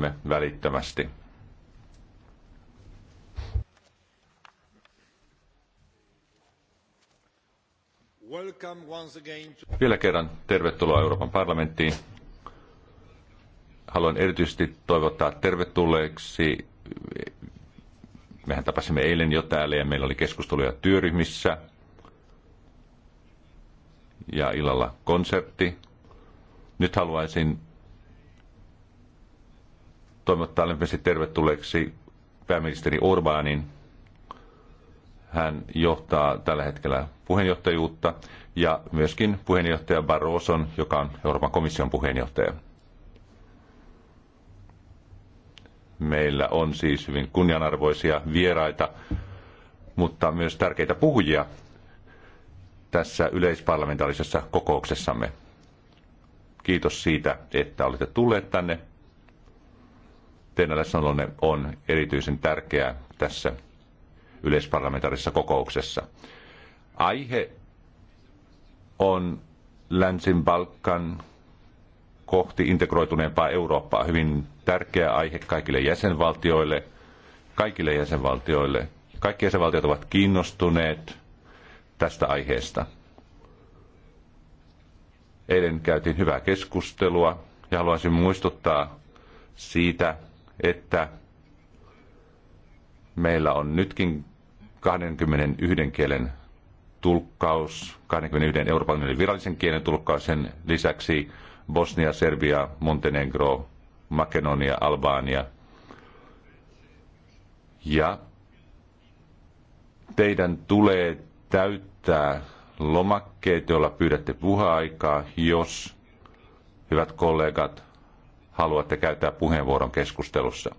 me välittömästi. Vielä kerran tervetuloa Euroopan parlamenttiin. Haluan erityisesti toivottaa tervetulleeksi. Mehän tapasimme eilen jo täällä ja meillä oli keskusteluja työryhmissä. Ja illalla konsertti. Nyt haluaisin toivottaa lämpimästi tervetulleeksi pääministeri Orbanin. Hän johtaa tällä hetkellä puheenjohtajuutta ja myöskin puheenjohtaja Barroson, joka on Euroopan komission puheenjohtaja. Meillä on siis hyvin kunnianarvoisia vieraita, mutta myös tärkeitä puhujia tässä yleisparlamentaarisessa kokouksessamme. Kiitos siitä, että olette tulleet tänne teidän läsnäolonne on erityisen tärkeää tässä yleisparlamentaarisessa kokouksessa. Aihe on Länsin-Balkan kohti integroituneempaa Eurooppaa. Hyvin tärkeä aihe kaikille jäsenvaltioille, kaikille jäsenvaltioille. Kaikki jäsenvaltiot ovat kiinnostuneet tästä aiheesta. Eilen käytiin hyvää keskustelua ja haluaisin muistuttaa siitä, että meillä on nytkin 21 kielen tulkkaus, 21 Euroopan virallisen kielen tulkkaus, sen lisäksi Bosnia, Serbia, Montenegro, Makedonia, Albania. Ja teidän tulee täyttää lomakkeet, joilla pyydätte puha-aikaa, jos, hyvät kollegat, haluatte käyttää puheenvuoron keskustelussa.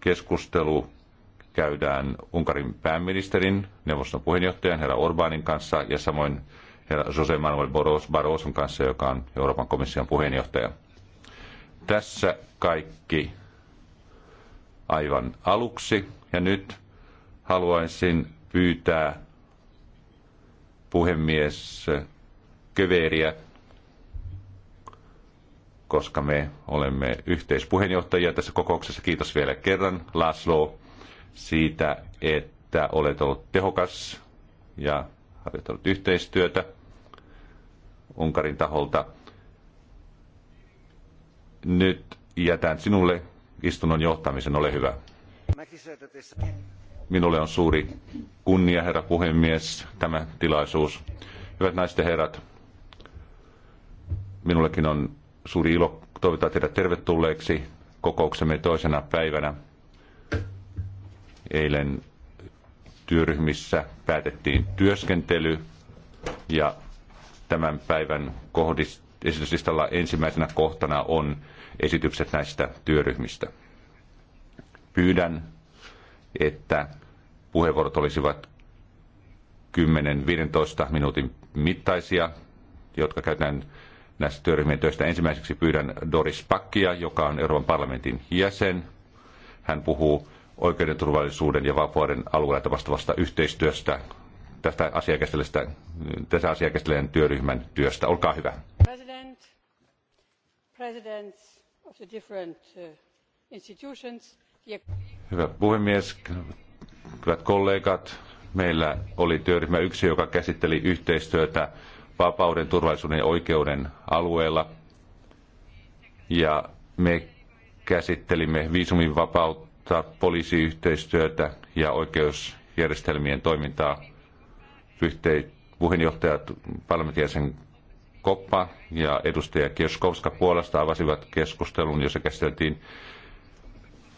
Keskustelu käydään Unkarin pääministerin, neuvoston puheenjohtajan herra Orbanin kanssa ja samoin herra Jose Manuel Barroson kanssa, joka on Euroopan komission puheenjohtaja. Tässä kaikki aivan aluksi ja nyt haluaisin pyytää puhemies Köveriä koska me olemme yhteispuheenjohtajia tässä kokouksessa. Kiitos vielä kerran, Laslo, siitä, että olet ollut tehokas ja harjoittanut yhteistyötä Unkarin taholta. Nyt jätän sinulle istunnon johtamisen, ole hyvä. Minulle on suuri kunnia, herra puhemies, tämä tilaisuus. Hyvät naiset ja herrat, minullekin on suuri ilo toivottaa teidät tervetulleeksi kokouksemme toisena päivänä. Eilen työryhmissä päätettiin työskentely ja tämän päivän esityslistalla ensimmäisenä kohtana on esitykset näistä työryhmistä. Pyydän, että puheenvuorot olisivat 10-15 minuutin mittaisia, jotka käytetään näistä työryhmien töistä. Ensimmäiseksi pyydän Doris Pakkia, joka on Euroopan parlamentin jäsen. Hän puhuu oikeuden turvallisuuden ja vapauden alueella tapahtuvasta yhteistyöstä. Tästä asiaa tässä asiaa työryhmän työstä. Olkaa hyvä. President, uh, Hyvä puhemies, hyvät kollegat. Meillä oli työryhmä yksi, joka käsitteli yhteistyötä vapauden, turvallisuuden ja oikeuden alueella. Ja me käsittelimme viisumin vapautta, poliisiyhteistyötä ja oikeusjärjestelmien toimintaa. Yhteen puheenjohtajat parlamentin Koppa ja edustaja Kieskovska puolesta avasivat keskustelun, jossa käsiteltiin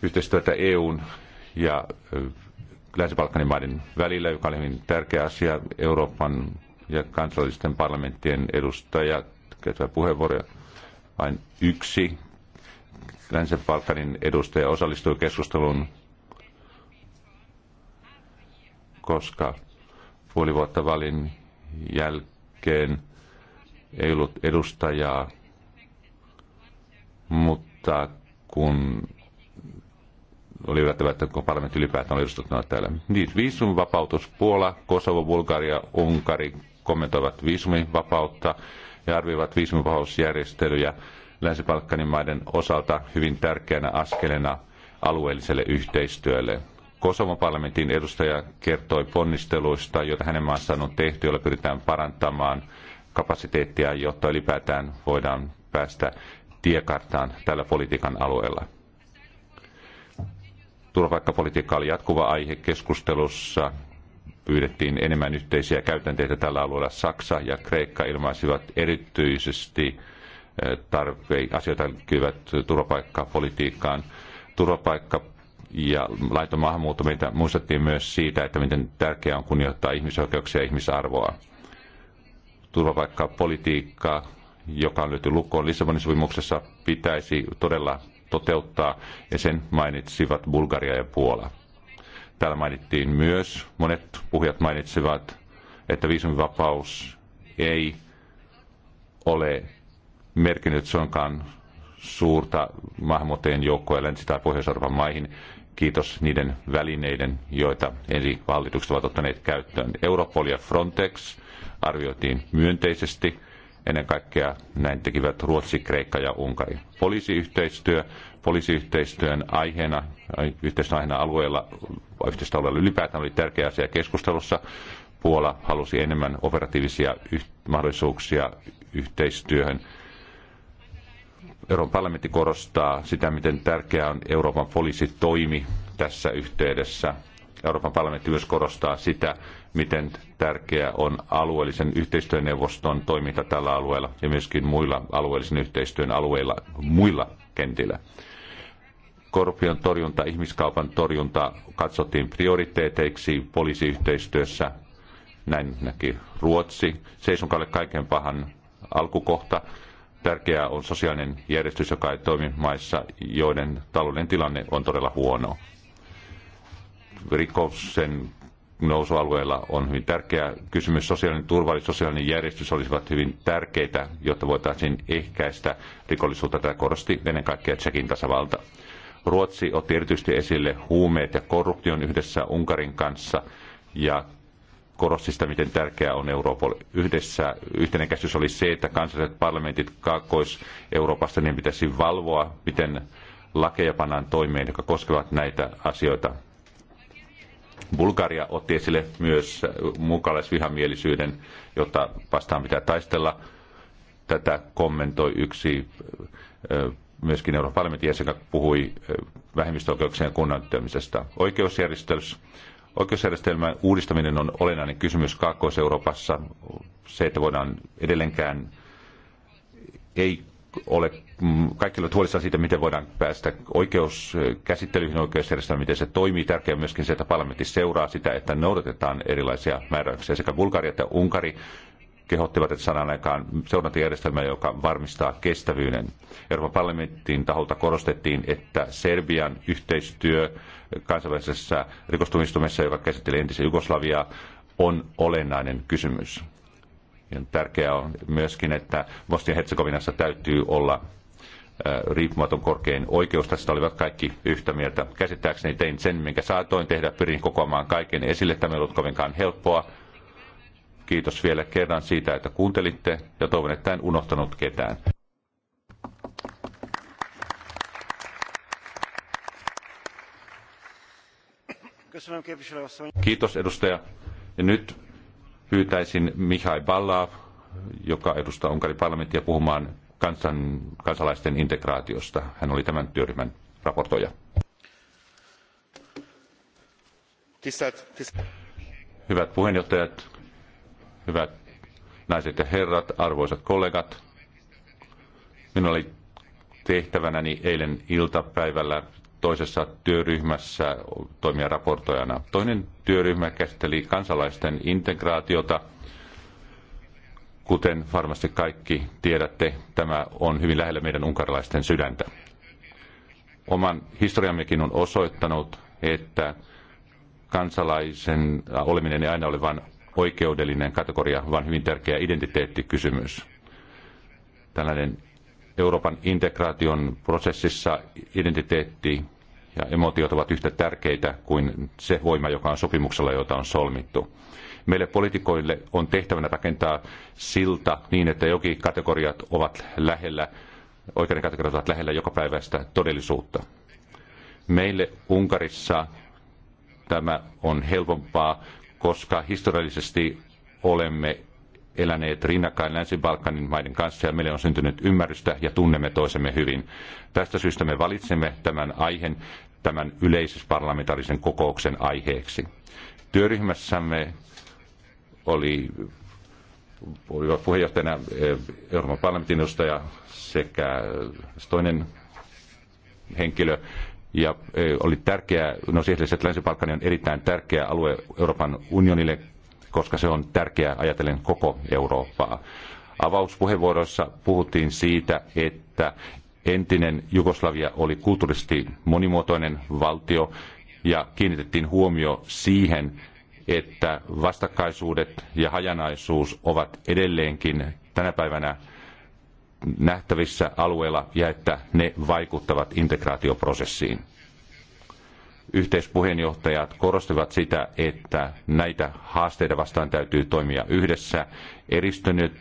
yhteistyötä EUn ja Länsi-Balkanin maiden välillä, joka oli hyvin tärkeä asia. Euroopan ja kansallisten parlamenttien edustajat käyttävät puheenvuoroja. Vain yksi Länsi-Balkanin edustaja osallistui keskusteluun, koska puoli vuotta valin jälkeen ei ollut edustajaa, mutta kun oli yllättävää, että kun parlamentti ylipäätään oli edustettuna täällä. Niin, viisumivapautus Puola, Kosovo, Bulgaria, Unkari, kommentoivat viisumivapautta ja arvioivat viisumivapausjärjestelyjä länsi maiden osalta hyvin tärkeänä askelena alueelliselle yhteistyölle. Kosovon parlamentin edustaja kertoi ponnisteluista, joita hänen maassaan on tehty, joilla pyritään parantamaan kapasiteettia, jotta ylipäätään voidaan päästä tiekarttaan tällä politiikan alueella. Turvapaikkapolitiikka oli jatkuva aihe keskustelussa pyydettiin enemmän yhteisiä käytänteitä tällä alueella. Saksa ja Kreikka ilmaisivat erityisesti eh, tarve, asioita liittyvät turvapaikkapolitiikkaan. Turvapaikka ja laiton maahanmuutto meitä muistettiin myös siitä, että miten tärkeää on kunnioittaa ihmisoikeuksia ja ihmisarvoa. Turvapaikkapolitiikka, joka on löytynyt lukkoon Lissabonin sopimuksessa, pitäisi todella toteuttaa, ja sen mainitsivat Bulgaria ja Puola. Täällä mainittiin myös, monet puhujat mainitsivat, että viisumivapaus ei ole merkinnyt suinkaan suurta maahanmuuttajien joukkoa länsi- tai pohjois maihin. Kiitos niiden välineiden, joita eri hallitukset ovat ottaneet käyttöön. Europol ja Frontex arvioitiin myönteisesti. Ennen kaikkea näin tekivät Ruotsi, Kreikka ja Unkari. Poliisiyhteistyö poliisiyhteistyön aiheena, yhteistyön aiheena alueella, yhteistyön alueella ylipäätään oli tärkeä asia keskustelussa. Puola halusi enemmän operatiivisia mahdollisuuksia yhteistyöhön. Euroopan parlamentti korostaa sitä, miten tärkeää on Euroopan poliisi toimi tässä yhteydessä. Euroopan parlamentti myös korostaa sitä, miten tärkeää on alueellisen yhteistyöneuvoston toiminta tällä alueella ja myöskin muilla alueellisen yhteistyön alueilla muilla kentillä korruption torjunta, ihmiskaupan torjunta katsottiin prioriteeteiksi poliisiyhteistyössä. Näin näki Ruotsi. Seisonkalle kaiken pahan alkukohta. Tärkeää on sosiaalinen järjestys, joka ei toimi maissa, joiden talouden tilanne on todella huono. Rikoksen nousualueella on hyvin tärkeä kysymys. Sosiaalinen turvallisuus, sosiaalinen järjestys olisivat hyvin tärkeitä, jotta voitaisiin ehkäistä rikollisuutta. tätä korosti ennen kaikkea Tsekin tasavalta. Ruotsi otti erityisesti esille huumeet ja korruption yhdessä Unkarin kanssa ja korosti sitä, miten tärkeää on Europol. Yhdessä yhteinen käsitys oli se, että kansalliset parlamentit Kaakkois-Euroopasta niin pitäisi valvoa, miten lakeja pannaan toimeen, jotka koskevat näitä asioita. Bulgaria otti esille myös mukalaisvihamielisyyden, jota vastaan pitää taistella. Tätä kommentoi yksi myöskin Euroopan parlamentin jäsen puhui vähemmistöoikeuksien kunnioittamisesta. Oikeusjärjestelmä, oikeusjärjestelmän uudistaminen on olennainen kysymys Kaakkois-Euroopassa. Se, että voidaan edelleenkään, ei ole, mm, kaikilla ovat huolissaan siitä, miten voidaan päästä oikeuskäsittelyihin, oikeusjärjestelmään, miten se toimii. Tärkeää myöskin se, että parlamentti seuraa sitä, että noudatetaan erilaisia määräyksiä. Sekä Bulgaria että Unkari kehottivat, että saadaan aikaan seurantajärjestelmä, joka varmistaa kestävyyden. Euroopan parlamentin taholta korostettiin, että Serbian yhteistyö kansainvälisessä rikostumistumessa, joka käsittelee entisen Jugoslaviaa, on olennainen kysymys. Ja tärkeää on myöskin, että Bosnia-Herzegovinassa täytyy olla riippumaton korkein oikeus. Tästä olivat kaikki yhtä mieltä. Käsittääkseni tein sen, minkä saatoin tehdä. Pyrin kokoamaan kaiken esille. Tämä ei ollut kovinkaan helppoa Kiitos vielä kerran siitä, että kuuntelitte ja toivon, että en unohtanut ketään. Kiitos edustaja. Ja nyt pyytäisin Mihai Balla, joka edustaa Unkarin parlamenttia, puhumaan kansan, kansalaisten integraatiosta. Hän oli tämän työryhmän raportoija. Hyvät puheenjohtajat, hyvät naiset ja herrat, arvoisat kollegat. Minulla oli tehtävänäni eilen iltapäivällä toisessa työryhmässä toimia raportoijana. Toinen työryhmä käsitteli kansalaisten integraatiota. Kuten varmasti kaikki tiedätte, tämä on hyvin lähellä meidän unkarilaisten sydäntä. Oman historiammekin on osoittanut, että kansalaisen oleminen ei aina ole vain oikeudellinen kategoria, vaan hyvin tärkeä identiteettikysymys. Tällainen Euroopan integraation prosessissa identiteetti ja emotiot ovat yhtä tärkeitä kuin se voima, joka on sopimuksella, jota on solmittu. Meille poliitikoille on tehtävänä rakentaa silta niin, että jokin kategoriat ovat lähellä, oikeuden kategoriat ovat lähellä joka päivästä todellisuutta. Meille Unkarissa tämä on helpompaa koska historiallisesti olemme eläneet rinnakkain Länsi-Balkanin maiden kanssa ja meille on syntynyt ymmärrystä ja tunnemme toisemme hyvin. Tästä syystä me valitsemme tämän aiheen tämän yleisparlamentaarisen kokouksen aiheeksi. Työryhmässämme oli oli puheenjohtajana eh, Euroopan parlamentin edustaja sekä toinen henkilö ja e, oli tärkeää, no siis että Länsi-Balkani on erittäin tärkeä alue Euroopan unionille, koska se on tärkeää ajatellen koko Eurooppaa. Avauspuheenvuoroissa puhuttiin siitä, että entinen Jugoslavia oli kulttuurisesti monimuotoinen valtio ja kiinnitettiin huomio siihen, että vastakkaisuudet ja hajanaisuus ovat edelleenkin tänä päivänä nähtävissä alueella ja että ne vaikuttavat integraatioprosessiin. Yhteispuheenjohtajat korostivat sitä, että näitä haasteita vastaan täytyy toimia yhdessä. Eristynyt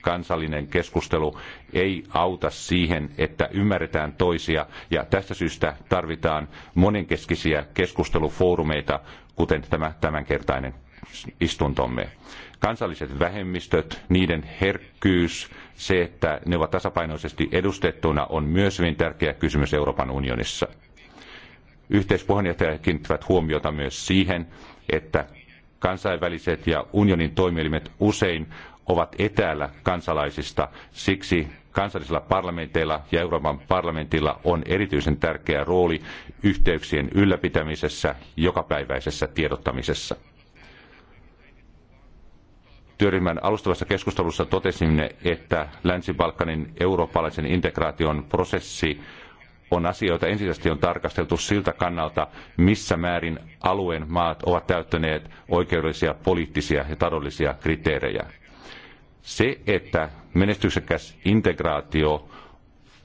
kansallinen keskustelu ei auta siihen, että ymmärretään toisia, ja tästä syystä tarvitaan monenkeskisiä keskustelufoorumeita, kuten tämä tämänkertainen istuntomme. Kansalliset vähemmistöt, niiden herkkyys, se, että ne ovat tasapainoisesti edustettuna, on myös hyvin tärkeä kysymys Euroopan unionissa. Yhteispuheenjohtajat kiinnittävät huomiota myös siihen, että kansainväliset ja unionin toimielimet usein ovat etäällä kansalaisista. Siksi kansallisilla parlamenteilla ja Euroopan parlamentilla on erityisen tärkeä rooli yhteyksien ylläpitämisessä, jokapäiväisessä tiedottamisessa työryhmän alustavassa keskustelussa totesimme, että Länsi-Balkanin eurooppalaisen integraation prosessi on asia, jota ensisijaisesti on tarkasteltu siltä kannalta, missä määrin alueen maat ovat täyttäneet oikeudellisia, poliittisia ja taloudellisia kriteerejä. Se, että menestyksekäs integraatio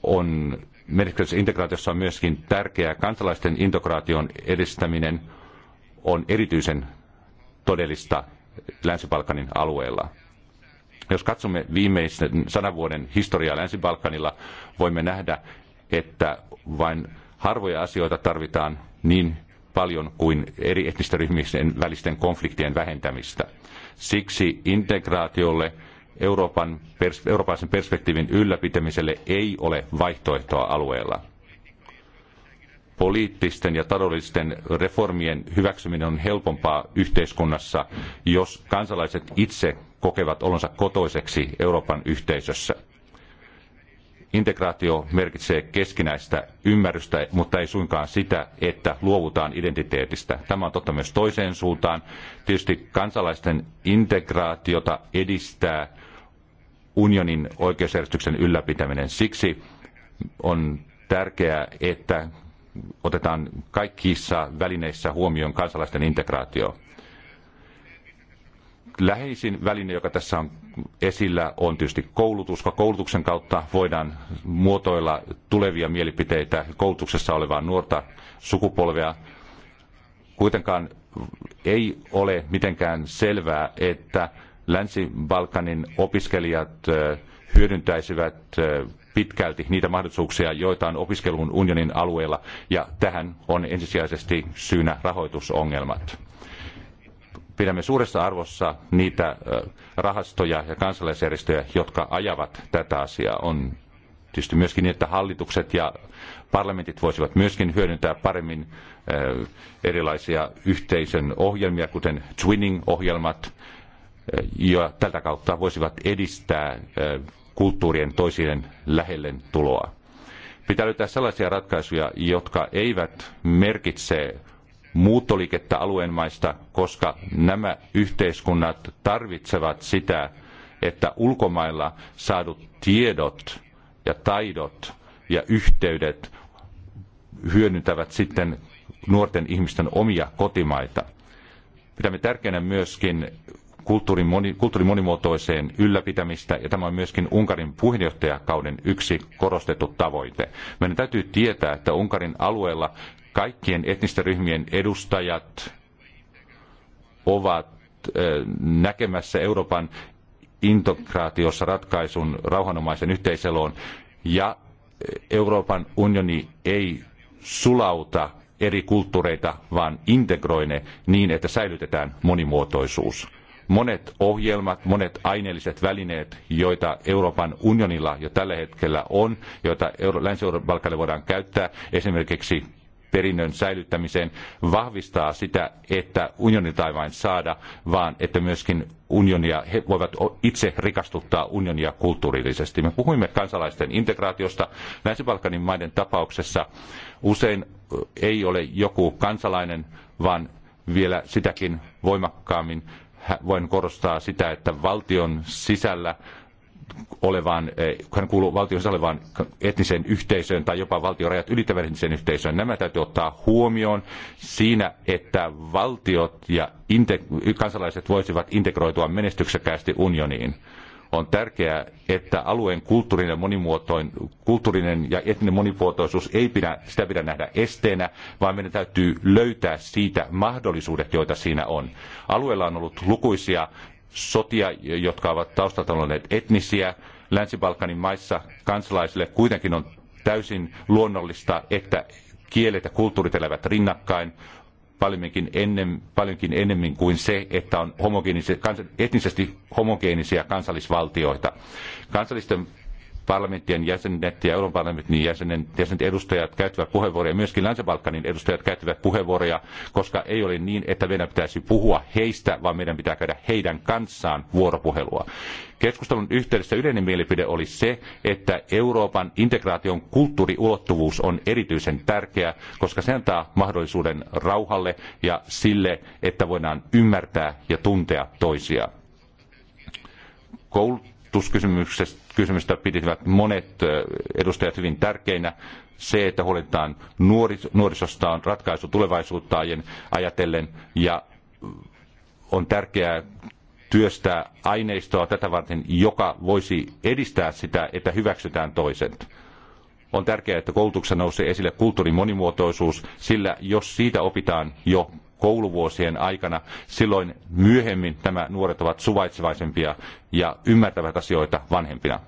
on menestyksekäs integraatiossa on myöskin tärkeää kansalaisten integraation edistäminen on erityisen todellista Länsi-Balkanin alueella. Jos katsomme viimeisen sadan vuoden historiaa Länsi-Balkanilla, voimme nähdä, että vain harvoja asioita tarvitaan niin paljon kuin eri etnisten ryhmien välisten konfliktien vähentämistä. Siksi integraatiolle Euroopan pers- eurooppalaisen perspektiivin ylläpitämiselle ei ole vaihtoehtoa alueella poliittisten ja taloudellisten reformien hyväksyminen on helpompaa yhteiskunnassa, jos kansalaiset itse kokevat olonsa kotoiseksi Euroopan yhteisössä. Integraatio merkitsee keskinäistä ymmärrystä, mutta ei suinkaan sitä, että luovutaan identiteetistä. Tämä on totta myös toiseen suuntaan. Tietysti kansalaisten integraatiota edistää unionin oikeusjärjestyksen ylläpitäminen. Siksi on tärkeää, että otetaan kaikissa välineissä huomioon kansalaisten integraatio. Läheisin väline, joka tässä on esillä, on tietysti koulutus, koska koulutuksen kautta voidaan muotoilla tulevia mielipiteitä koulutuksessa olevaa nuorta sukupolvea. Kuitenkaan ei ole mitenkään selvää, että Länsi-Balkanin opiskelijat hyödyntäisivät pitkälti niitä mahdollisuuksia, joita on opiskelun unionin alueella, ja tähän on ensisijaisesti syynä rahoitusongelmat pidämme suuressa arvossa niitä rahastoja ja kansalaisjärjestöjä, jotka ajavat tätä asiaa. On tietysti myöskin niin, että hallitukset ja parlamentit voisivat myöskin hyödyntää paremmin erilaisia yhteisön ohjelmia, kuten twinning-ohjelmat, ja tätä kautta voisivat edistää kulttuurien toisien lähelle tuloa. Pitää löytää sellaisia ratkaisuja, jotka eivät merkitse muuttoliikettä alueen maista, koska nämä yhteiskunnat tarvitsevat sitä, että ulkomailla saadut tiedot ja taidot ja yhteydet hyödyntävät sitten nuorten ihmisten omia kotimaita. Pidämme tärkeänä myöskin kulttuurin, moni, kulttuurin monimuotoiseen ylläpitämistä, ja tämä on myöskin Unkarin puheenjohtajakauden yksi korostettu tavoite. Meidän täytyy tietää, että Unkarin alueella kaikkien etnisten ryhmien edustajat ovat näkemässä Euroopan integraatiossa ratkaisun rauhanomaisen yhteiseloon, ja Euroopan unioni ei sulauta eri kulttuureita, vaan integroi ne niin, että säilytetään monimuotoisuus monet ohjelmat, monet aineelliset välineet, joita Euroopan unionilla jo tällä hetkellä on, joita Euro- länsi euroopan voidaan käyttää, esimerkiksi perinnön säilyttämiseen, vahvistaa sitä, että unionilta ei vain saada, vaan että myöskin unionia, he voivat itse rikastuttaa unionia kulttuurillisesti. Me puhuimme kansalaisten integraatiosta. Länsi-Balkanin maiden tapauksessa usein ei ole joku kansalainen, vaan vielä sitäkin voimakkaammin voin korostaa sitä, että valtion sisällä olevaan, eh, hän kuuluu valtion sisällä olevaan etniseen yhteisöön tai jopa rajat ylittävän etniseen yhteisöön. Nämä täytyy ottaa huomioon siinä, että valtiot ja kansalaiset voisivat integroitua menestyksekkäästi unioniin. On tärkeää, että alueen kulttuurinen, monimuotoin, kulttuurinen ja etninen monimuotoisuus ei pidä, sitä pidä nähdä esteenä, vaan meidän täytyy löytää siitä mahdollisuudet, joita siinä on. Alueella on ollut lukuisia sotia, jotka ovat taustalta olleet etnisiä. Länsi-Balkanin maissa kansalaisille kuitenkin on täysin luonnollista, että kielet ja kulttuurit elävät rinnakkain paljonkin, ennen, paljonkin enemmän kuin se, että on etnisesti homogeenisia kansallisvaltioita. Kansallisten parlamenttien jäsenet ja Euroopan parlamentin jäsenet, jäsenet edustajat käyttävät puheenvuoroja, myöskin Länsi-Balkanin edustajat käyttävät puheenvuoroja, koska ei ole niin, että meidän pitäisi puhua heistä, vaan meidän pitää käydä heidän kanssaan vuoropuhelua. Keskustelun yhteydessä yleinen mielipide oli se, että Euroopan integraation kulttuuriulottuvuus on erityisen tärkeä, koska se antaa mahdollisuuden rauhalle ja sille, että voidaan ymmärtää ja tuntea toisia. Koulut kysymystä pitivät monet edustajat hyvin tärkeinä. Se, että huolehditaan nuoris, nuorisosta on ratkaisu tulevaisuutta ajatellen ja on tärkeää työstää aineistoa tätä varten, joka voisi edistää sitä, että hyväksytään toiset. On tärkeää, että koulutuksessa nousee esille kulttuurin monimuotoisuus, sillä jos siitä opitaan jo kouluvuosien aikana, silloin myöhemmin nämä nuoret ovat suvaitsevaisempia ja ymmärtävät asioita vanhempina.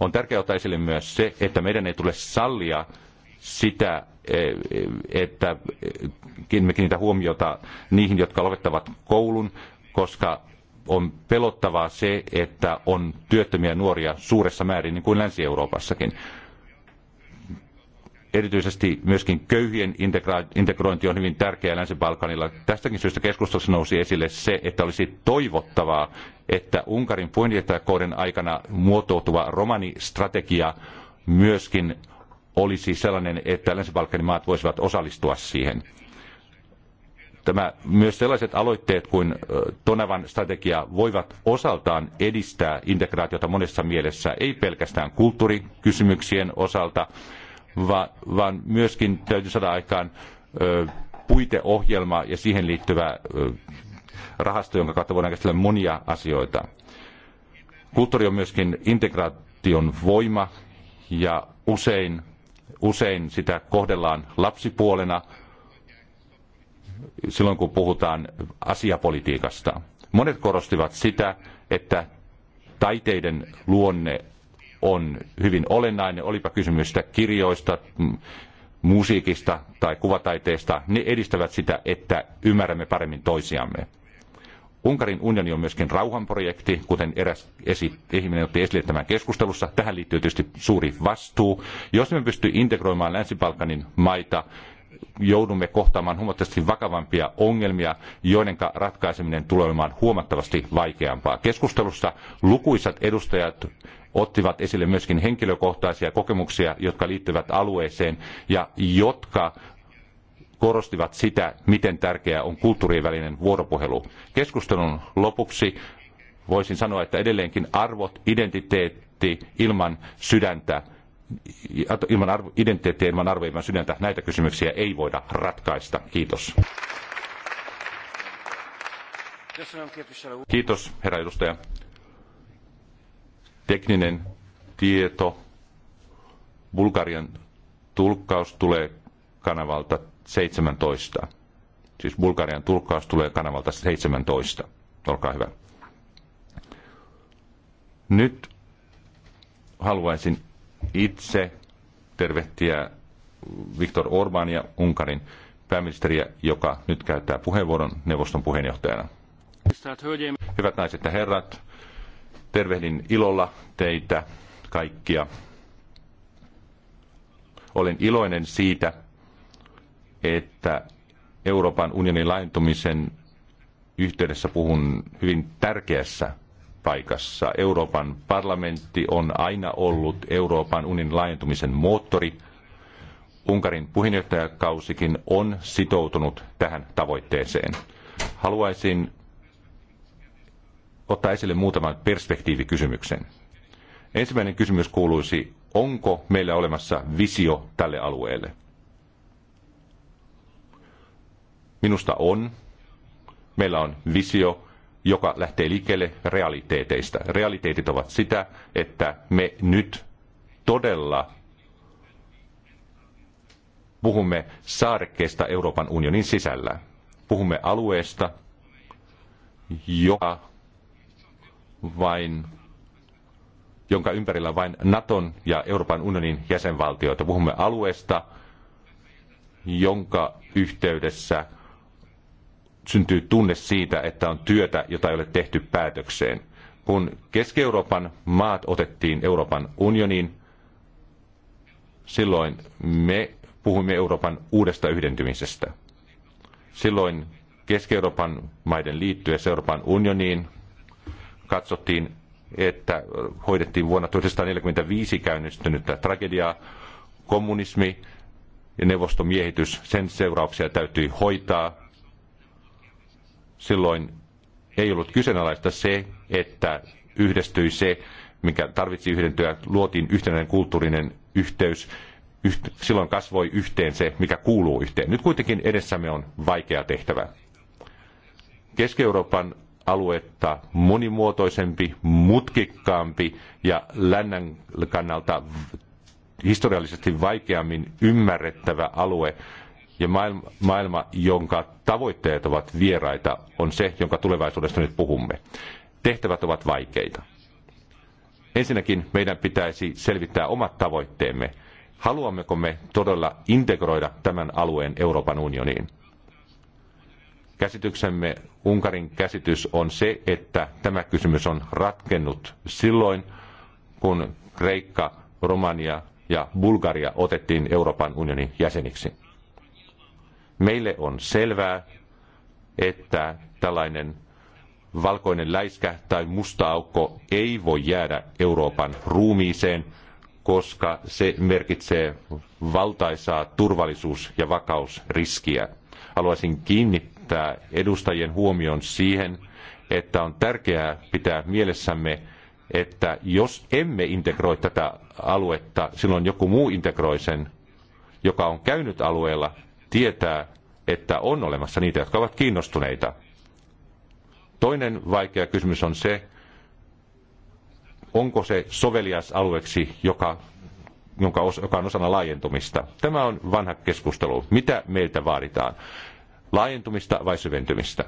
On tärkeää ottaa esille myös se, että meidän ei tule sallia sitä, e, että me kiinnitä huomiota niihin, jotka lopettavat koulun, koska on pelottavaa se, että on työttömiä nuoria suuressa määrin, niin kuin Länsi-Euroopassakin Erityisesti myöskin köyhien integrointi on hyvin tärkeää Länsi-Balkanilla. Tästäkin syystä keskustelussa nousi esille se, että olisi toivottavaa, että Unkarin puheenjohtajakauden aikana muotoutuva romanistrategia myöskin olisi sellainen, että Länsi-Balkanin maat voisivat osallistua siihen. Tämä, myös sellaiset aloitteet kuin Tonavan strategia voivat osaltaan edistää integraatiota monessa mielessä, ei pelkästään kulttuurikysymyksien osalta, vaan myöskin täytyy saada aikaan puiteohjelma ja siihen liittyvä rahasto, jonka kautta voidaan käsitellä monia asioita. Kulttuuri on myöskin integraation voima ja usein, usein sitä kohdellaan lapsipuolena silloin, kun puhutaan asiapolitiikasta. Monet korostivat sitä, että taiteiden luonne on hyvin olennainen, olipa kysymystä kirjoista, musiikista tai kuvataiteesta, ne edistävät sitä, että ymmärrämme paremmin toisiamme. Unkarin unioni on myöskin rauhanprojekti, kuten eräs esi- ihminen otti esille tämän keskustelussa. Tähän liittyy tietysti suuri vastuu. Jos me pysty integroimaan Länsi-Balkanin maita, joudumme kohtaamaan huomattavasti vakavampia ongelmia, joiden ratkaiseminen tulee olemaan huomattavasti vaikeampaa. Keskustelussa lukuisat edustajat ottivat esille myöskin henkilökohtaisia kokemuksia, jotka liittyvät alueeseen ja jotka korostivat sitä, miten tärkeää on kulttuurien välinen vuoropuhelu. Keskustelun lopuksi voisin sanoa, että edelleenkin arvot, identiteetti ilman sydäntä, ilman arvo, identiteettiä ilman arvoja ilman sydäntä, näitä kysymyksiä ei voida ratkaista. Kiitos. Kiitos, herra edustaja tekninen tieto. Bulgarian tulkkaus tulee kanavalta 17. Siis Bulgarian tulkkaus tulee kanavalta 17. Olkaa hyvä. Nyt haluaisin itse tervehtiä Viktor Orbania, Unkarin pääministeriä, joka nyt käyttää puheenvuoron neuvoston puheenjohtajana. Hyvät naiset ja herrat, Tervehdin ilolla teitä kaikkia. Olen iloinen siitä, että Euroopan unionin laajentumisen yhteydessä puhun hyvin tärkeässä paikassa. Euroopan parlamentti on aina ollut Euroopan unionin laajentumisen moottori. Unkarin puheenjohtajakausikin on sitoutunut tähän tavoitteeseen. Haluaisin ottaa esille muutaman perspektiivikysymyksen. Ensimmäinen kysymys kuuluisi, onko meillä olemassa visio tälle alueelle? Minusta on. Meillä on visio, joka lähtee liikkeelle realiteeteista. Realiteetit ovat sitä, että me nyt todella puhumme saarekkeesta Euroopan unionin sisällä. Puhumme alueesta, joka vain jonka ympärillä vain Naton ja Euroopan unionin jäsenvaltioita. Puhumme alueesta, jonka yhteydessä syntyy tunne siitä, että on työtä, jota ei ole tehty päätökseen. Kun Keski-Euroopan maat otettiin Euroopan unioniin, silloin me puhuimme Euroopan uudesta yhdentymisestä. Silloin Keski-Euroopan maiden liittyessä Euroopan unioniin katsottiin, että hoidettiin vuonna 1945 käynnistynyttä tragediaa. Kommunismi ja neuvostomiehitys, sen seurauksia täytyy hoitaa. Silloin ei ollut kyseenalaista se, että yhdistyi se, mikä tarvitsi yhdentyä, luotiin yhtenäinen kulttuurinen yhteys, silloin kasvoi yhteen se, mikä kuuluu yhteen. Nyt kuitenkin edessämme on vaikea tehtävä. Keski-Euroopan aluetta monimuotoisempi, mutkikkaampi ja lännen kannalta historiallisesti vaikeammin ymmärrettävä alue. Ja maailma, jonka tavoitteet ovat vieraita, on se, jonka tulevaisuudesta nyt puhumme. Tehtävät ovat vaikeita. Ensinnäkin meidän pitäisi selvittää omat tavoitteemme. Haluammeko me todella integroida tämän alueen Euroopan unioniin? Käsityksemme Unkarin käsitys on se, että tämä kysymys on ratkennut silloin, kun Kreikka, Romania ja Bulgaria otettiin Euroopan unionin jäseniksi. Meille on selvää, että tällainen valkoinen läiskä tai musta aukko ei voi jäädä Euroopan ruumiiseen, koska se merkitsee valtaisaa turvallisuus- ja vakausriskiä. Haluaisin kiinnittää kiinnittää edustajien huomion siihen, että on tärkeää pitää mielessämme, että jos emme integroi tätä aluetta, silloin joku muu integroi sen, joka on käynyt alueella, tietää, että on olemassa niitä, jotka ovat kiinnostuneita. Toinen vaikea kysymys on se, onko se sovelias alueeksi, joka, jonka, joka on osana laajentumista. Tämä on vanha keskustelu. Mitä meiltä vaaditaan? laajentumista vai syventymistä.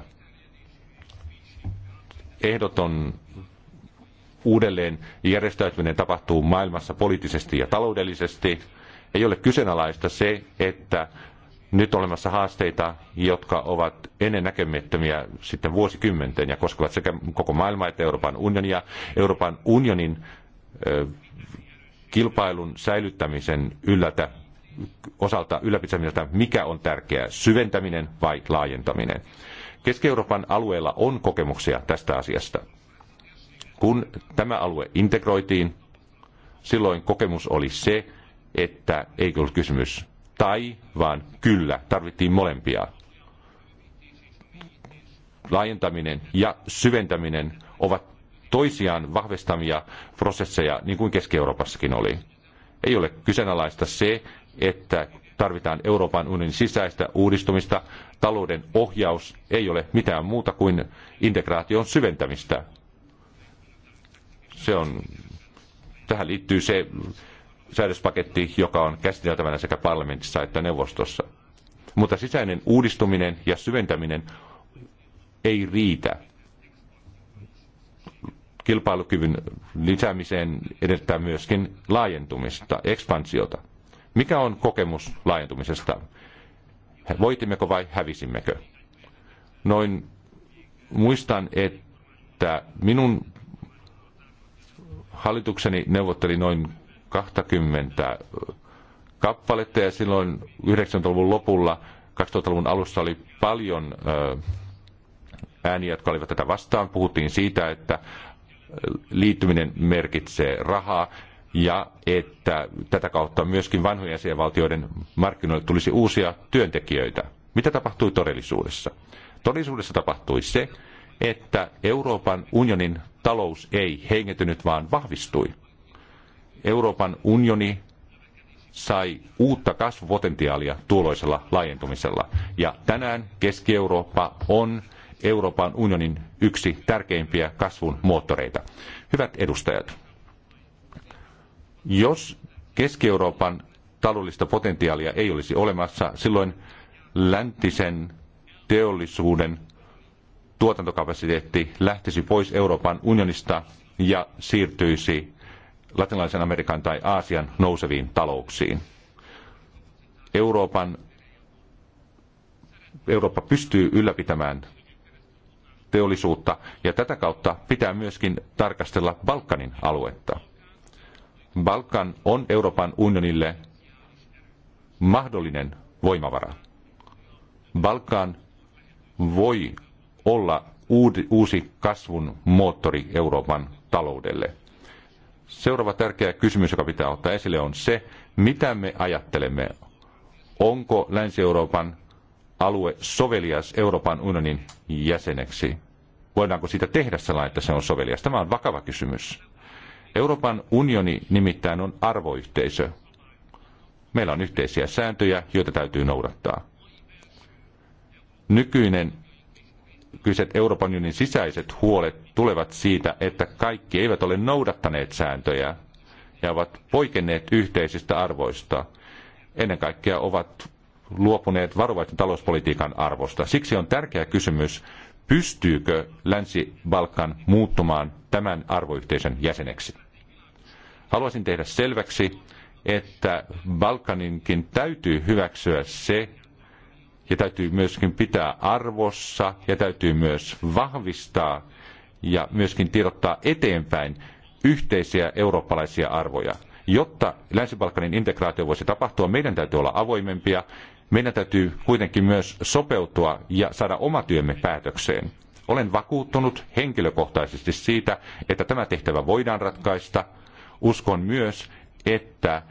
Ehdoton uudelleen järjestäytyminen tapahtuu maailmassa poliittisesti ja taloudellisesti. Ei ole kyseenalaista se, että nyt olemassa haasteita, jotka ovat ennennäkemättömiä sitten vuosikymmenten ja koskevat sekä koko maailmaa että Euroopan unionia. Euroopan unionin kilpailun säilyttämisen yllätä osalta ylläpitämiseltä, mikä on tärkeää, syventäminen vai laajentaminen. Keski-Euroopan alueella on kokemuksia tästä asiasta. Kun tämä alue integroitiin, silloin kokemus oli se, että ei ollut kysymys tai, vaan kyllä, tarvittiin molempia. Laajentaminen ja syventäminen ovat toisiaan vahvistamia prosesseja, niin kuin Keski-Euroopassakin oli. Ei ole kyseenalaista se, että tarvitaan Euroopan unionin sisäistä uudistumista. Talouden ohjaus ei ole mitään muuta kuin integraation syventämistä. Se on, tähän liittyy se säädöspaketti, joka on käsiteltävänä sekä parlamentissa että neuvostossa. Mutta sisäinen uudistuminen ja syventäminen ei riitä kilpailukyvyn lisäämiseen edellyttää myöskin laajentumista, ekspansiota. Mikä on kokemus laajentumisesta? Voitimmeko vai hävisimmekö? Noin muistan, että minun hallitukseni neuvotteli noin 20 kappaletta ja silloin 90-luvun lopulla, 2000-luvun alussa oli paljon ääniä, jotka olivat tätä vastaan. Puhuttiin siitä, että liittyminen merkitsee rahaa ja että tätä kautta myöskin vanhojen jäsenvaltioiden markkinoille tulisi uusia työntekijöitä. Mitä tapahtui todellisuudessa? Todellisuudessa tapahtui se, että Euroopan unionin talous ei hengetynyt, vaan vahvistui. Euroopan unioni sai uutta kasvupotentiaalia tuoloisella laajentumisella. Ja tänään Keski-Eurooppa on Euroopan unionin yksi tärkeimpiä kasvun moottoreita. Hyvät edustajat, jos Keski-Euroopan taloudellista potentiaalia ei olisi olemassa, silloin läntisen teollisuuden tuotantokapasiteetti lähtisi pois Euroopan unionista ja siirtyisi latinalaisen Amerikan tai Aasian nouseviin talouksiin. Euroopan, Eurooppa pystyy ylläpitämään teollisuutta ja tätä kautta pitää myöskin tarkastella Balkanin aluetta. Balkan on Euroopan unionille mahdollinen voimavara. Balkan voi olla uusi kasvun moottori Euroopan taloudelle. Seuraava tärkeä kysymys, joka pitää ottaa esille, on se, mitä me ajattelemme. Onko Länsi-Euroopan alue sovelias Euroopan unionin jäseneksi? Voidaanko siitä tehdä sellainen, että se on sovelias? Tämä on vakava kysymys. Euroopan unioni nimittäin on arvoyhteisö. Meillä on yhteisiä sääntöjä, joita täytyy noudattaa. Nykyinen kyset Euroopan unionin sisäiset huolet tulevat siitä, että kaikki eivät ole noudattaneet sääntöjä ja ovat poikenneet yhteisistä arvoista. Ennen kaikkea ovat luopuneet varovaisen talouspolitiikan arvosta. Siksi on tärkeä kysymys, pystyykö Länsi-Balkan muuttumaan tämän arvoyhteisön jäseneksi. Haluaisin tehdä selväksi, että Balkaninkin täytyy hyväksyä se, ja täytyy myöskin pitää arvossa, ja täytyy myös vahvistaa ja myöskin tiedottaa eteenpäin yhteisiä eurooppalaisia arvoja. Jotta Länsi-Balkanin integraatio voisi tapahtua, meidän täytyy olla avoimempia meidän täytyy kuitenkin myös sopeutua ja saada oma työmme päätökseen. Olen vakuuttunut henkilökohtaisesti siitä, että tämä tehtävä voidaan ratkaista. Uskon myös, että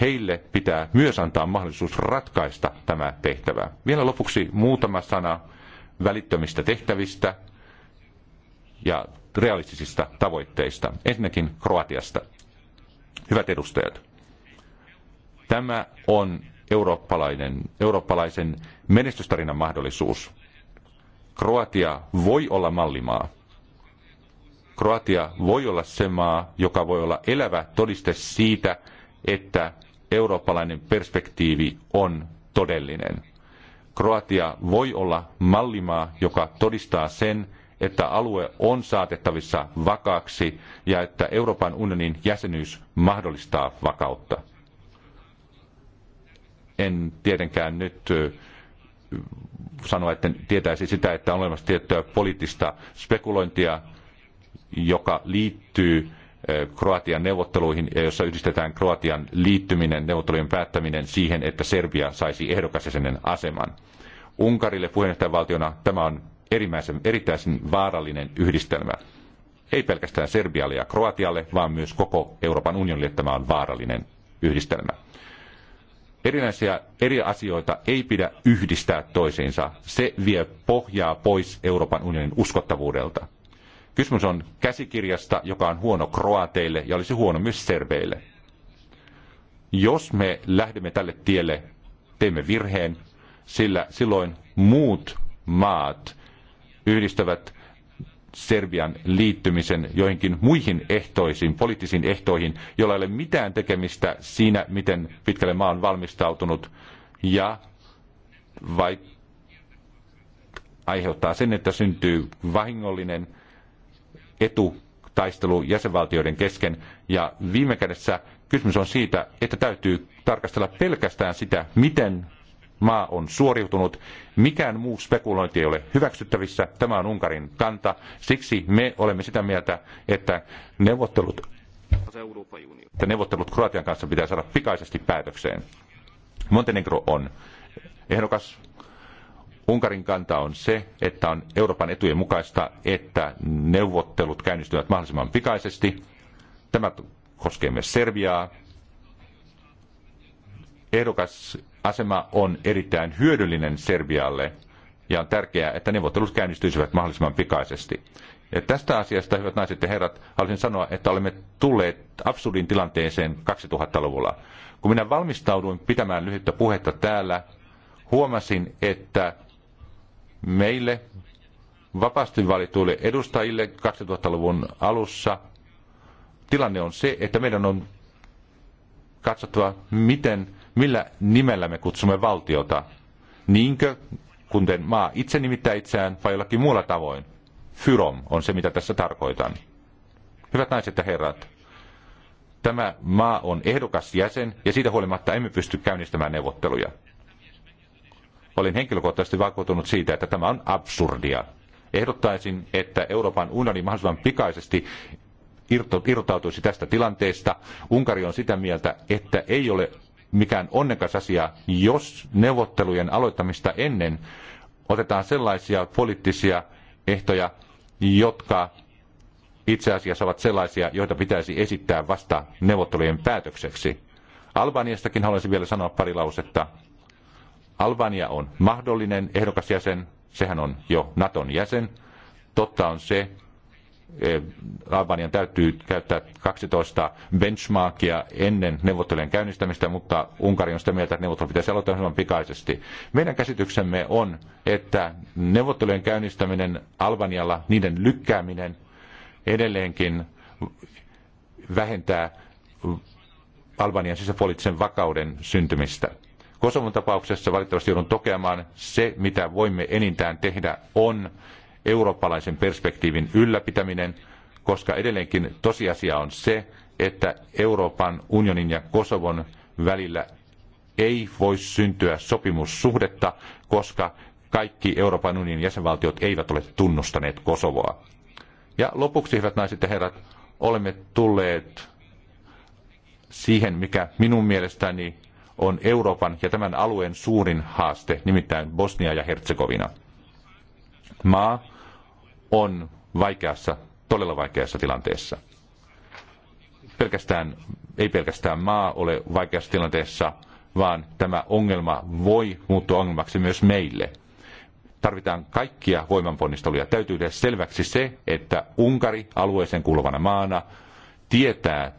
heille pitää myös antaa mahdollisuus ratkaista tämä tehtävä. Vielä lopuksi muutama sana välittömistä tehtävistä ja realistisista tavoitteista. Ensinnäkin Kroatiasta. Hyvät edustajat, tämä on eurooppalainen, eurooppalaisen menestystarinan mahdollisuus. Kroatia voi olla mallimaa. Kroatia voi olla se maa, joka voi olla elävä todiste siitä, että eurooppalainen perspektiivi on todellinen. Kroatia voi olla mallimaa, joka todistaa sen, että alue on saatettavissa vakaaksi ja että Euroopan unionin jäsenyys mahdollistaa vakautta. En tietenkään nyt sanoa, että tietäisi sitä, että on olemassa tiettyä poliittista spekulointia, joka liittyy Kroatian neuvotteluihin ja jossa yhdistetään Kroatian liittyminen, neuvottelujen päättäminen siihen, että Serbia saisi ehdokasjäsenen aseman. Unkarille puheenjohtajavaltiona tämä on erittäin vaarallinen yhdistelmä. Ei pelkästään Serbialle ja Kroatialle, vaan myös koko Euroopan unionille tämä on vaarallinen yhdistelmä. Erinäisiä eri asioita ei pidä yhdistää toisiinsa. Se vie pohjaa pois Euroopan unionin uskottavuudelta. Kysymys on käsikirjasta, joka on huono kroateille ja olisi huono myös serveille. Jos me lähdemme tälle tielle, teemme virheen, sillä silloin muut maat yhdistävät Serbian liittymisen joihinkin muihin ehtoisiin, poliittisiin ehtoihin, joilla ei ole mitään tekemistä siinä, miten pitkälle maa on valmistautunut ja vai aiheuttaa sen, että syntyy vahingollinen etutaistelu jäsenvaltioiden kesken. Ja viime kädessä kysymys on siitä, että täytyy tarkastella pelkästään sitä, miten maa on suoriutunut. Mikään muu spekulointi ei ole hyväksyttävissä. Tämä on Unkarin kanta. Siksi me olemme sitä mieltä, että neuvottelut, että neuvottelut Kroatian kanssa pitää saada pikaisesti päätökseen. Montenegro on ehdokas. Unkarin kanta on se, että on Euroopan etujen mukaista, että neuvottelut käynnistyvät mahdollisimman pikaisesti. Tämä koskee myös Serbiaa. Ehdokas asema on erittäin hyödyllinen Serbialle ja on tärkeää, että neuvottelut käynnistyisivät mahdollisimman pikaisesti. Ja tästä asiasta, hyvät naiset ja herrat, haluaisin sanoa, että olemme tulleet absurdin tilanteeseen 2000-luvulla. Kun minä valmistauduin pitämään lyhyttä puhetta täällä, huomasin, että meille vapaasti valituille edustajille 2000-luvun alussa tilanne on se, että meidän on katsottava, miten millä nimellä me kutsumme valtiota? Niinkö, kuten maa itse nimittää itseään, vai jollakin muulla tavoin? Fyrom on se, mitä tässä tarkoitan. Hyvät naiset ja herrat, tämä maa on ehdokas jäsen ja siitä huolimatta emme pysty käynnistämään neuvotteluja. Olin henkilökohtaisesti vakuuttunut siitä, että tämä on absurdia. Ehdottaisin, että Euroopan unioni mahdollisimman pikaisesti irtautuisi tästä tilanteesta. Unkari on sitä mieltä, että ei ole mikään onnekas asia, jos neuvottelujen aloittamista ennen otetaan sellaisia poliittisia ehtoja, jotka itse asiassa ovat sellaisia, joita pitäisi esittää vasta neuvottelujen päätökseksi. Albaniastakin haluaisin vielä sanoa pari lausetta. Albania on mahdollinen ehdokasjäsen, sehän on jo Naton jäsen. Totta on se, Eh, Albanian täytyy käyttää 12 benchmarkia ennen neuvottelujen käynnistämistä, mutta Unkari on sitä mieltä, että neuvottelu pitäisi aloittaa hyvin pikaisesti. Meidän käsityksemme on, että neuvottelujen käynnistäminen Albanialla, niiden lykkääminen edelleenkin vähentää Albanian sisäpoliittisen vakauden syntymistä. Kosovon tapauksessa valitettavasti joudun tokeamaan se, mitä voimme enintään tehdä, on eurooppalaisen perspektiivin ylläpitäminen, koska edelleenkin tosiasia on se, että Euroopan unionin ja Kosovon välillä ei voi syntyä sopimussuhdetta, koska kaikki Euroopan unionin jäsenvaltiot eivät ole tunnustaneet Kosovoa. Ja lopuksi, hyvät naiset ja herrat, olemme tulleet siihen, mikä minun mielestäni on Euroopan ja tämän alueen suurin haaste, nimittäin Bosnia ja Herzegovina. Maa, on vaikeassa, todella vaikeassa tilanteessa. Pelkästään, ei pelkästään maa ole vaikeassa tilanteessa, vaan tämä ongelma voi muuttua ongelmaksi myös meille. Tarvitaan kaikkia voimanponnisteluja. Täytyy tehdä selväksi se, että Unkari alueeseen kuuluvana maana tietää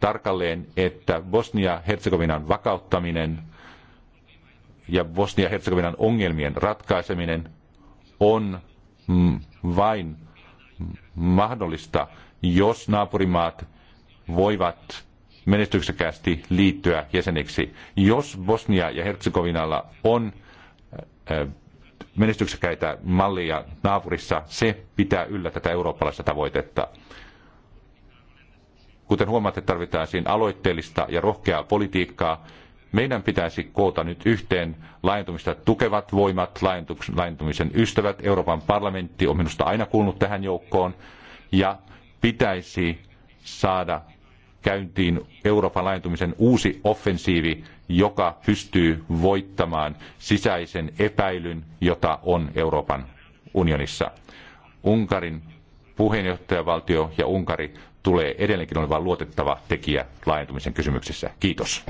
tarkalleen, että Bosnia-Herzegovinan vakauttaminen ja Bosnia-Herzegovinan ongelmien ratkaiseminen on mm, vain mahdollista, jos naapurimaat voivat menestyksekkäästi liittyä jäseniksi. Jos Bosnia ja Herzegovinalla on menestyksekkäitä mallia naapurissa, se pitää yllä tätä eurooppalaista tavoitetta. Kuten huomaatte, tarvitaan siinä aloitteellista ja rohkeaa politiikkaa, meidän pitäisi koota nyt yhteen laajentumista tukevat voimat, laajentumisen ystävät. Euroopan parlamentti on minusta aina kuulunut tähän joukkoon. Ja pitäisi saada käyntiin Euroopan laajentumisen uusi offensiivi, joka pystyy voittamaan sisäisen epäilyn, jota on Euroopan unionissa. Unkarin puheenjohtajavaltio ja Unkari tulee edelleenkin olemaan luotettava tekijä laajentumisen kysymyksissä. Kiitos.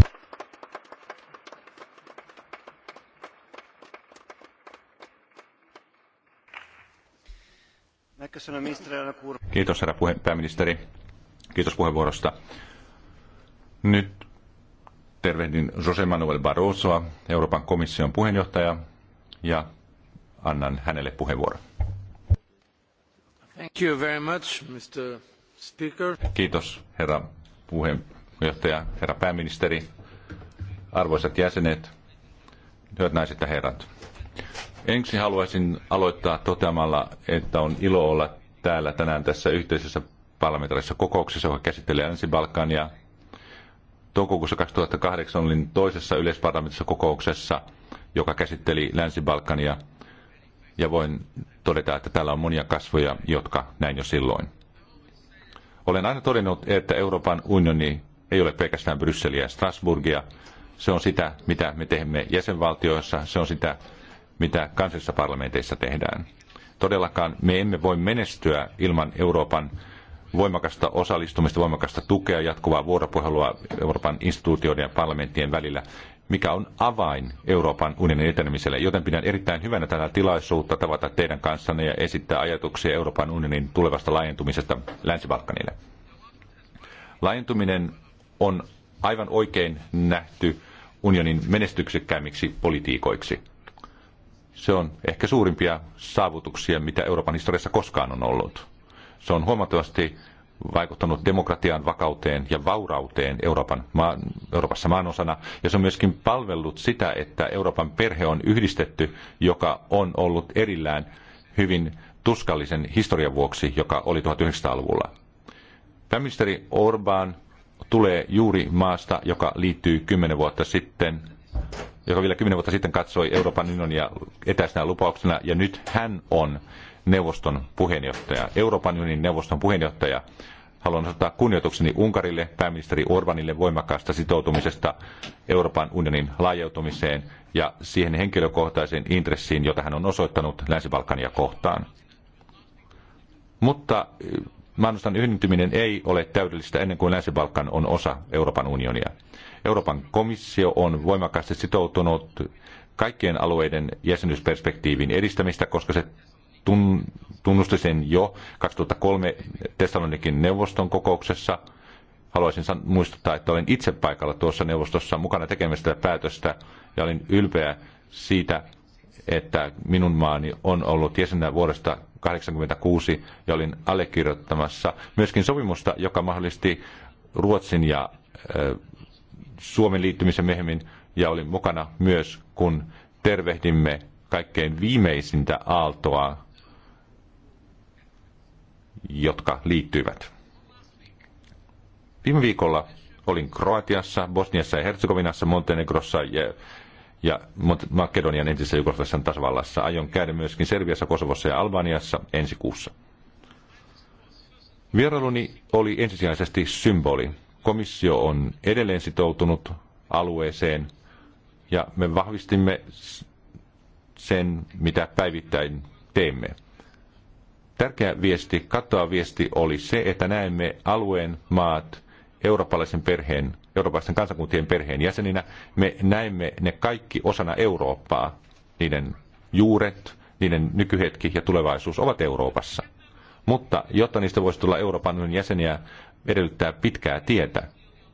Kiitos herra puhe- pääministeri. Kiitos puheenvuorosta. Nyt tervehdin José Manuel Barrosoa, Euroopan komission puheenjohtaja, ja annan hänelle puheenvuoron. Thank you very much, Mr. Speaker. Kiitos herra puheenjohtaja, herra pääministeri, arvoisat jäsenet, hyvät naiset ja herrat. Ensin haluaisin aloittaa toteamalla, että on ilo olla täällä tänään tässä yhteisessä parlamentaarisessa kokouksessa, joka käsittelee Länsi-Balkania. Toukokuussa 2008 olin toisessa yleisparlamentaarisessa kokouksessa, joka käsitteli Länsi-Balkania, ja voin todeta, että täällä on monia kasvoja, jotka näin jo silloin. Olen aina todennut, että Euroopan unioni ei ole pelkästään Brysseliä ja Strasburgia. Se on sitä, mitä me teemme jäsenvaltioissa, se on sitä, mitä kansallisissa parlamenteissa tehdään. Todellakaan me emme voi menestyä ilman Euroopan voimakasta osallistumista, voimakasta tukea, jatkuvaa vuoropuhelua Euroopan instituutioiden ja parlamenttien välillä, mikä on avain Euroopan unionin etenemiselle. Joten pidän erittäin hyvänä tätä tilaisuutta tavata teidän kanssanne ja esittää ajatuksia Euroopan unionin tulevasta laajentumisesta Länsi-Balkanille. Laajentuminen on aivan oikein nähty unionin menestyksekkäimmiksi politiikoiksi. Se on ehkä suurimpia saavutuksia, mitä Euroopan historiassa koskaan on ollut. Se on huomattavasti vaikuttanut demokratian vakauteen ja vaurauteen Euroopan maa, Euroopassa maanosana. Ja se on myöskin palvellut sitä, että Euroopan perhe on yhdistetty, joka on ollut erillään hyvin tuskallisen historian vuoksi, joka oli 1900-luvulla. Pääministeri Orban tulee juuri maasta, joka liittyy kymmenen vuotta sitten joka vielä kymmenen vuotta sitten katsoi Euroopan unionia etäisenä lupauksena, ja nyt hän on neuvoston puheenjohtaja, Euroopan unionin neuvoston puheenjohtaja. Haluan osoittaa kunnioitukseni Unkarille, pääministeri Orbanille voimakkaasta sitoutumisesta Euroopan unionin laajautumiseen ja siihen henkilökohtaiseen intressiin, jota hän on osoittanut Länsi-Balkania kohtaan. Mutta Maanostan yhdentyminen ei ole täydellistä ennen kuin Länsi-Balkan on osa Euroopan unionia. Euroopan komissio on voimakkaasti sitoutunut kaikkien alueiden jäsenyysperspektiivin edistämistä, koska se tun, tunnusti sen jo 2003 Thessalonikin neuvoston kokouksessa. Haluaisin muistuttaa, että olen itse paikalla tuossa neuvostossa mukana tekemästä päätöstä ja olin ylpeä siitä, että minun maani on ollut jäsenenä vuodesta 1986 ja olin allekirjoittamassa myöskin sopimusta, joka mahdollisti Ruotsin ja Suomen liittymisen myöhemmin ja olin mukana myös, kun tervehdimme kaikkein viimeisintä aaltoa, jotka liittyivät. Viime viikolla olin Kroatiassa, Bosniassa ja Herzegovinassa, Montenegrossa ja ja Makedonian entisessä Jugoslavian tasavallassa. Aion käydä myöskin Serbiassa, Kosovossa ja Albaniassa ensi kuussa. Vierailuni oli ensisijaisesti symboli. Komissio on edelleen sitoutunut alueeseen ja me vahvistimme sen, mitä päivittäin teemme. Tärkeä viesti, kattava viesti oli se, että näemme alueen maat eurooppalaisen perheen eurooppalaisten kansakuntien perheen jäseninä, me näemme ne kaikki osana Eurooppaa. Niiden juuret, niiden nykyhetki ja tulevaisuus ovat Euroopassa. Mutta jotta niistä voisi tulla Euroopan unionin jäseniä, edellyttää pitkää tietä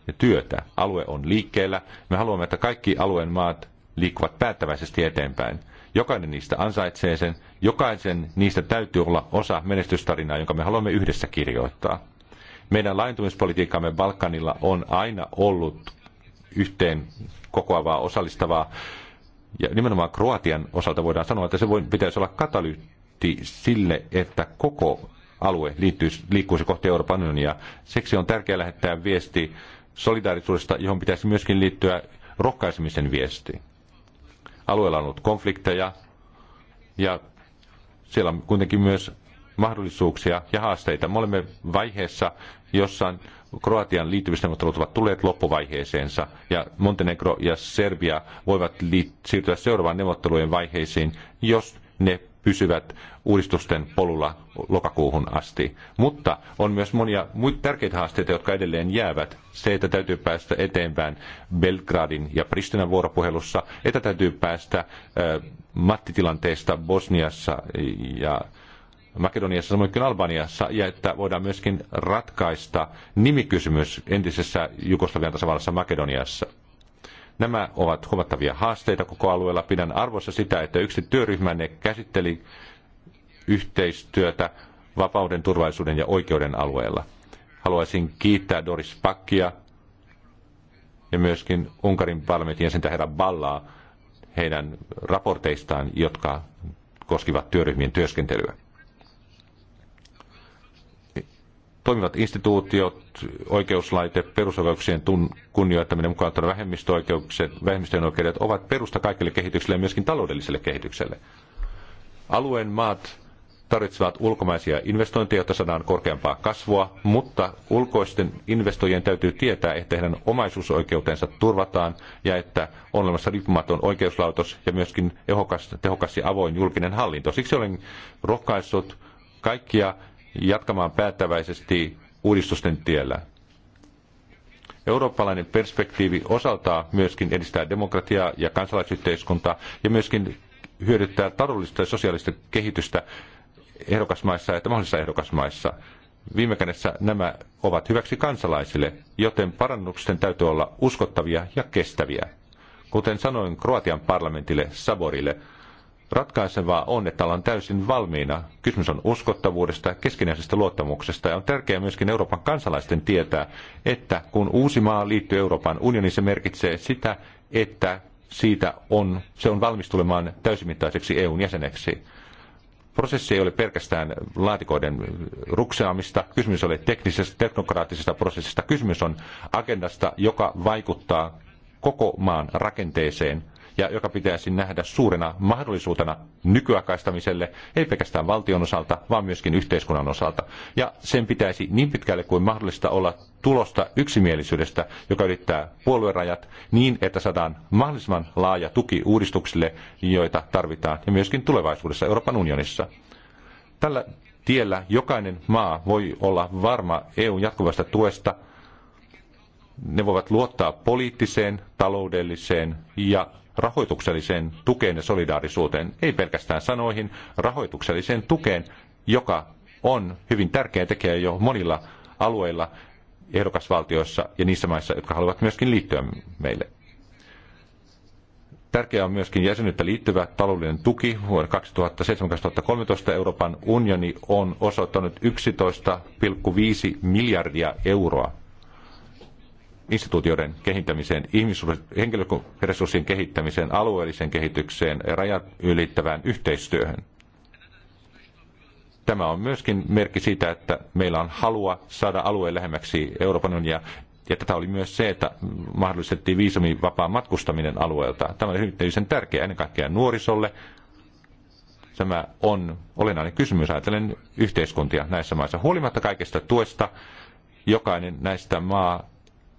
ja työtä. Alue on liikkeellä. Me haluamme, että kaikki alueen maat liikkuvat päättäväisesti eteenpäin. Jokainen niistä ansaitsee sen. Jokaisen niistä täytyy olla osa menestystarinaa, jonka me haluamme yhdessä kirjoittaa. Meidän laajentumispolitiikkamme Balkanilla on aina ollut yhteen kokoavaa, osallistavaa. Ja nimenomaan Kroatian osalta voidaan sanoa, että se voi, pitäisi olla katalyytti sille, että koko alue liittyisi, liikkuisi kohti Euroopan unionia. Seksi on tärkeää lähettää viesti solidaarisuudesta, johon pitäisi myöskin liittyä rohkaisemisen viesti. Alueella on ollut konflikteja ja siellä on kuitenkin myös mahdollisuuksia ja haasteita. Me olemme vaiheessa, jossa Kroatian liittymisneuvottelut ovat tulleet loppuvaiheeseensa ja Montenegro ja Serbia voivat siirtyä seuraavaan neuvottelujen vaiheisiin, jos ne pysyvät uudistusten polulla lokakuuhun asti. Mutta on myös monia muita tärkeitä haasteita, jotka edelleen jäävät. Se, että täytyy päästä eteenpäin Belgradin ja Pristinan vuoropuhelussa, että täytyy päästä äh, mattitilanteesta Bosniassa ja äh, Makedoniassa samoin kuin Albaniassa, ja että voidaan myöskin ratkaista nimikysymys entisessä Jugoslavian tasavallassa Makedoniassa. Nämä ovat huomattavia haasteita koko alueella. Pidän arvossa sitä, että yksi työryhmänne käsitteli yhteistyötä vapauden, turvallisuuden ja oikeuden alueella. Haluaisin kiittää Doris Pakkia ja myöskin Unkarin parlamentin jäsentä herra Ballaa heidän raporteistaan, jotka koskivat työryhmien työskentelyä. toimivat instituutiot, oikeuslaite, perusoikeuksien tun, kunnioittaminen mukaan vähemmistöoikeukset, vähemmistöjen oikeudet ovat perusta kaikille kehitykselle ja myöskin taloudelliselle kehitykselle. Alueen maat tarvitsevat ulkomaisia investointeja, jotta saadaan korkeampaa kasvua, mutta ulkoisten investoijien täytyy tietää, että heidän omaisuusoikeutensa turvataan ja että on olemassa riippumaton oikeuslautos ja myöskin tehokas, tehokas ja avoin julkinen hallinto. Siksi olen rohkaissut kaikkia jatkamaan päättäväisesti uudistusten tiellä. Eurooppalainen perspektiivi osaltaa myöskin edistää demokratiaa ja kansalaisyhteiskuntaa ja myöskin hyödyttää taloudellista ja sosiaalista kehitystä ehdokasmaissa ja mahdollisissa ehdokasmaissa. Viime kädessä nämä ovat hyväksi kansalaisille, joten parannuksen täytyy olla uskottavia ja kestäviä. Kuten sanoin Kroatian parlamentille Saborille, Ratkaisevaa on, että ollaan täysin valmiina. Kysymys on uskottavuudesta, keskinäisestä luottamuksesta ja on tärkeää myöskin Euroopan kansalaisten tietää, että kun uusi maa liittyy Euroopan unioniin, se merkitsee sitä, että siitä on, se on valmis tulemaan täysimittaiseksi EUn jäseneksi. Prosessi ei ole pelkästään laatikoiden rukseamista, kysymys ei ole teknisestä, teknokraattisesta prosessista, kysymys on agendasta, joka vaikuttaa koko maan rakenteeseen – ja joka pitäisi nähdä suurena mahdollisuutena nykyaikaistamiselle, ei pelkästään valtion osalta, vaan myöskin yhteiskunnan osalta. Ja sen pitäisi niin pitkälle kuin mahdollista olla tulosta yksimielisyydestä, joka ylittää puoluerajat niin, että saadaan mahdollisimman laaja tuki uudistuksille, joita tarvitaan, ja myöskin tulevaisuudessa Euroopan unionissa. Tällä tiellä jokainen maa voi olla varma EUn jatkuvasta tuesta. Ne voivat luottaa poliittiseen, taloudelliseen ja rahoitukselliseen tukeen ja solidaarisuuteen, ei pelkästään sanoihin, rahoitukselliseen tukeen, joka on hyvin tärkeä tekijä jo monilla alueilla, ehdokasvaltioissa ja niissä maissa, jotka haluavat myöskin liittyä meille. Tärkeää on myöskin jäsenyyttä liittyvä taloudellinen tuki. Vuonna 2007-2013 Euroopan unioni on osoittanut 11,5 miljardia euroa instituutioiden kehittämiseen, henkilöresurssien kehittämiseen, alueelliseen kehitykseen ja rajat ylittävään yhteistyöhön. Tämä on myöskin merkki siitä, että meillä on halua saada alue lähemmäksi Euroopan unionia ja tätä oli myös se, että mahdollistettiin vapaa matkustaminen alueelta. Tämä on erityisen tärkeää ennen kaikkea nuorisolle. Tämä on olennainen kysymys ajatellen yhteiskuntia näissä maissa. Huolimatta kaikesta tuesta, jokainen näistä maa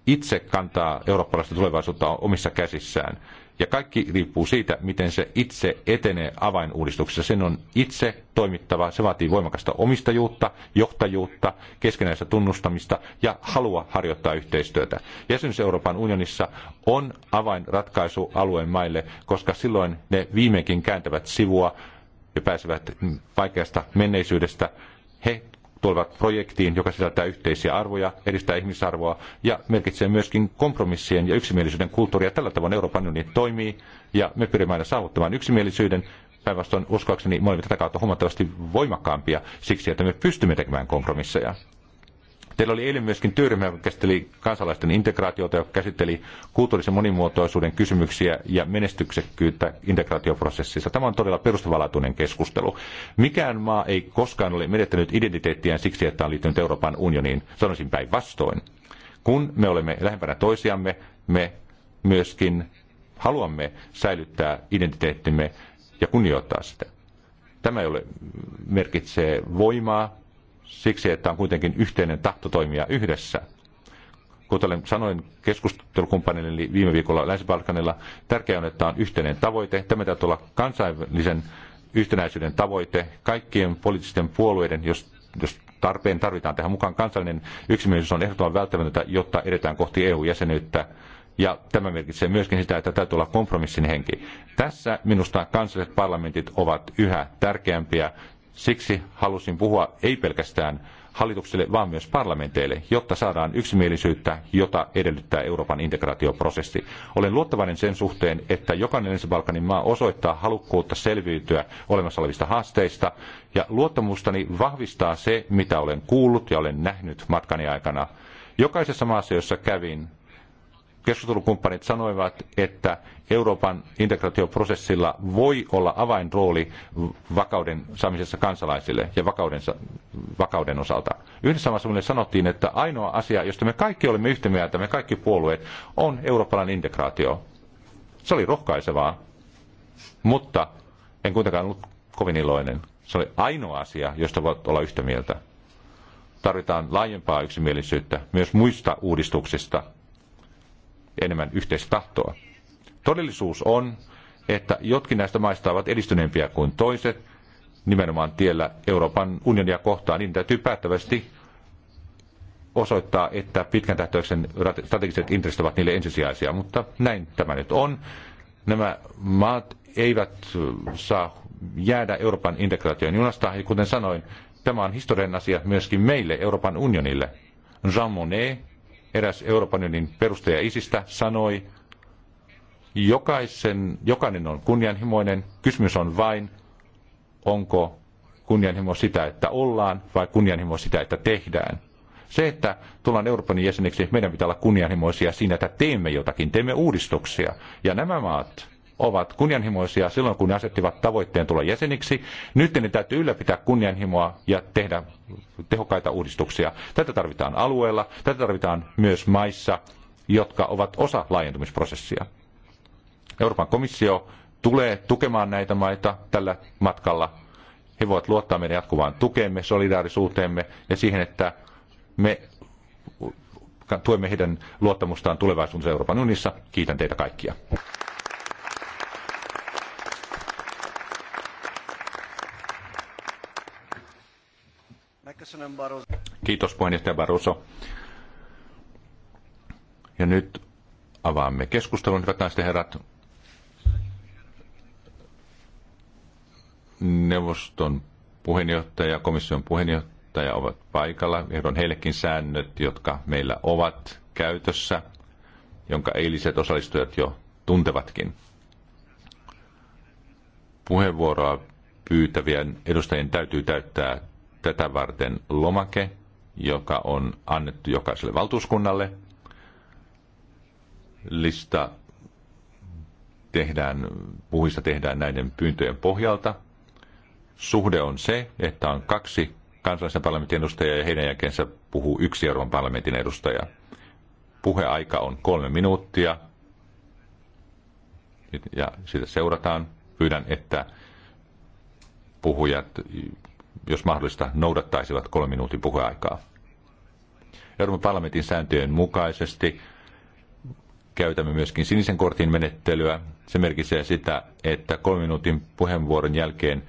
itse kantaa eurooppalaista tulevaisuutta omissa käsissään. Ja kaikki riippuu siitä, miten se itse etenee avainuudistuksessa. Sen on itse toimittava. Se vaatii voimakasta omistajuutta, johtajuutta, keskenäistä tunnustamista ja halua harjoittaa yhteistyötä. Jäsenyys Euroopan unionissa on avainratkaisu alueen maille, koska silloin ne viimeinkin kääntävät sivua ja pääsevät vaikeasta menneisyydestä. He tulevat projektiin, joka sisältää yhteisiä arvoja, edistää ihmisarvoa ja merkitsee myöskin kompromissien ja yksimielisyyden kulttuuria. Tällä tavoin Euroopan unioni toimii ja me pyrimme aina saavuttamaan yksimielisyyden. Päinvastoin uskoakseni me olemme tätä kautta huomattavasti voimakkaampia siksi, että me pystymme tekemään kompromisseja. Teillä oli eilen myöskin työryhmä, joka käsitteli kansalaisten integraatiota, joka käsitteli kulttuurisen monimuotoisuuden kysymyksiä ja menestyksekkyyttä integraatioprosessissa. Tämä on todella perustavanlaatuinen keskustelu. Mikään maa ei koskaan ole menettänyt identiteettiään siksi, että on liittynyt Euroopan unioniin. Sanoisin päinvastoin. Kun me olemme lähempänä toisiamme, me myöskin haluamme säilyttää identiteettimme ja kunnioittaa sitä. Tämä ei ole, merkitsee voimaa, siksi, että on kuitenkin yhteinen tahto toimia yhdessä. Kuten sanoin keskustelukumppanille viime viikolla länsi tärkeää on, että on yhteinen tavoite. Tämä täytyy olla kansainvälisen yhtenäisyyden tavoite kaikkien poliittisten puolueiden, jos, jos tarpeen tarvitaan tähän mukaan. Kansallinen yksimielisyys on ehdottoman välttämätöntä, jotta edetään kohti EU-jäsenyyttä. Ja tämä merkitsee myöskin sitä, että täytyy olla kompromissin henki. Tässä minusta kansalliset parlamentit ovat yhä tärkeämpiä Siksi halusin puhua ei pelkästään hallitukselle, vaan myös parlamenteille, jotta saadaan yksimielisyyttä, jota edellyttää Euroopan integraatioprosessi. Olen luottavainen sen suhteen, että jokainen ensi Balkanin maa osoittaa halukkuutta selviytyä olemassa olevista haasteista, ja luottamustani vahvistaa se, mitä olen kuullut ja olen nähnyt matkani aikana. Jokaisessa maassa, jossa kävin, keskustelukumppanit sanoivat, että Euroopan integraatioprosessilla voi olla avainrooli vakauden saamisessa kansalaisille ja vakauden, vakauden osalta. Yhdessä maassa sanottiin, että ainoa asia, josta me kaikki olemme yhtä mieltä, me kaikki puolueet, on eurooppalainen integraatio. Se oli rohkaisevaa, mutta en kuitenkaan ollut kovin iloinen. Se oli ainoa asia, josta voit olla yhtä mieltä. Tarvitaan laajempaa yksimielisyyttä myös muista uudistuksista – enemmän yhteistahtoa. Todellisuus on, että jotkin näistä maista ovat edistyneempiä kuin toiset, nimenomaan tiellä Euroopan unionia kohtaan, niin täytyy päättävästi osoittaa, että pitkän tähtäyksen strategiset intressit ovat niille ensisijaisia, mutta näin tämä nyt on. Nämä maat eivät saa jäädä Euroopan integraation junasta, ja kuten sanoin, tämä on historian asia myöskin meille, Euroopan unionille. Jean Monnet eräs Euroopan unionin perustaja Isistä sanoi, jokaisen, jokainen on kunnianhimoinen, kysymys on vain, onko kunnianhimo sitä, että ollaan vai kunnianhimo sitä, että tehdään. Se, että tullaan Euroopan jäseneksi, meidän pitää olla kunnianhimoisia siinä, että teemme jotakin, teemme uudistuksia. Ja nämä maat, ovat kunnianhimoisia silloin, kun ne asettivat tavoitteen tulla jäseniksi. Nyt ne täytyy ylläpitää kunnianhimoa ja tehdä tehokkaita uudistuksia. Tätä tarvitaan alueella, tätä tarvitaan myös maissa, jotka ovat osa laajentumisprosessia. Euroopan komissio tulee tukemaan näitä maita tällä matkalla. He voivat luottaa meidän jatkuvaan tukeemme, solidaarisuuteemme ja siihen, että me tuemme heidän luottamustaan tulevaisuudessa Euroopan unissa. Kiitän teitä kaikkia. Kiitos puheenjohtaja Barroso. Ja nyt avaamme keskustelun, hyvät naiset ja herrat. Neuvoston puheenjohtaja ja komission puheenjohtaja ovat paikalla. Ehdon heillekin säännöt, jotka meillä ovat käytössä, jonka eiliset osallistujat jo tuntevatkin. Puheenvuoroa pyytävien edustajien täytyy täyttää tätä varten lomake, joka on annettu jokaiselle valtuuskunnalle. Lista tehdään, puhuista tehdään näiden pyyntöjen pohjalta. Suhde on se, että on kaksi kansallisen parlamentin edustajaa ja heidän jälkeensä puhuu yksi Euroopan parlamentin edustaja. Puheaika on kolme minuuttia ja sitä seurataan. Pyydän, että puhujat jos mahdollista, noudattaisivat kolmen minuutin puheaikaa. Euroopan parlamentin sääntöjen mukaisesti käytämme myöskin sinisen kortin menettelyä. Se merkitsee sitä, että kolmen minuutin puheenvuoron jälkeen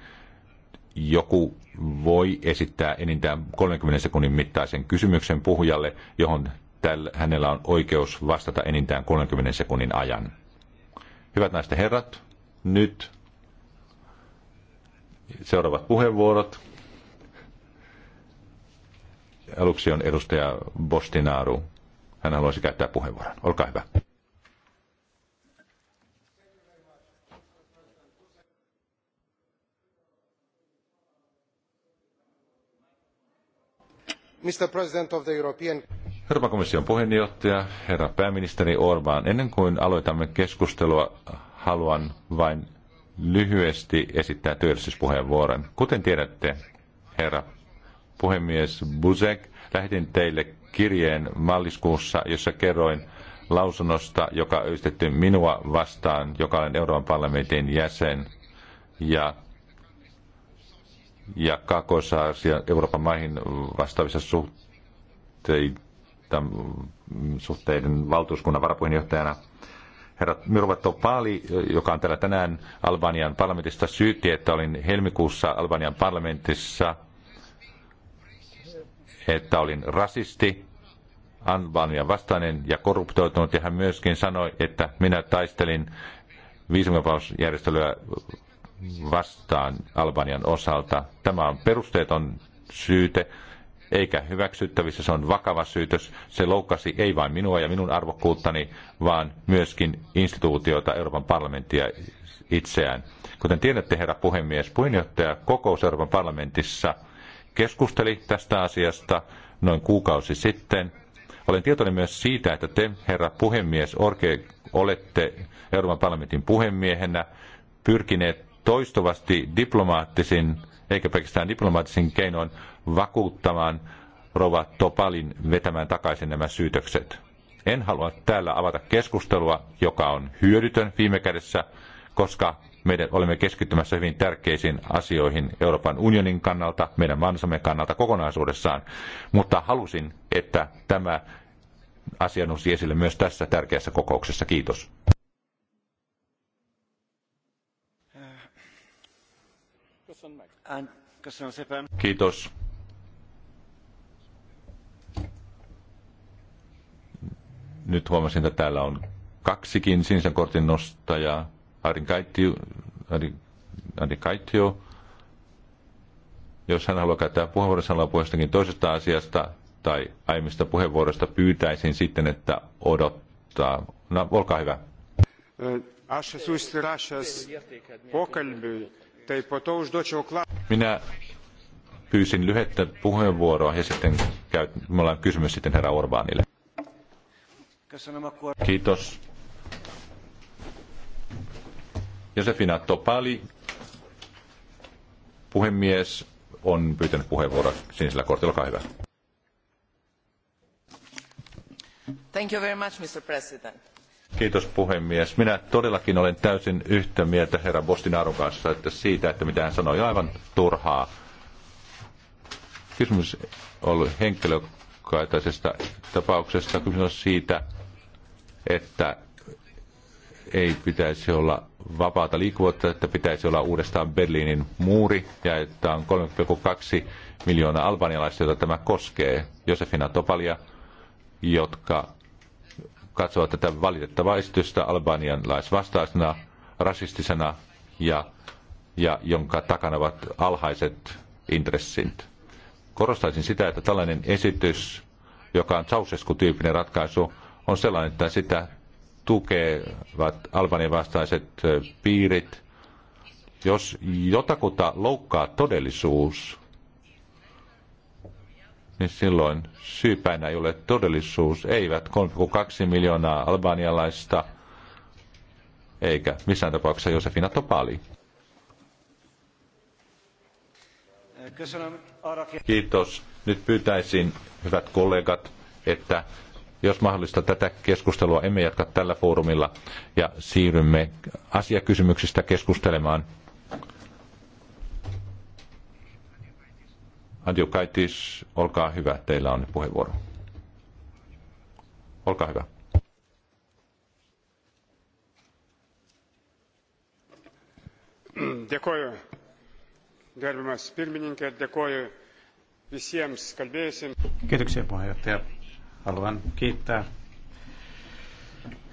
joku voi esittää enintään 30 sekunnin mittaisen kysymyksen puhujalle, johon tällä, hänellä on oikeus vastata enintään 30 sekunnin ajan. Hyvät naiset herrat, nyt seuraavat puheenvuorot aluksi on edustaja Bostinaru. Hän haluaisi käyttää puheenvuoron. Olkaa hyvä. Mr. President of the European... Euroopan komission puheenjohtaja, herra pääministeri Orban, ennen kuin aloitamme keskustelua, haluan vain lyhyesti esittää työllisyyspuheenvuoron. Kuten tiedätte, herra puhemies Buzek. Lähetin teille kirjeen maaliskuussa, jossa kerroin lausunnosta, joka yhdistetty minua vastaan, joka olen Euroopan parlamentin jäsen ja, ja Kakosaasia Euroopan maihin vastaavissa suhteita, suhteiden valtuuskunnan varapuheenjohtajana – herra Mirvatto Paali, joka on täällä tänään Albanian parlamentista, syytti, että olin helmikuussa Albanian parlamentissa – että olin rasisti, Albanian vastainen ja korruptoitunut, ja hän myöskin sanoi, että minä taistelin viisumivapausjärjestelyä vastaan Albanian osalta. Tämä on perusteeton syyte, eikä hyväksyttävissä. Se on vakava syytös. Se loukkasi ei vain minua ja minun arvokkuuttani, vaan myöskin instituutiota, Euroopan parlamenttia itseään. Kuten tiedätte, herra puhemies, puheenjohtaja kokous Euroopan parlamentissa – keskusteli tästä asiasta noin kuukausi sitten. Olen tietoinen myös siitä, että te, herra puhemies, Orke, olette Euroopan parlamentin puhemiehenä pyrkineet toistuvasti diplomaattisin, eikä pelkästään diplomaattisin keinoin, vakuuttamaan rova Topalin vetämään takaisin nämä syytökset. En halua täällä avata keskustelua, joka on hyödytön viime kädessä, koska meidän olemme keskittymässä hyvin tärkeisiin asioihin Euroopan unionin kannalta, meidän maansamme kannalta kokonaisuudessaan, mutta halusin, että tämä asia nousi esille myös tässä tärkeässä kokouksessa. Kiitos. Kiitos. Nyt huomasin, että täällä on kaksikin sinisen kortin nostajaa. Arin Ari jos hän haluaa käyttää puheenvuoron, sanoa puheestakin toisesta asiasta tai aiemmista puheenvuoroista, pyytäisin sitten, että odottaa. No, olkaa hyvä. Minä pyysin lyhyttä puheenvuoroa ja sitten käyt, me ollaan kysymys sitten herra Orbaanille. Kiitos. Josefina Topali, puhemies, on pyytänyt puheenvuoroa sinisellä kortilla. Olkaa hyvä. Thank you very much, Mr. President. Kiitos puhemies. Minä todellakin olen täysin yhtä mieltä herra Bostinarun kanssa että siitä, että mitä hän sanoi, aivan turhaa. Kysymys on ollut henkilökohtaisesta tapauksesta. Kysymys on siitä, että ei pitäisi olla vapaata liikkuvuutta, että pitäisi olla uudestaan Berliinin muuri ja että on 3,2 miljoonaa albanialaista, joita tämä koskee, Josefina Topalia, jotka katsovat tätä valitettavaa esitystä albanialaisvastaisena, rasistisena ja, ja jonka takana ovat alhaiset intressit. Korostaisin sitä, että tällainen esitys, joka on Ceausescu-tyyppinen ratkaisu, on sellainen, että sitä tukevat Albanian vastaiset piirit. Jos jotakuta loukkaa todellisuus, niin silloin syypäinä ei ole todellisuus, eivät 3,2 miljoonaa albanialaista, eikä missään tapauksessa Josefina Topali. Kiitos. Nyt pyytäisin, hyvät kollegat, että jos mahdollista, tätä keskustelua emme jatka tällä foorumilla ja siirrymme asiakysymyksistä keskustelemaan. Antio Kaitis, olkaa hyvä, teillä on puheenvuoro. Olkaa hyvä. Dėkoju, gerbiamas pirmininkė, dėkoju visiems kalbėjusiems. Kiitoksia puheenjohtaja. Haluan kiittää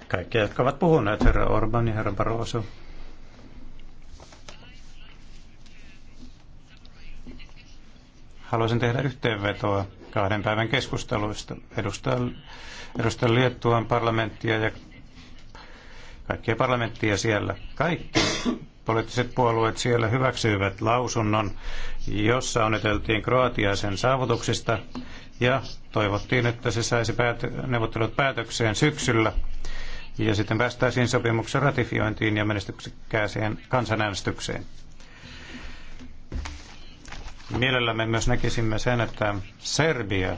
kaikkia, jotka ovat puhuneet, herra Orban ja herra Barroso. Haluaisin tehdä yhteenvetoa kahden päivän keskusteluista. Edustan, edustan Liettuan parlamenttia ja kaikkia parlamenttia siellä. Kaikki poliittiset puolueet siellä hyväksyivät lausunnon, jossa onneteltiin Kroatiaa sen saavutuksista ja toivottiin, että se saisi päät- neuvottelut päätökseen syksyllä ja sitten päästäisiin sopimuksen ratifiointiin ja menestyksekkääseen kansanäänestykseen. Mielellämme myös näkisimme sen, että Serbia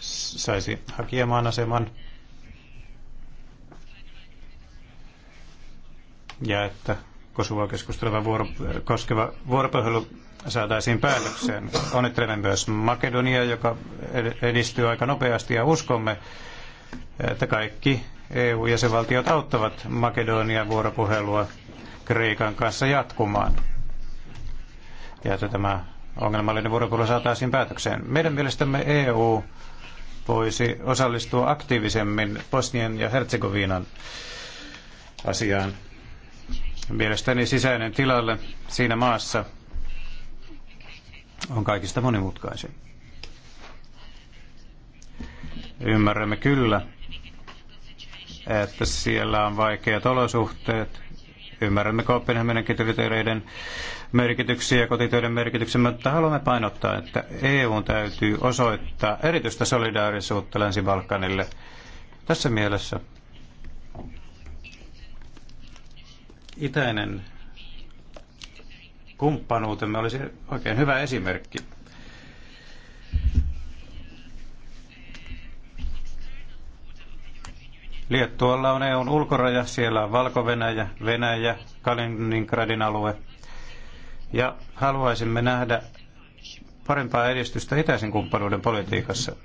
saisi hakijamaan aseman ja että Kosovoa keskusteleva vuoro, koskeva vuoropuhelu saataisiin päätökseen. Onnittelemme myös Makedonia, joka edistyy aika nopeasti ja uskomme, että kaikki EU-jäsenvaltiot auttavat Makedonian vuoropuhelua Kreikan kanssa jatkumaan. Ja että tämä ongelmallinen vuoropuhelu saataisiin päätökseen. Meidän mielestämme EU voisi osallistua aktiivisemmin Bosnian ja Herzegovinan asiaan. Mielestäni sisäinen tilalle siinä maassa on kaikista monimutkaisin. Ymmärrämme kyllä, että siellä on vaikeat olosuhteet. Ymmärrämme Kopenhaminan kriteereiden merkityksiä ja kotitöiden merkityksen, mutta haluamme painottaa, että EU täytyy osoittaa erityistä solidaarisuutta Länsi-Balkanille. Tässä mielessä itäinen kumppanuutemme olisi oikein hyvä esimerkki. Liettualla on EUn ulkoraja, siellä on Valko-Venäjä, Venäjä, Kaliningradin alue. Ja haluaisimme nähdä parempaa edistystä itäisen kumppanuuden politiikassa.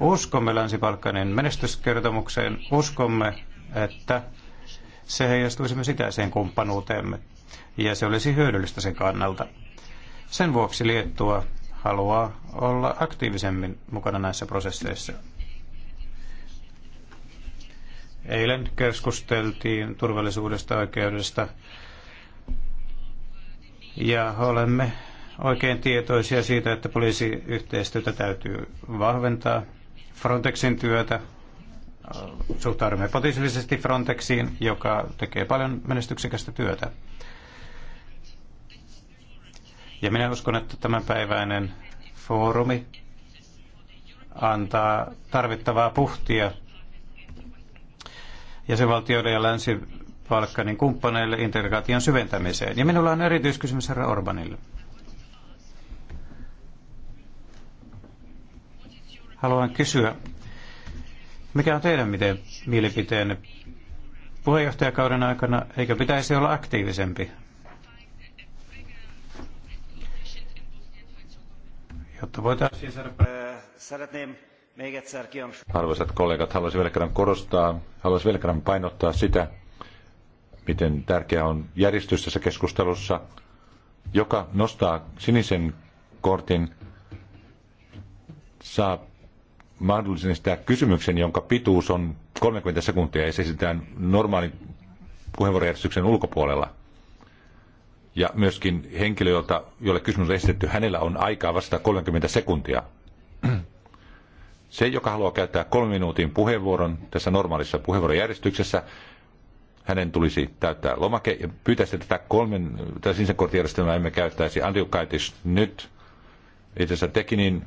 Uskomme Länsi-Balkanin menestyskertomukseen, uskomme, että se heijastuisi myös itäiseen kumppanuuteemme ja se olisi hyödyllistä sen kannalta. Sen vuoksi Liettua haluaa olla aktiivisemmin mukana näissä prosesseissa. Eilen keskusteltiin turvallisuudesta, oikeudesta ja olemme oikein tietoisia siitä, että poliisiyhteistyötä täytyy vahventaa. Frontexin työtä suhtaudumme potisellisesti Frontexiin, joka tekee paljon menestyksekästä työtä. Ja minä uskon, että tämänpäiväinen foorumi antaa tarvittavaa puhtia jäsenvaltioiden ja Länsi-Balkanin kumppaneille integraation syventämiseen. Ja minulla on erityiskysymys herra Orbanille. Haluan kysyä, mikä on teidän miten, mielipiteenne puheenjohtajakauden aikana, eikö pitäisi olla aktiivisempi jotta voitaisiin saada... Arvoisat kollegat, haluaisin vielä kerran korostaa, haluaisin vielä kerran painottaa sitä, miten tärkeää on järjestys tässä keskustelussa, joka nostaa sinisen kortin, saa mahdollisen esittää kysymyksen, jonka pituus on 30 sekuntia ja se esitetään normaalin puheenvuorojärjestyksen ulkopuolella ja myöskin henkilö, jolta, jolle kysymys on esitetty, hänellä on aikaa vastata 30 sekuntia. Se, joka haluaa käyttää kolmen minuutin puheenvuoron tässä normaalissa puheenvuorojärjestyksessä, hänen tulisi täyttää lomake ja pyytäisi tätä kolmen, tai sinisen korttijärjestelmää emme käyttäisi. Antiukaitis nyt itse asiassa teki niin,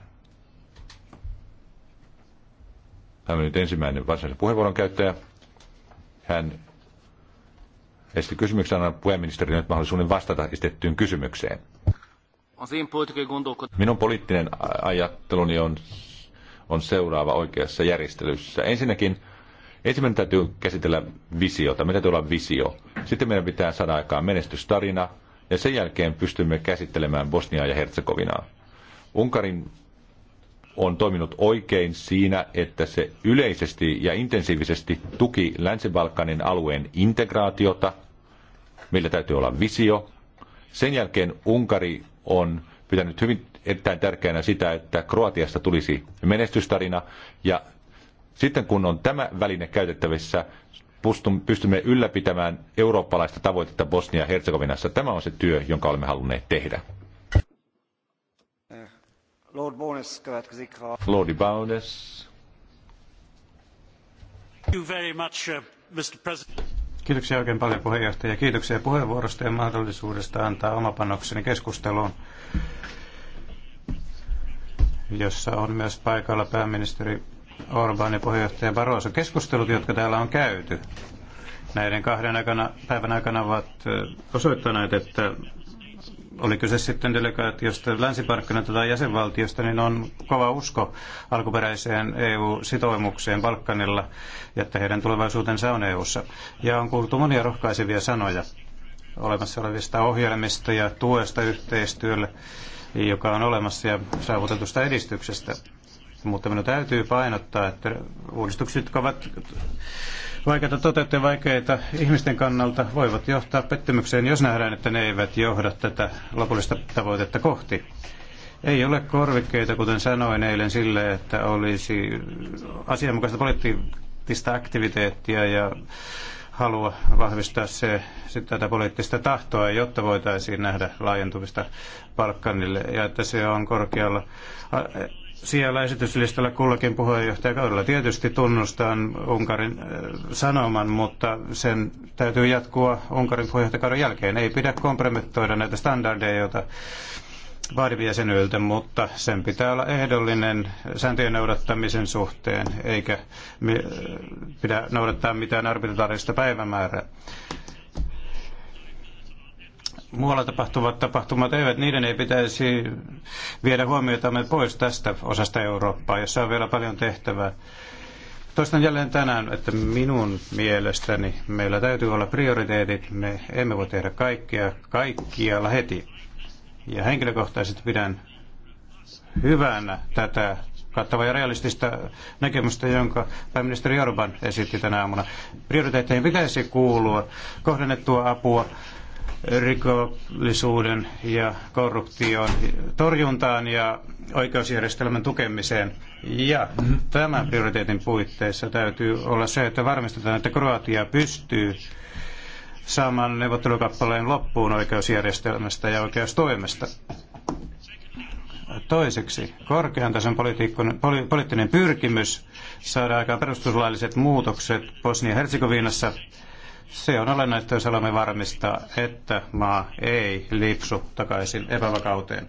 hän on nyt ensimmäinen varsinaisen puheenvuoron käyttäjä. Hän esitti kysymyksen, annan puheenministeri nyt mahdollisuuden vastata istettyyn kysymykseen. Minun poliittinen ajatteluni on, on seuraava oikeassa järjestelyssä. Ensinnäkin Ensimmäinen täytyy käsitellä visiota. Meidän täytyy olla visio. Sitten meidän pitää saada aikaan menestystarina, ja sen jälkeen pystymme käsittelemään Bosniaa ja Herzegovinaa. Unkarin on toiminut oikein siinä, että se yleisesti ja intensiivisesti tuki Länsi-Balkanin alueen integraatiota – Meillä täytyy olla visio. Sen jälkeen Unkari on pitänyt hyvin erittäin tärkeänä sitä, että Kroatiasta tulisi menestystarina. Ja sitten kun on tämä väline käytettävissä, pystymme ylläpitämään eurooppalaista tavoitetta Bosnia-Herzegovinassa. Tämä on se työ, jonka olemme halunneet tehdä. Lord Bones, Lordi Bones. Thank you very much, uh, Mr. President. Kiitoksia oikein paljon puheenjohtaja. Kiitoksia puheenvuorosta ja mahdollisuudesta antaa oma panokseni keskusteluun, jossa on myös paikalla pääministeri Orban ja puheenjohtaja Barroso. Keskustelut, jotka täällä on käyty näiden kahden aikana, päivän aikana ovat osoittaneet, että oli kyse sitten delegaatiosta länsi tai jäsenvaltiosta, niin on kova usko alkuperäiseen EU-sitoimukseen Balkanilla, että heidän tulevaisuutensa on EUssa. Ja on kuultu monia rohkaisevia sanoja olemassa olevista ohjelmista ja tuesta yhteistyölle, joka on olemassa ja saavutetusta edistyksestä. Mutta minun täytyy painottaa, että uudistukset, jotka ovat vaikeita toteuttaa vaikeita ihmisten kannalta voivat johtaa pettymykseen, jos nähdään, että ne eivät johda tätä lopullista tavoitetta kohti. Ei ole korvikkeita, kuten sanoin eilen, sille, että olisi asianmukaista poliittista aktiviteettia ja halua vahvistaa se, sit tätä poliittista tahtoa, jotta voitaisiin nähdä laajentumista Balkanille ja että se on korkealla siellä esityslistalla kullakin puheenjohtajakaudella. Tietysti tunnustan Unkarin äh, sanoman, mutta sen täytyy jatkua Unkarin puheenjohtajakauden jälkeen. Ei pidä kompromittoida näitä standardeja, joita vaadiviesenyiltä, mutta sen pitää olla ehdollinen sääntöjen noudattamisen suhteen, eikä äh, pidä noudattaa mitään arbitraarista päivämäärää muualla tapahtuvat tapahtumat eivät, niiden ei pitäisi viedä huomiotamme pois tästä osasta Eurooppaa, jossa on vielä paljon tehtävää. Toistan jälleen tänään, että minun mielestäni meillä täytyy olla prioriteetit. Me emme voi tehdä kaikkea kaikkialla heti. Ja henkilökohtaisesti pidän hyvänä tätä kattavaa ja realistista näkemystä, jonka pääministeri Orban esitti tänä aamuna. Prioriteetteihin pitäisi kuulua kohdennettua apua, rikollisuuden ja korruption torjuntaan ja oikeusjärjestelmän tukemiseen. Ja tämän prioriteetin puitteissa täytyy olla se, että varmistetaan, että Kroatia pystyy saamaan neuvottelukappaleen loppuun oikeusjärjestelmästä ja oikeustoimesta. Toiseksi, korkean tason poliittinen pyrkimys saada aikaan perustuslailliset muutokset Bosnia-Herzegovinassa se on olennaista, jos haluamme varmistaa, että maa ei lipsu takaisin epävakauteen.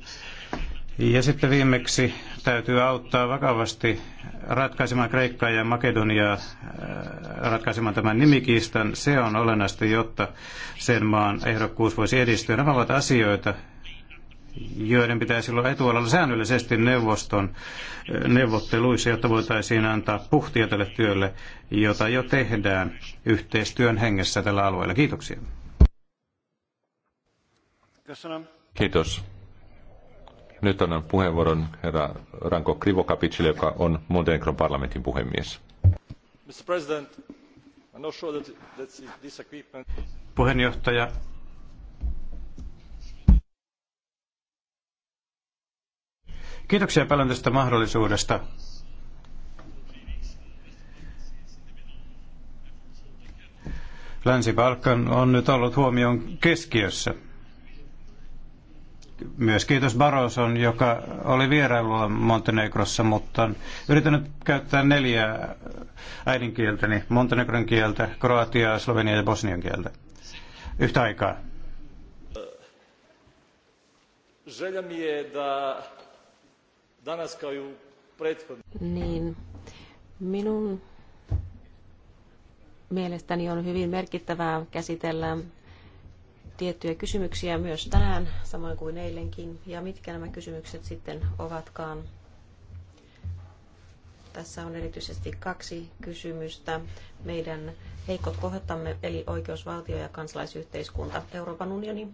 Ja sitten viimeksi täytyy auttaa vakavasti ratkaisemaan Kreikkaa ja Makedoniaa, äh, ratkaisemaan tämän nimikiistan. Se on olennaista, jotta sen maan ehdokkuus voisi edistyä. Nämä ovat asioita, joiden pitäisi olla etualalla säännöllisesti neuvoston eh, neuvotteluissa, jotta voitaisiin antaa puhtia tälle työlle, jota jo tehdään yhteistyön hengessä tällä alueella. Kiitoksia. Kiitos. Nyt annan puheenvuoron herra Ranko Krivokapicille, joka on Montenegron parlamentin puhemies. Puheenjohtaja, Kiitoksia paljon tästä mahdollisuudesta. Länsi-Balkan on nyt ollut huomion keskiössä. Myös kiitos Baroson, joka oli vierailulla Montenegrossa, mutta on yrittänyt käyttää neljä äidinkieltäni, Montenegron kieltä, Kroatiaa, Slovenia ja Bosnian kieltä yhtä aikaa. Želja mi je da danas kao i u Niin, minun mielestäni on hyvin merkittävää käsitellä tiettyjä kysymyksiä myös tänään, samoin kuin eilenkin. Ja mitkä nämä kysymykset sitten ovatkaan? Tässä on erityisesti kaksi kysymystä. Meidän heikot kohdattamme, eli oikeusvaltio ja kansalaisyhteiskunta. Euroopan unioni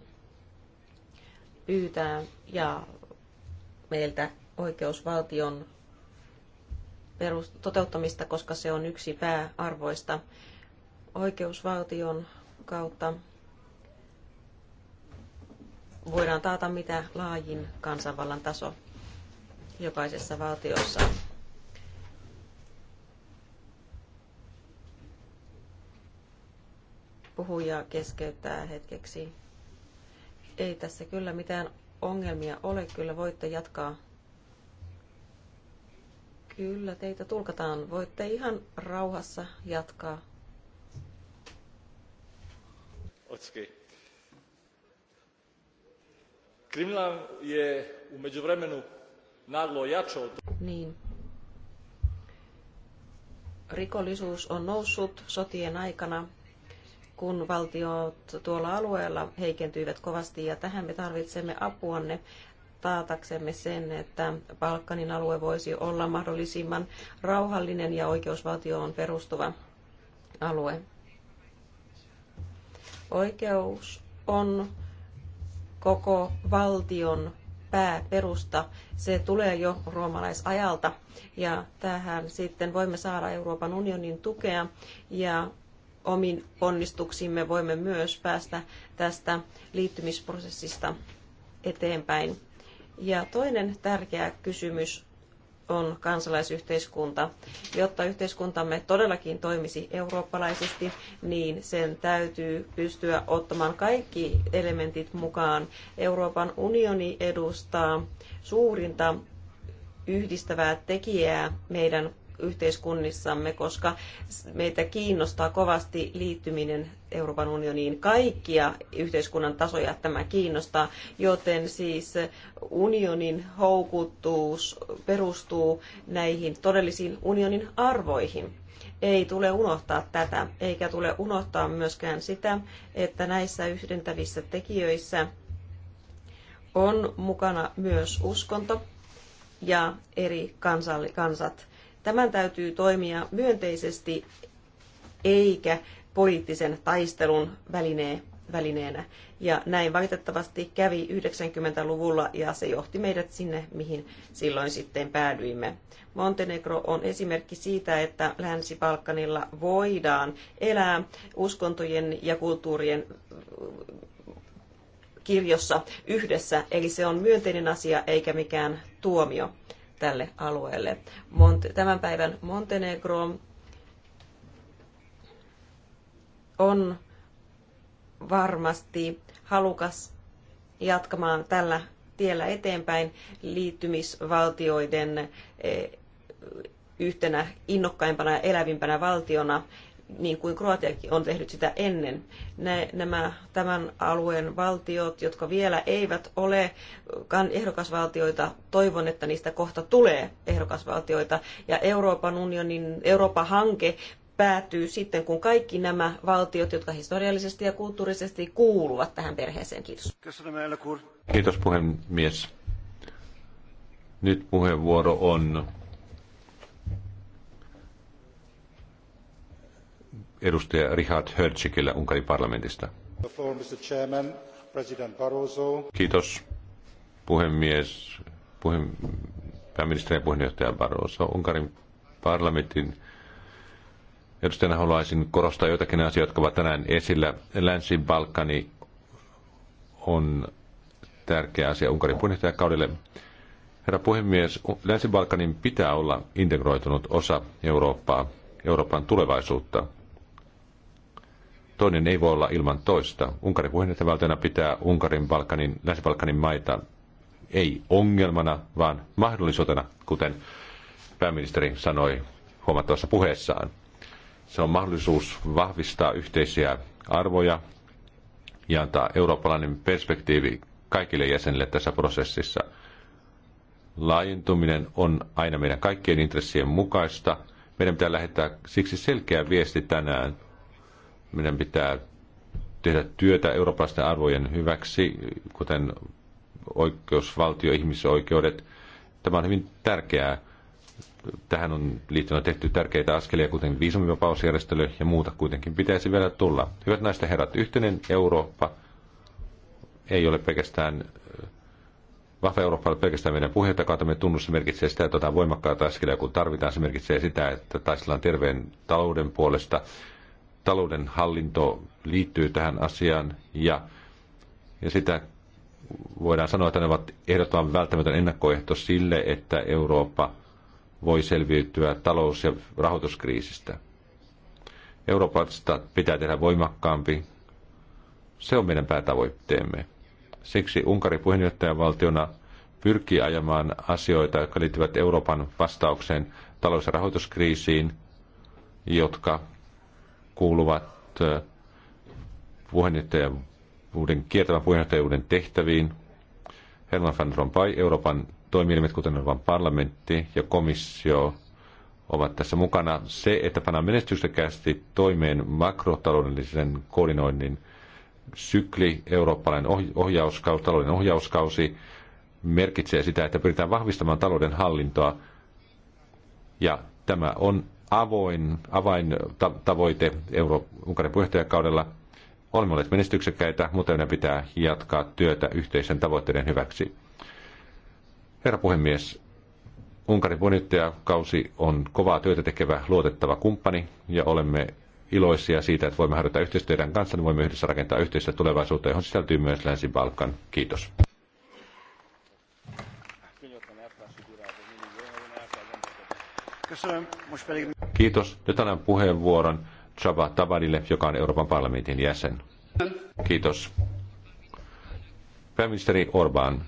pyytää ja meiltä oikeusvaltion toteuttamista, koska se on yksi pääarvoista oikeusvaltion kautta voidaan taata mitä laajin kansanvallan taso jokaisessa valtiossa. Puhujaa keskeyttää hetkeksi. Ei tässä kyllä mitään ongelmia ole. Kyllä voitte jatkaa Kyllä, teitä tulkataan. Voitte ihan rauhassa jatkaa. Otski. Kriminal je u međuvremenu naglo jačao. Niin. Rikollisuus on noussut sotien aikana, kun valtiot tuolla alueella heikentyivät kovasti ja tähän me tarvitsemme apuanne taataksemme sen, että Balkanin alue voisi olla mahdollisimman rauhallinen ja oikeusvaltioon perustuva alue. Oikeus on koko valtion pääperusta. Se tulee jo roomalaisajalta ja tähän sitten voimme saada Euroopan unionin tukea ja omin ponnistuksimme voimme myös päästä tästä liittymisprosessista eteenpäin. Ja toinen tärkeä kysymys on kansalaisyhteiskunta. Jotta yhteiskuntamme todellakin toimisi eurooppalaisesti, niin sen täytyy pystyä ottamaan kaikki elementit mukaan. Euroopan unioni edustaa suurinta yhdistävää tekijää meidän yhteiskunnissamme, koska meitä kiinnostaa kovasti liittyminen Euroopan unioniin. Kaikkia yhteiskunnan tasoja tämä kiinnostaa, joten siis unionin houkuttuus perustuu näihin todellisiin unionin arvoihin. Ei tule unohtaa tätä, eikä tule unohtaa myöskään sitä, että näissä yhdentävissä tekijöissä on mukana myös uskonto ja eri kansat Tämän täytyy toimia myönteisesti eikä poliittisen taistelun välineen, välineenä. Ja näin valitettavasti kävi 90-luvulla ja se johti meidät sinne, mihin silloin sitten päädyimme. Montenegro on esimerkki siitä, että Länsi-Balkanilla voidaan elää uskontojen ja kulttuurien kirjossa yhdessä, eli se on myönteinen asia eikä mikään tuomio tälle alueelle. Tämän päivän Montenegro on varmasti halukas jatkamaan tällä tiellä eteenpäin liittymisvaltioiden eh, yhtenä innokkaimpana ja elävimpänä valtiona niin kuin Kroatiakin on tehnyt sitä ennen. nämä tämän alueen valtiot, jotka vielä eivät ole ehdokasvaltioita, toivon, että niistä kohta tulee ehdokasvaltioita. Ja Euroopan unionin Euroopan hanke päätyy sitten, kun kaikki nämä valtiot, jotka historiallisesti ja kulttuurisesti kuuluvat tähän perheeseen. Kiitos. Kiitos puhemies. Nyt puheenvuoro on edustaja Richard Hörtsikillä Unkarin parlamentista. Kiitos puhemies, pääministeri ja puheenjohtaja Barroso. Unkarin parlamentin edustajana haluaisin korostaa joitakin asioita, jotka ovat tänään esillä. Länsi-Balkani on tärkeä asia Unkarin puheenjohtajakaudelle. Herra puhemies, Länsi-Balkanin pitää olla integroitunut osa Eurooppaa, Euroopan tulevaisuutta toinen ei voi olla ilman toista. Unkarin puheenjohtajavaltiona pitää Unkarin Balkanin, Länsi-Balkanin maita ei ongelmana, vaan mahdollisuutena, kuten pääministeri sanoi huomattavassa puheessaan. Se on mahdollisuus vahvistaa yhteisiä arvoja ja antaa eurooppalainen perspektiivi kaikille jäsenille tässä prosessissa. Laajentuminen on aina meidän kaikkien intressien mukaista. Meidän pitää lähettää siksi selkeä viesti tänään – meidän pitää tehdä työtä eurooppalaisten arvojen hyväksi, kuten oikeusvaltio, ihmisoikeudet. Tämä on hyvin tärkeää. Tähän on liittynyt tehty tärkeitä askelia, kuten viisumivapausjärjestely ja muuta kuitenkin pitäisi vielä tulla. Hyvät naiset ja herrat, yhteinen Eurooppa ei ole pelkästään Vahva Eurooppa on pelkästään meidän puheenjohtajakautamme tunnus. merkitsee sitä, että otetaan voimakkaita askelia, kun tarvitaan. Se merkitsee sitä, että taistellaan terveen talouden puolesta, talouden hallinto liittyy tähän asiaan ja, ja sitä voidaan sanoa, että ne ovat ehdottoman välttämätön ennakkoehto sille, että Eurooppa voi selviytyä talous- ja rahoituskriisistä. Euroopasta pitää tehdä voimakkaampi. Se on meidän päätavoitteemme. Siksi Unkari puheenjohtajavaltiona pyrkii ajamaan asioita, jotka liittyvät Euroopan vastaukseen talous- ja rahoituskriisiin, jotka kuuluvat puheenjohtajuuden, kiertävän puheenjohtajuuden tehtäviin. Herman van Rompuy, Euroopan toimielimet, kuten Euroopan parlamentti ja komissio, ovat tässä mukana. Se, että pannaan menestyksekästi toimeen makrotaloudellisen koordinoinnin sykli, eurooppalainen ohjauskausi, talouden ohjauskausi, merkitsee sitä, että pyritään vahvistamaan talouden hallintoa. Ja tämä on avoin, avain tavoite Euro- Unkarin puheenjohtajakaudella. Olemme olleet menestyksekkäitä, mutta meidän pitää jatkaa työtä yhteisen tavoitteiden hyväksi. Herra puhemies, Unkarin puheenjohtajakausi on kovaa työtä tekevä luotettava kumppani ja olemme iloisia siitä, että voimme harjoittaa yhteistyötä kanssa, niin voimme yhdessä rakentaa yhteistä tulevaisuutta, johon sisältyy myös Länsi-Balkan. Kiitos. Kiitos. Nyt annan puheenvuoron Chaba Tabarille, joka on Euroopan parlamentin jäsen. Kiitos. Pääministeri Orban,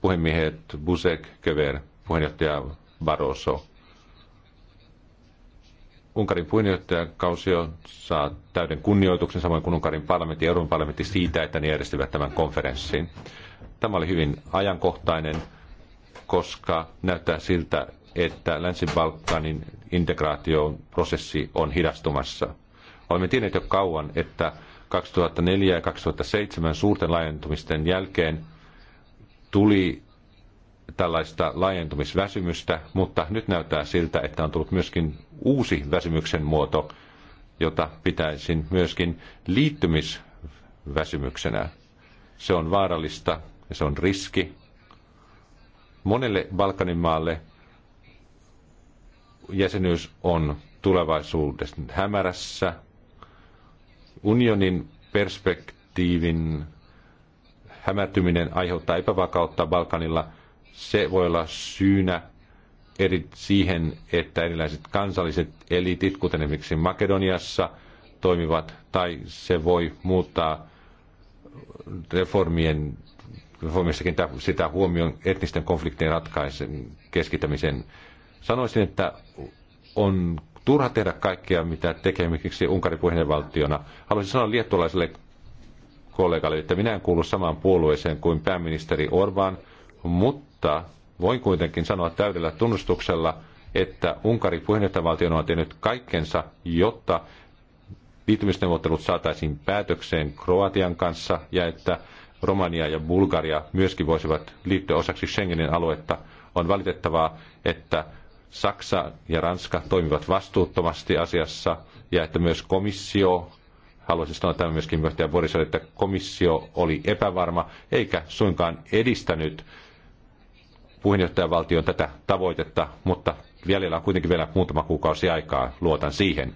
puhemiehet Busek, Kever, puheenjohtaja Barroso. Unkarin puheenjohtajakausio saa täyden kunnioituksen, samoin kuin Unkarin parlamentti ja Euroopan parlamentti siitä, että ne järjestivät tämän konferenssin. Tämä oli hyvin ajankohtainen, koska näyttää siltä, että Länsi-Balkanin integraation prosessi on hidastumassa. Olemme tienneet jo kauan, että 2004 ja 2007 suurten laajentumisten jälkeen tuli tällaista laajentumisväsymystä, mutta nyt näyttää siltä, että on tullut myöskin uusi väsymyksen muoto, jota pitäisin myöskin liittymisväsymyksenä. Se on vaarallista ja se on riski monelle Balkanin maalle jäsenyys on tulevaisuudessa hämärässä. Unionin perspektiivin hämärtyminen aiheuttaa epävakautta Balkanilla. Se voi olla syynä eri siihen, että erilaiset kansalliset elitit, kuten esimerkiksi Makedoniassa, toimivat, tai se voi muuttaa reformien, reformissakin sitä huomioon etnisten konfliktien ratkaisen keskittämisen Sanoisin, että on turha tehdä kaikkea, mitä tekee esimerkiksi Unkarin puheenvaltiona. Haluaisin sanoa liettualaiselle kollegalle, että minä en kuulu samaan puolueeseen kuin pääministeri Orban, mutta voin kuitenkin sanoa täydellä tunnustuksella, että Unkari puheenjohtajavaltiona on tehnyt kaikkensa, jotta liittymisneuvottelut saataisiin päätökseen Kroatian kanssa ja että Romania ja Bulgaria myöskin voisivat liittyä osaksi Schengenin aluetta. On valitettavaa, että Saksa ja Ranska toimivat vastuuttomasti asiassa ja että myös komissio, haluaisin sanoa tämän myöskin johtaja Borisalle, että komissio oli epävarma eikä suinkaan edistänyt puheenjohtajavaltion tätä tavoitetta, mutta jäljellä on kuitenkin vielä muutama kuukausi aikaa, luotan siihen.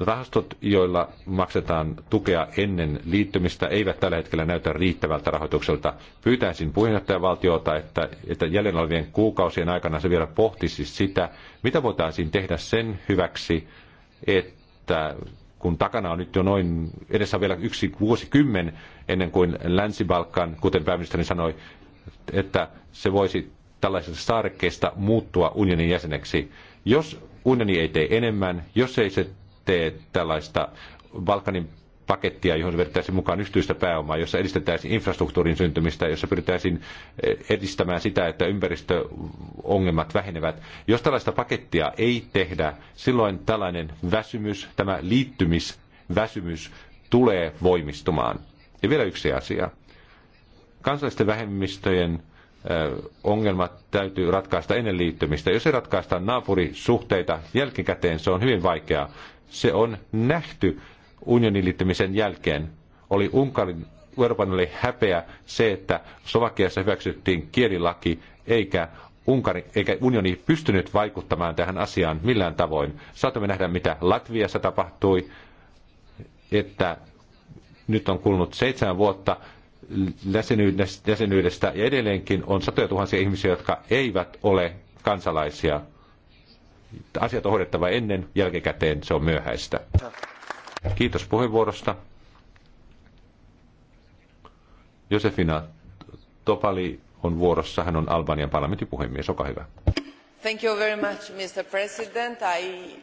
Rahastot, joilla maksetaan tukea ennen liittymistä, eivät tällä hetkellä näytä riittävältä rahoitukselta. Pyytäisin puheenjohtajavaltiota, että, että jäljellä olevien kuukausien aikana se vielä pohtisi sitä, mitä voitaisiin tehdä sen hyväksi, että kun takana on nyt jo noin, edessä vielä yksi vuosikymmen ennen kuin Länsi-Balkan, kuten pääministeri sanoi, että se voisi tällaisesta saarekkeesta muuttua unionin jäseneksi. Jos unioni ei tee enemmän, jos ei se tee tällaista Balkanin pakettia, johon vedettäisiin mukaan yksityistä pääomaa, jossa edistettäisiin infrastruktuurin syntymistä, jossa pyritäisiin eh, edistämään sitä, että ympäristöongelmat vähenevät. Jos tällaista pakettia ei tehdä, silloin tällainen väsymys, tämä liittymisväsymys tulee voimistumaan. Ja vielä yksi asia. Kansallisten vähemmistöjen eh, ongelmat täytyy ratkaista ennen liittymistä. Jos se ratkaistaan naapurisuhteita jälkikäteen, se on hyvin vaikeaa. Se on nähty unionin liittymisen jälkeen. Oli Unkarin Euroopan oli häpeä se, että Slovakiassa hyväksyttiin kielilaki, eikä Unkari, eikä unioni pystynyt vaikuttamaan tähän asiaan millään tavoin. Saatamme nähdä, mitä Latviassa tapahtui, että nyt on kulunut seitsemän vuotta jäsenyydestä ja edelleenkin on satoja tuhansia ihmisiä, jotka eivät ole kansalaisia asiat on hoidettava ennen, jälkikäteen se on myöhäistä. Kiitos puheenvuorosta. Josefina Topali on vuorossa. Hän on Albanian parlamentin puhemies. Olkaa hyvä. Thank you very much, Mr. President. I...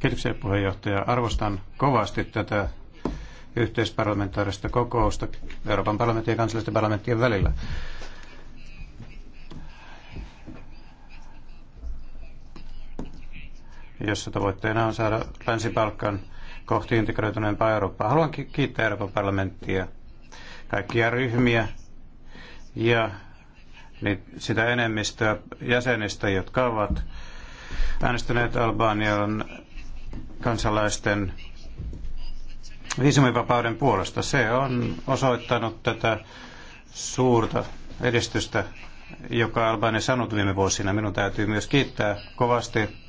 Kiitoksia puheenjohtaja. Arvostan kovasti tätä yhteisparlamentaarista kokousta Euroopan parlamentin ja kansallisten parlamenttien välillä. jossa tavoitteena on saada Länsi-Balkan kohti integroituneempaa Eurooppaa. Haluan kiittää Euroopan parlamenttia, kaikkia ryhmiä ja sitä enemmistöä jäsenistä, jotka ovat äänestäneet Albanian kansalaisten viisumivapauden puolesta. Se on osoittanut tätä suurta edistystä, joka Albania sanot viime vuosina. Minun täytyy myös kiittää kovasti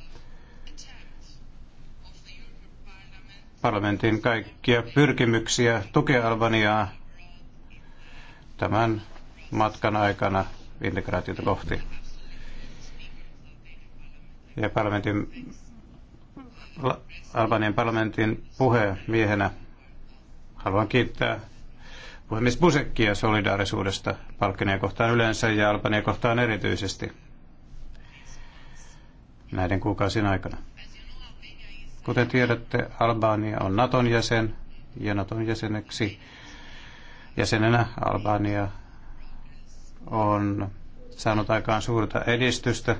parlamentin kaikkia pyrkimyksiä tukea Albaniaa tämän matkan aikana integraatiota kohti. Ja parlamentin, Albanian parlamentin puhemiehenä haluan kiittää puhemies Busekkiä solidaarisuudesta palkkineen kohtaan yleensä ja Albania kohtaan erityisesti näiden kuukausien aikana. Kuten tiedätte, Albania on Naton jäsen ja Naton jäseneksi jäsenenä Albania on saanut aikaan suurta edistystä,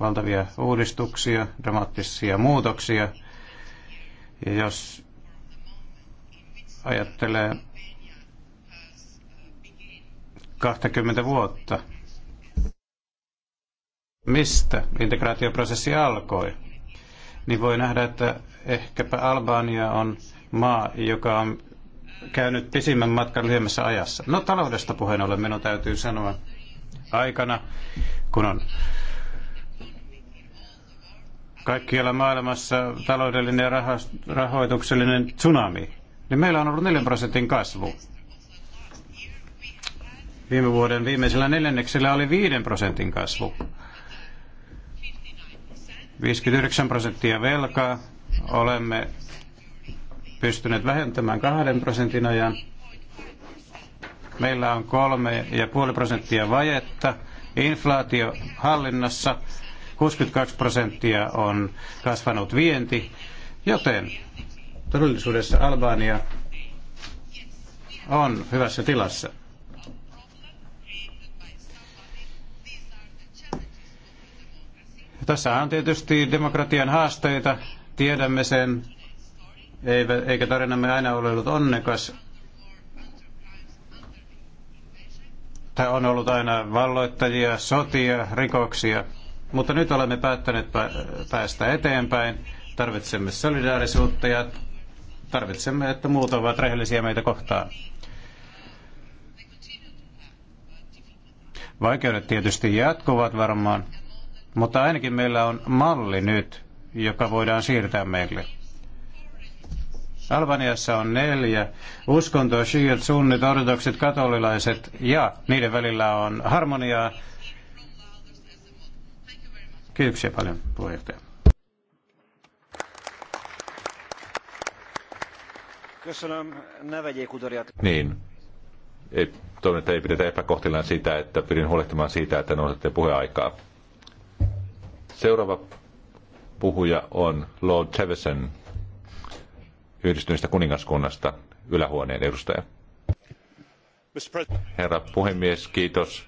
valtavia uudistuksia, dramaattisia muutoksia. Ja jos ajattelee 20 vuotta, mistä integraatioprosessi alkoi, niin voi nähdä, että ehkäpä Albania on maa, joka on käynyt pisimmän matkan lyhyemmässä ajassa. No taloudesta puheen ollen minun täytyy sanoa aikana, kun on kaikkialla maailmassa taloudellinen ja rahoituksellinen tsunami, niin meillä on ollut 4 prosentin kasvu. Viime vuoden viimeisellä neljänneksellä oli 5 prosentin kasvu. 59 prosenttia velkaa. Olemme pystyneet vähentämään kahden prosentin ajan. Meillä on kolme ja puoli prosenttia vajetta. Inflaatio hallinnassa. 62 prosenttia on kasvanut vienti, joten todellisuudessa Albania on hyvässä tilassa. Tässä on tietysti demokratian haasteita, tiedämme sen, eikä tarinamme aina ole ollut onnekas. Tämä on ollut aina valloittajia, sotia, rikoksia. Mutta nyt olemme päättäneet päästä eteenpäin. Tarvitsemme solidaarisuutta ja tarvitsemme, että muut ovat rehellisiä meitä kohtaan. Vaikeudet tietysti jatkuvat varmaan, mutta ainakin meillä on malli nyt, joka voidaan siirtää meille. Albaniassa on neljä uskontoa, shiit, sunnit, ortodokset, katolilaiset ja niiden välillä on harmoniaa. Kiitoksia paljon puheenjohtaja. Niin. Ei, toivon, että ei pidetä epäkohtilaan sitä, että pyrin huolehtimaan siitä, että noudatatte puheaikaa. Seuraava puhuja on Lord Tevesen yhdistyneestä kuningaskunnasta ylähuoneen edustaja. Herra puhemies, kiitos.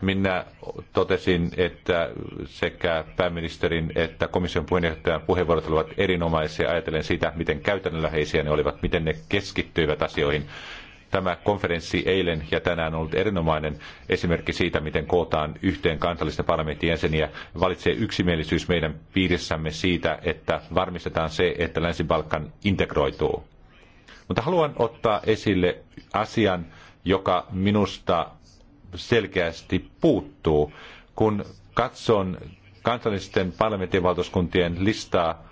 Minä totesin, että sekä pääministerin että komission puheenjohtajan puheenvuorot olivat erinomaisia ajatellen sitä, miten käytännönläheisiä ne olivat, miten ne keskittyivät asioihin. Tämä konferenssi eilen ja tänään on ollut erinomainen esimerkki siitä, miten kootaan yhteen kansallisten parlamentin jäseniä. Valitsee yksimielisyys meidän piirissämme siitä, että varmistetaan se, että Länsi-Balkan integroituu. Mutta haluan ottaa esille asian, joka minusta selkeästi puuttuu. Kun katson kansallisten parlamentin valtuuskuntien listaa,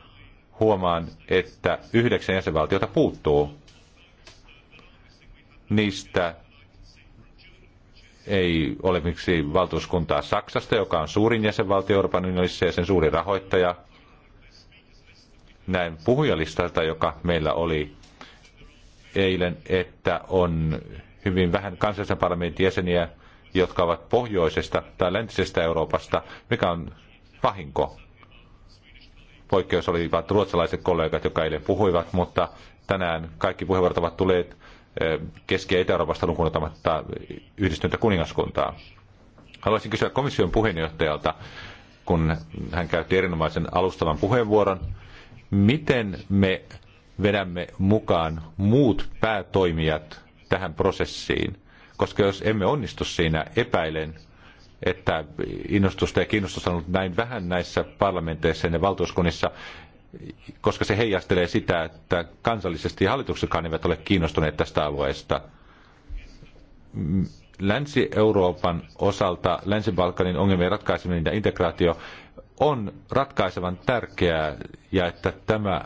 huomaan, että yhdeksän jäsenvaltiota puuttuu niistä ei ole miksi valtuuskuntaa Saksasta, joka on suurin jäsenvaltio Euroopan unionissa ja sen suuri rahoittaja. Näin puhujalistalta, joka meillä oli eilen, että on hyvin vähän kansallisen parlamentin jäseniä, jotka ovat pohjoisesta tai läntisestä Euroopasta, mikä on vahinko. Poikkeus olivat ruotsalaiset kollegat, jotka eilen puhuivat, mutta tänään kaikki puheenvuorot ovat tulleet Keski- ja Itä-Euroopasta lukuun ottamatta yhdistyntä kuningaskuntaa. Haluaisin kysyä komission puheenjohtajalta, kun hän käytti erinomaisen alustavan puheenvuoron, miten me vedämme mukaan muut päätoimijat tähän prosessiin, koska jos emme onnistu siinä, epäilen, että innostusta ja kiinnostusta on ollut näin vähän näissä parlamenteissa ja valtuuskunnissa, koska se heijastelee sitä, että kansallisesti hallituksetkaan eivät ole kiinnostuneet tästä alueesta. Länsi-Euroopan osalta Länsi-Balkanin ongelmien ratkaiseminen ja integraatio on ratkaisevan tärkeää ja että tämä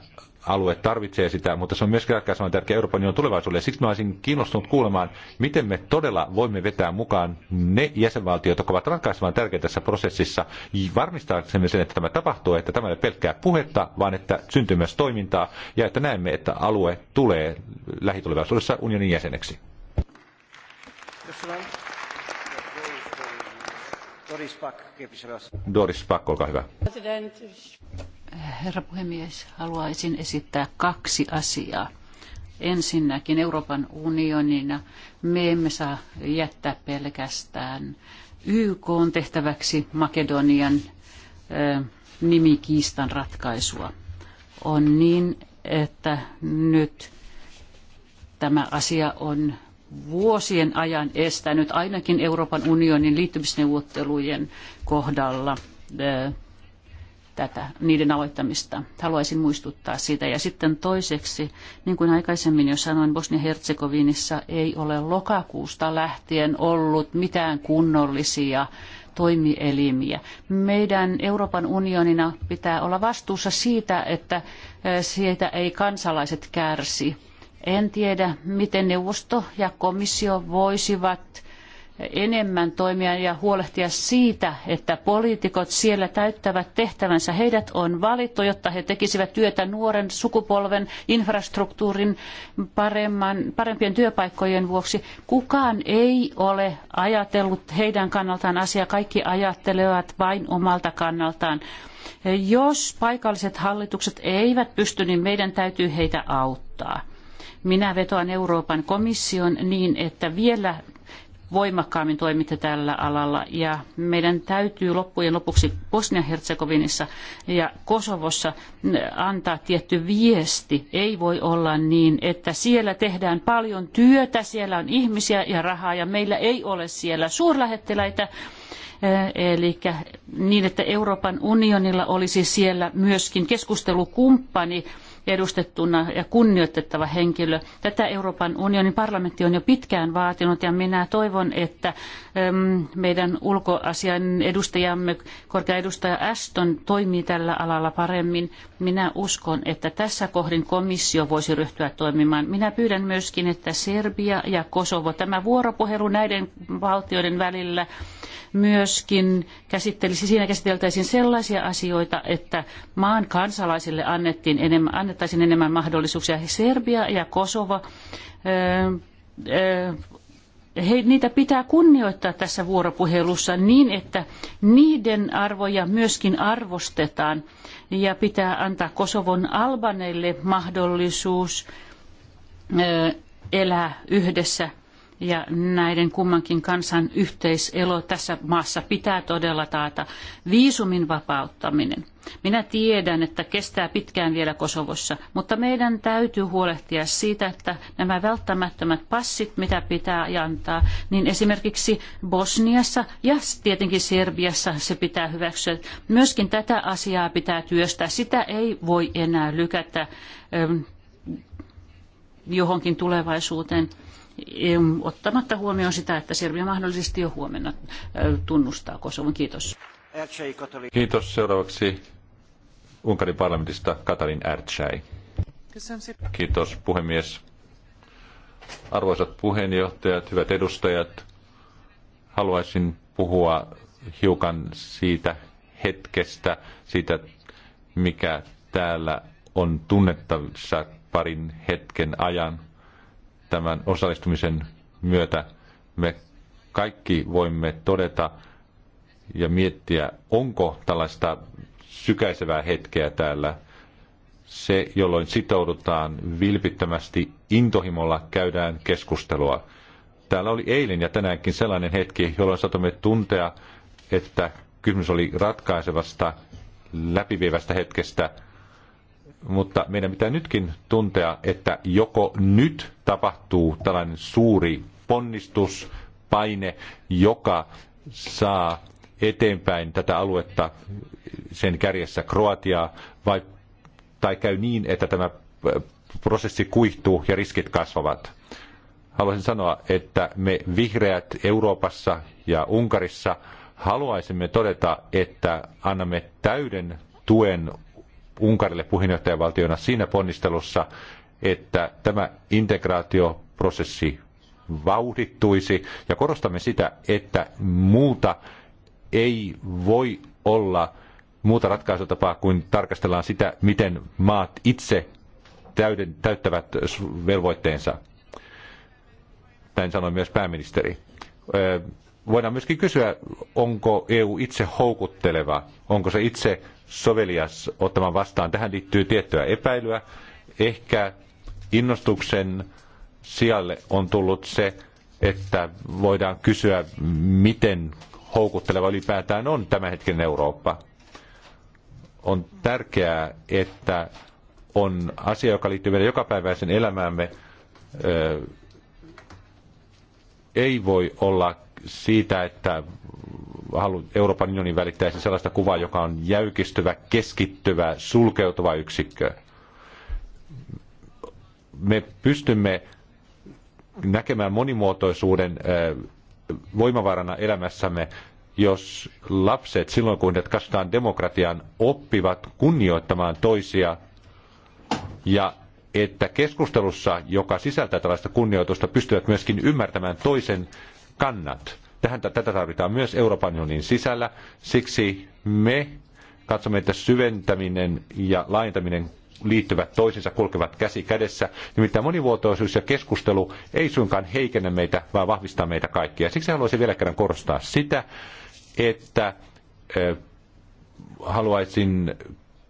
alue tarvitsee sitä, mutta se on myös kaikkein tärkeä Euroopan unionin tulevaisuudelle. Siksi mä olisin kiinnostunut kuulemaan, miten me todella voimme vetää mukaan ne jäsenvaltiot, jotka ovat ratkaisevan tärkeitä tässä prosessissa, varmistaaksemme sen, että tämä tapahtuu, että tämä ei ole pelkkää puhetta, vaan että syntyy myös toimintaa ja että näemme, että alue tulee lähitulevaisuudessa unionin jäseneksi. Doris Pack, olkaa hyvä. Herra puhemies, haluaisin esittää kaksi asiaa. Ensinnäkin Euroopan unionina me emme saa jättää pelkästään YK on tehtäväksi Makedonian nimikiistan ratkaisua. On niin, että nyt tämä asia on vuosien ajan estänyt ainakin Euroopan unionin liittymisneuvottelujen kohdalla tätä, niiden aloittamista. Haluaisin muistuttaa siitä. Ja sitten toiseksi, niin kuin aikaisemmin jo sanoin, Bosnia-Herzegovinissa ei ole lokakuusta lähtien ollut mitään kunnollisia toimielimiä. Meidän Euroopan unionina pitää olla vastuussa siitä, että eh, siitä ei kansalaiset kärsi. En tiedä, miten neuvosto ja komissio voisivat enemmän toimia ja huolehtia siitä, että poliitikot siellä täyttävät tehtävänsä. Heidät on valittu, jotta he tekisivät työtä nuoren sukupolven infrastruktuurin paremman, parempien työpaikkojen vuoksi. Kukaan ei ole ajatellut heidän kannaltaan asiaa. Kaikki ajattelevat vain omalta kannaltaan. Jos paikalliset hallitukset eivät pysty, niin meidän täytyy heitä auttaa minä vetoan Euroopan komission niin, että vielä voimakkaammin toimitte tällä alalla. Ja meidän täytyy loppujen lopuksi Bosnia-Herzegovinissa ja Kosovossa antaa tietty viesti. Ei voi olla niin, että siellä tehdään paljon työtä, siellä on ihmisiä ja rahaa ja meillä ei ole siellä suurlähetteläitä eh, eli niin, että Euroopan unionilla olisi siellä myöskin keskustelukumppani edustettuna ja kunnioitettava henkilö. Tätä Euroopan unionin parlamentti on jo pitkään vaatinut ja minä toivon, että ähm, meidän ulkoasian edustajamme, korkea edustaja Ashton, toimii tällä alalla paremmin. Minä uskon, että tässä kohdin komissio voisi ryhtyä toimimaan. Minä pyydän myöskin, että Serbia ja Kosovo, tämä vuoropuhelu näiden valtioiden välillä myöskin käsittelisi, siinä käsiteltäisiin sellaisia asioita, että maan kansalaisille annettiin enemmän, annettaisiin enemmän mahdollisuuksia. Serbia ja Kosovo, he, niitä pitää kunnioittaa tässä vuoropuhelussa niin, että niiden arvoja myöskin arvostetaan ja pitää antaa Kosovon albaneille mahdollisuus elää yhdessä ja näiden kummankin kansan yhteiselo tässä maassa pitää todella taata viisumin vapauttaminen. Minä tiedän, että kestää pitkään vielä Kosovossa, mutta meidän täytyy huolehtia siitä, että nämä välttämättömät passit, mitä pitää antaa, niin esimerkiksi Bosniassa ja tietenkin Serbiassa se pitää hyväksyä. Myöskin tätä asiaa pitää työstää. Sitä ei voi enää lykätä johonkin tulevaisuuteen ottamatta huomioon sitä, että Serbia mahdollisesti jo huomenna tunnustaa Kosovon. Kiitos. Kiitos. Seuraavaksi Unkarin parlamentista Katalin Ertsäi. Kiitos puhemies. Arvoisat puheenjohtajat, hyvät edustajat, haluaisin puhua hiukan siitä hetkestä, siitä mikä täällä on tunnettavissa parin hetken ajan tämän osallistumisen myötä me kaikki voimme todeta ja miettiä, onko tällaista sykäisevää hetkeä täällä se, jolloin sitoudutaan vilpittömästi intohimolla käydään keskustelua. Täällä oli eilen ja tänäänkin sellainen hetki, jolloin saatamme tuntea, että kysymys oli ratkaisevasta läpivievästä hetkestä, mutta meidän pitää nytkin tuntea, että joko nyt tapahtuu tällainen suuri ponnistus, paine, joka saa eteenpäin tätä aluetta sen kärjessä Kroatiaa, vai, tai käy niin, että tämä äh, prosessi kuihtuu ja riskit kasvavat. Haluaisin sanoa, että me vihreät Euroopassa ja Unkarissa haluaisimme todeta, että annamme täyden tuen Unkarille puheenjohtajavaltiona siinä ponnistelussa, että tämä integraatioprosessi vauhdittuisi ja korostamme sitä, että muuta ei voi olla muuta ratkaisutapaa kuin tarkastellaan sitä, miten maat itse täyden, täyttävät velvoitteensa. Näin sanoi myös pääministeri. Voidaan myöskin kysyä, onko EU itse houkutteleva, onko se itse sovelias ottamaan vastaan. Tähän liittyy tiettyä epäilyä. Ehkä innostuksen sijalle on tullut se, että voidaan kysyä, miten houkutteleva ylipäätään on tämä hetken Eurooppa. On tärkeää, että on asia, joka liittyy meidän jokapäiväisen elämäämme, ei voi olla siitä, että Euroopan unionin välittäisi sellaista kuvaa, joka on jäykistyvä, keskittyvä, sulkeutuva yksikkö. Me pystymme näkemään monimuotoisuuden äh, voimavarana elämässämme, jos lapset silloin, kun ne kasvataan demokratian, oppivat kunnioittamaan toisia ja että keskustelussa, joka sisältää tällaista kunnioitusta, pystyvät myöskin ymmärtämään toisen kannat. Tähän, tätä tarvitaan myös Euroopan unionin sisällä. Siksi me katsomme, että syventäminen ja laajentaminen liittyvät toisiinsa, kulkevat käsi kädessä. Nimittäin monivuotoisuus ja keskustelu ei suinkaan heikennä meitä, vaan vahvistaa meitä kaikkia. Siksi haluaisin vielä kerran korostaa sitä, että haluaisin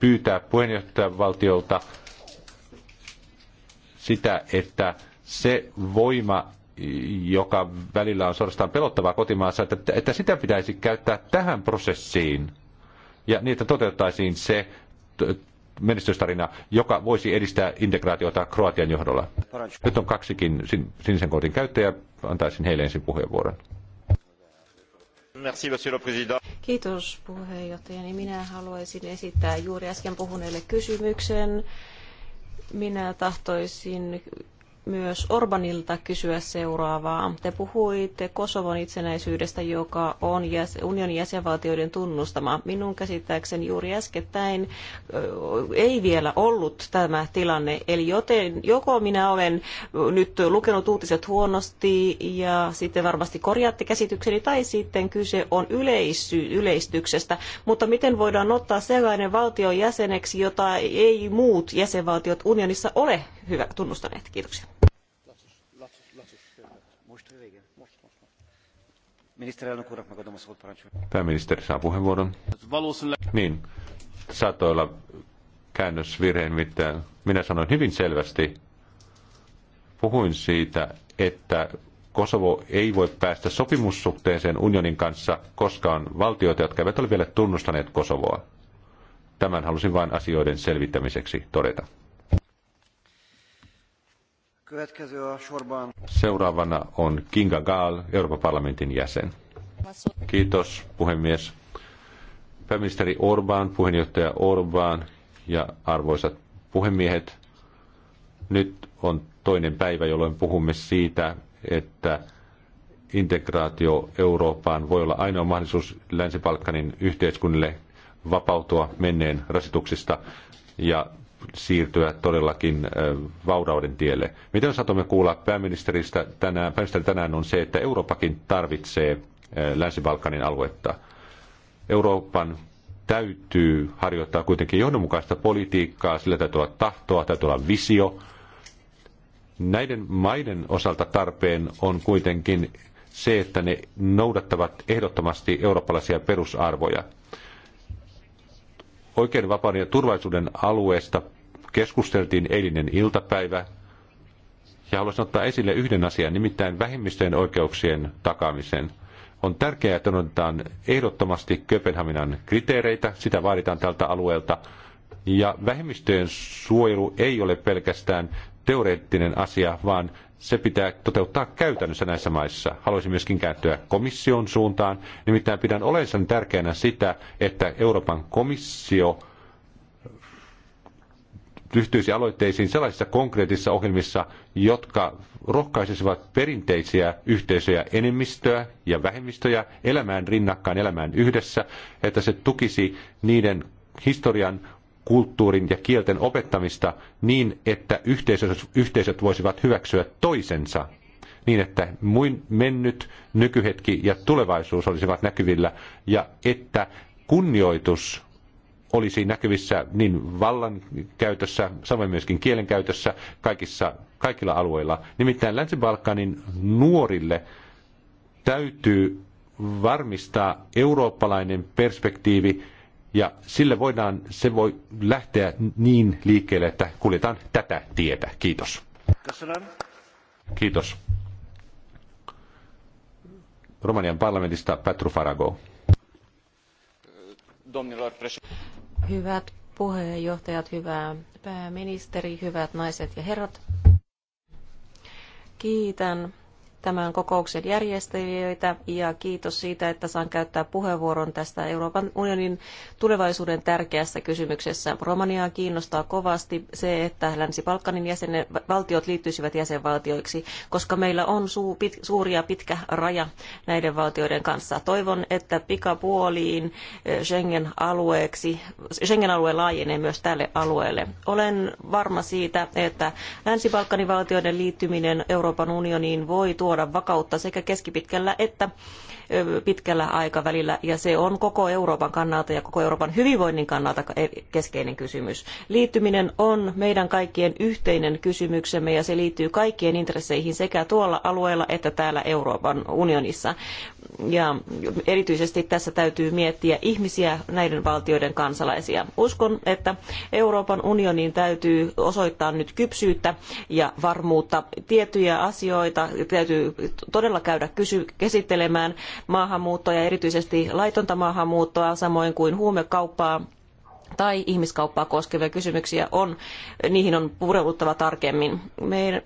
pyytää puheenjohtajavaltiolta sitä, että se voima, joka välillä on suorastaan pelottavaa kotimaassa, että, että sitä pitäisi käyttää tähän prosessiin ja niin, että toteuttaisiin se menestystarina, joka voisi edistää integraatiota Kroatian johdolla. Nyt on kaksikin sinisen kortin käyttäjä. Antaisin heille ensin puheenvuoron. Kiitos puheenjohtaja. Niin minä haluaisin esittää juuri äsken puhuneelle kysymyksen. Minä tahtoisin myös Orbanilta kysyä seuraavaa. Te puhuitte Kosovon itsenäisyydestä, joka on unionin jäsenvaltioiden tunnustama. Minun käsittääkseni juuri äskettäin ei vielä ollut tämä tilanne. Eli joten, joko minä olen nyt lukenut uutiset huonosti ja sitten varmasti korjaatte käsitykseni, tai sitten kyse on yleisy, yleistyksestä. Mutta miten voidaan ottaa sellainen valtion jäseneksi, jota ei muut jäsenvaltiot unionissa ole hyvä tunnustaneet? Kiitoksia. megadom a szót Pääministeri saa puheenvuoron. Niin, saattoi olla virheen mitään. minä sanoin hyvin selvästi. Puhuin siitä, että Kosovo ei voi päästä sopimussuhteeseen unionin kanssa, koska on valtioita, jotka eivät ole vielä tunnustaneet Kosovoa. Tämän halusin vain asioiden selvittämiseksi todeta. Seuraavana on Kinga Gaal, Euroopan parlamentin jäsen. Kiitos, puhemies. Pääministeri Orban, puheenjohtaja Orban ja arvoisat puhemiehet, nyt on toinen päivä, jolloin puhumme siitä, että integraatio Eurooppaan voi olla ainoa mahdollisuus Länsi-Balkanin yhteiskunnille vapautua menneen rasituksista ja siirtyä todellakin vaurauden tielle. Mitä saatamme kuulla pääministeristä tänään, pääministeri tänään on se, että Eurooppakin tarvitsee Länsi-Balkanin aluetta. Euroopan täytyy harjoittaa kuitenkin johdonmukaista politiikkaa, sillä täytyy olla tahtoa, täytyy olla visio. Näiden maiden osalta tarpeen on kuitenkin se, että ne noudattavat ehdottomasti eurooppalaisia perusarvoja. Oikein vapauden ja turvallisuuden alueesta keskusteltiin eilinen iltapäivä. Ja haluaisin ottaa esille yhden asian, nimittäin vähemmistöjen oikeuksien takaamisen. On tärkeää, että otetaan ehdottomasti Kööpenhaminan kriteereitä, sitä vaaditaan tältä alueelta. Ja vähemmistöjen suojelu ei ole pelkästään teoreettinen asia, vaan se pitää toteuttaa käytännössä näissä maissa. Haluaisin myöskin kääntyä komission suuntaan. Nimittäin pidän oleellisen tärkeänä sitä, että Euroopan komissio ryhtyisi aloitteisiin sellaisissa konkreettisissa ohjelmissa, jotka rohkaisisivat perinteisiä yhteisöjä enemmistöä ja vähemmistöjä elämään rinnakkain, elämään yhdessä, että se tukisi niiden historian kulttuurin ja kielten opettamista niin, että yhteisöt, yhteisöt voisivat hyväksyä toisensa niin, että muin mennyt, nykyhetki ja tulevaisuus olisivat näkyvillä ja että kunnioitus olisi näkyvissä niin vallan käytössä, samoin myöskin käytössä kaikissa, kaikilla alueilla. Nimittäin Länsi-Balkanin nuorille täytyy varmistaa eurooppalainen perspektiivi ja sille voidaan, se voi lähteä niin liikkeelle, että kuljetaan tätä tietä. Kiitos. Kiitos. Romanian parlamentista Petru Farago. Hyvät puheenjohtajat, hyvä pääministeri, hyvät naiset ja herrat. Kiitän tämän kokouksen järjestäjiä ja kiitos siitä, että saan käyttää puheenvuoron tästä Euroopan unionin tulevaisuuden tärkeässä kysymyksessä. Romaniaa kiinnostaa kovasti se, että Länsi-Balkanin jäsenen, valtiot liittyisivät jäsenvaltioiksi, koska meillä on su, pit, suuri ja pitkä raja näiden valtioiden kanssa. Toivon, että pikapuoliin eh, Schengen-alueeksi, Schengen-alue laajenee myös tälle alueelle. Olen varma siitä, että Länsi-Balkanin valtioiden liittyminen Euroopan unioniin voi tuoda luoda vakautta sekä keskipitkällä että pitkällä aikavälillä ja se on koko Euroopan kannalta ja koko Euroopan hyvinvoinnin kannalta e, keskeinen kysymys. Liittyminen on meidän kaikkien yhteinen kysymyksemme ja se liittyy kaikkien intresseihin sekä tuolla alueella että täällä Euroopan unionissa. Ja erityisesti tässä täytyy miettiä ihmisiä, näiden valtioiden kansalaisia. Uskon, että Euroopan unionin täytyy osoittaa nyt kypsyyttä ja varmuutta. Tiettyjä asioita täytyy todella käydä käsittelemään maahanmuuttoa ja erityisesti laitonta maahanmuuttoa, samoin kuin huumekauppaa tai ihmiskauppaa koskevia kysymyksiä on, niihin on pureuduttava tarkemmin. Meidän,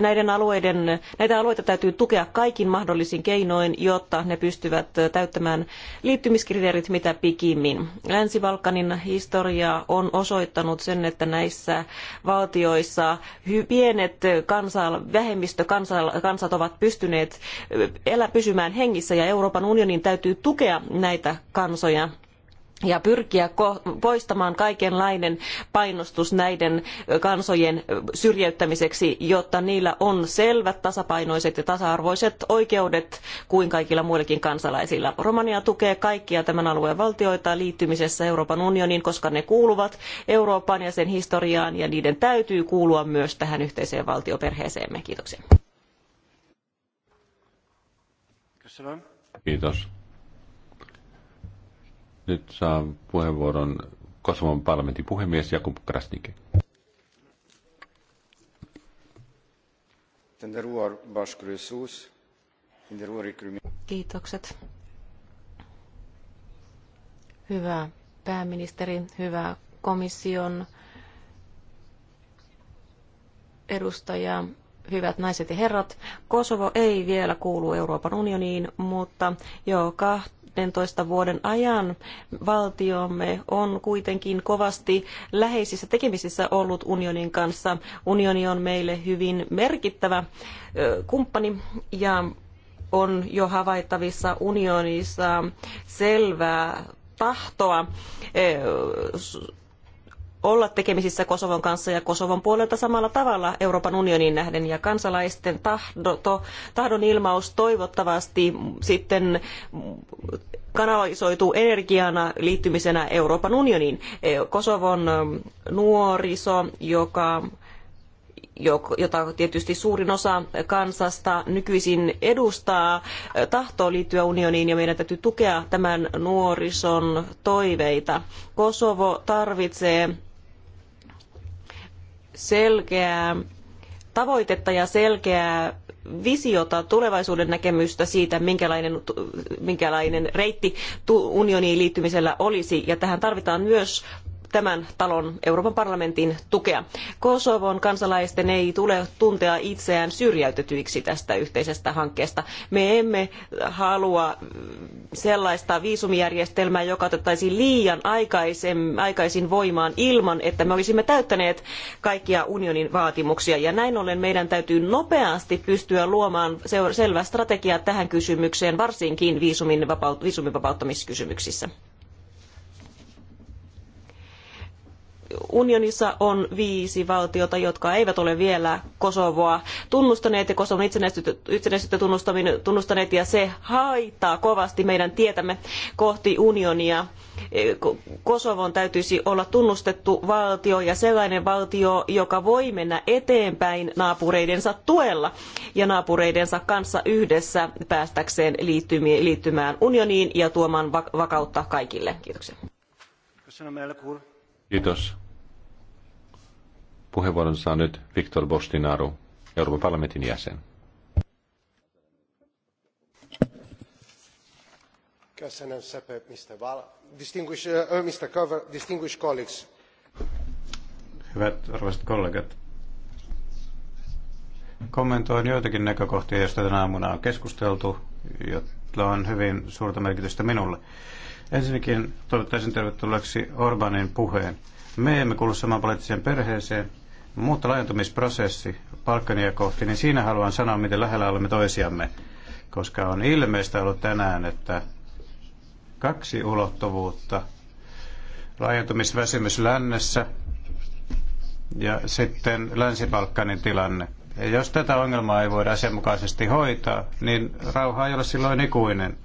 näiden alueiden, näitä alueita täytyy tukea kaikin mahdollisin keinoin, jotta ne pystyvät täyttämään liittymiskriteerit mitä pikimmin. Länsi-Balkanin historia on osoittanut sen, että näissä valtioissa pienet kansal, vähemmistökansat ovat pystyneet elä pysymään hengissä ja Euroopan unionin täytyy tukea näitä kansoja ja pyrkiä poistamaan kaikenlainen painostus näiden kansojen syrjäyttämiseksi, jotta niillä on selvät tasapainoiset ja tasa-arvoiset oikeudet kuin kaikilla muillakin kansalaisilla. Romania tukee kaikkia tämän alueen valtioita liittymisessä Euroopan unioniin, koska ne kuuluvat Eurooppaan ja sen historiaan ja niiden täytyy kuulua myös tähän yhteiseen valtioperheeseemme. Kiitoksia. Kiitos. Nyt saa puheenvuoron Kosovon parlamentin puhemies Jakub Krasnike. Kiitokset. Hyvä pääministeri, hyvä komission edustaja, hyvät naiset ja herrat. Kosovo ei vielä kuulu Euroopan unioniin, mutta jo 15 vuoden ajan valtiomme on kuitenkin kovasti läheisissä tekemisissä ollut unionin kanssa. Unioni on meille hyvin merkittävä kumppani ja on jo havaittavissa unionissa selvää tahtoa olla tekemisissä Kosovon kanssa ja Kosovon puolelta samalla tavalla Euroopan unioniin nähden ja kansalaisten tahdo, tahdonilmaus toivottavasti sitten kanalisoituu energiana liittymisenä Euroopan unioniin. E, Kosovon mm, nuoriso, joka jota tietysti suurin osa kansasta nykyisin edustaa, e, tahtoo liittyä unioniin ja meidän täytyy tukea tämän nuorison toiveita. Kosovo tarvitsee selkeää tavoitetta ja selkeää visiota, tulevaisuuden näkemystä siitä, minkälainen, minkälainen reitti unioniin liittymisellä olisi. Ja tähän tarvitaan myös tämän talon Euroopan parlamentin tukea. Kosovon kansalaisten ei tule tuntea itseään syrjäytetyiksi tästä yhteisestä hankkeesta. Me emme halua sellaista viisumijärjestelmää, joka otettaisiin liian aikaisin voimaan ilman, että me olisimme täyttäneet kaikkia unionin vaatimuksia. Ja näin ollen meidän täytyy nopeasti pystyä luomaan selvä strategia tähän kysymykseen, varsinkin viisumin vapauttamiskysymyksissä. unionissa on viisi valtiota, jotka eivät ole vielä Kosovoa tunnustaneet ja Kosovon itsenäisyyttä tunnustaneet ja se haittaa kovasti meidän tietämme kohti unionia. Kosovon täytyisi olla tunnustettu valtio ja sellainen valtio, joka voi mennä eteenpäin naapureidensa tuella ja naapureidensa kanssa yhdessä päästäkseen liittymään unioniin ja tuomaan vakautta kaikille. Kiitoksia. Kiitos. Puheenvuoron saa nyt Viktor Bostinaru, Euroopan parlamentin jäsen. Hyvät arvoisat kollegat, kommentoin joitakin näkökohtia, joista tänä aamuna on keskusteltu, jotka on hyvin suurta merkitystä minulle. Ensinnäkin toivottaisin tervetulleeksi Orbanin puheen. Me emme kuulu samaan poliittiseen perheeseen, mutta laajentumisprosessi Balkania kohti, niin siinä haluan sanoa, miten lähellä olemme toisiamme, koska on ilmeistä ollut tänään, että kaksi ulottuvuutta, laajentumisväsymys lännessä ja sitten Länsi-Balkanin tilanne. Ja jos tätä ongelmaa ei voida asianmukaisesti hoitaa, niin rauha ei ole silloin ikuinen.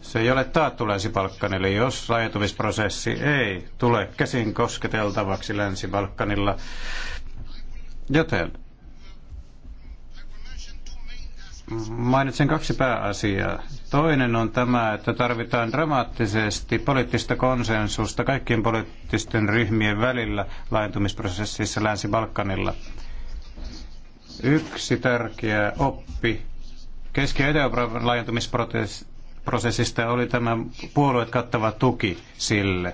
Se ei ole taattu Länsi-Balkanille, jos laajentumisprosessi ei tule käsin kosketeltavaksi Länsi-Balkanilla. Joten mainitsen kaksi pääasiaa. Toinen on tämä, että tarvitaan dramaattisesti poliittista konsensusta kaikkien poliittisten ryhmien välillä laajentumisprosessissa Länsi-Balkanilla. Yksi tärkeä oppi keski- ja laajentumisprosessista prosessista oli tämä puolueet kattava tuki sille.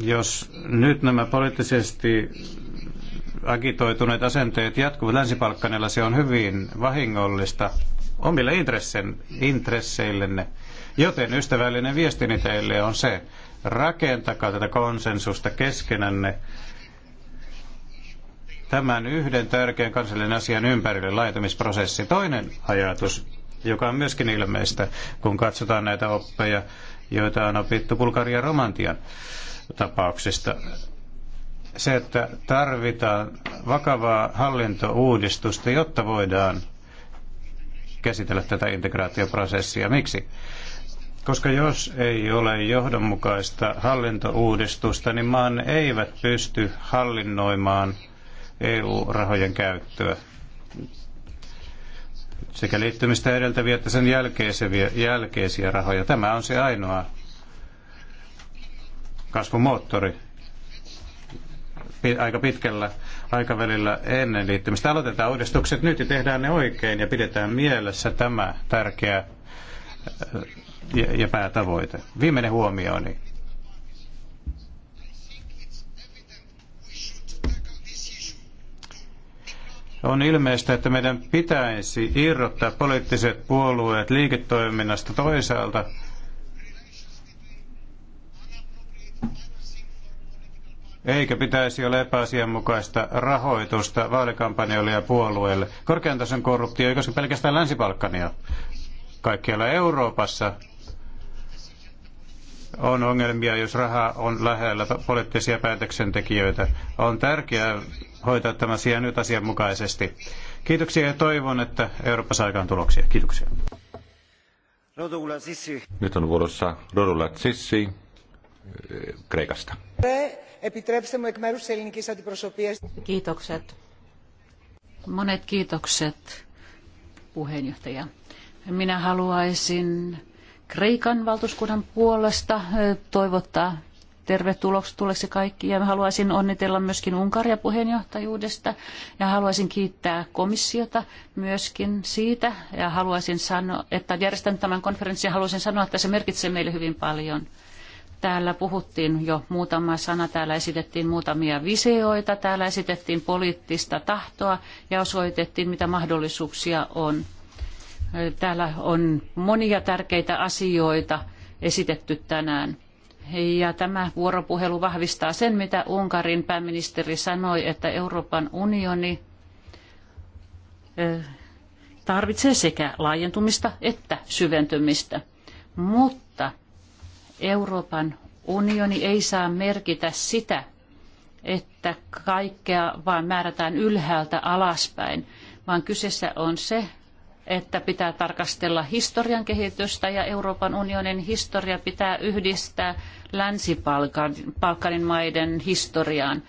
Jos nyt nämä poliittisesti agitoituneet asenteet jatkuvat länsi se on hyvin vahingollista omille intressen, intresseillenne. Joten ystävällinen viestini teille on se, rakentakaa tätä konsensusta keskenänne tämän yhden tärkeän kansallisen asian ympärille laajentumisprosessi. Toinen ajatus, joka on myöskin ilmeistä, kun katsotaan näitä oppeja, joita on opittu Bulgarian romantian tapauksista. Se, että tarvitaan vakavaa hallintouudistusta, jotta voidaan käsitellä tätä integraatioprosessia. Miksi? Koska jos ei ole johdonmukaista hallintouudistusta, niin maan eivät pysty hallinnoimaan – EU-rahojen käyttöä sekä liittymistä edeltäviä että sen jälkeisiä rahoja. Tämä on se ainoa kasvumoottori aika pitkällä aikavälillä ennen liittymistä. Aloitetaan uudistukset nyt ja tehdään ne oikein ja pidetään mielessä tämä tärkeä ja päätavoite. Viimeinen huomioni. On ilmeistä, että meidän pitäisi irrottaa poliittiset puolueet liiketoiminnasta toisaalta eikä pitäisi olla epäasianmukaista rahoitusta vaalikampanjoille ja puolueille. Korkean tason korruptio ei koske pelkästään Länsi-Balkania. Kaikkialla Euroopassa on ongelmia, jos raha on lähellä poliittisia päätöksentekijöitä. On tärkeää hoitaa tämä asia nyt asianmukaisesti. Kiitoksia ja toivon, että Eurooppa saa aikaan tuloksia. Kiitoksia. Nyt on vuorossa Rodula Tsissi eh, Kreikasta. Kiitokset. Monet kiitokset, puheenjohtaja. Minä haluaisin Kreikan valtuuskunnan puolesta eh, toivottaa tervetulleeksi kaikki. Ja haluaisin onnitella myöskin Unkaria puheenjohtajuudesta ja haluaisin kiittää komissiota myöskin siitä. Ja haluaisin sanoa, että järjestän tämän konferenssin ja haluaisin sanoa, että se merkitsee meille hyvin paljon. Täällä puhuttiin jo muutama sana, täällä esitettiin muutamia visioita, täällä esitettiin poliittista tahtoa ja osoitettiin, mitä mahdollisuuksia on. Täällä on monia tärkeitä asioita esitetty tänään. Ja tämä vuoropuhelu vahvistaa sen, mitä Unkarin pääministeri sanoi, että Euroopan unioni eh, tarvitsee sekä laajentumista että syventymistä. Mutta Euroopan unioni ei saa merkitä sitä, että kaikkea vaan määrätään ylhäältä alaspäin, vaan kyseessä on se, että pitää tarkastella historian kehitystä ja Euroopan unionin historia pitää yhdistää Länsi-Balkanin maiden historiaan.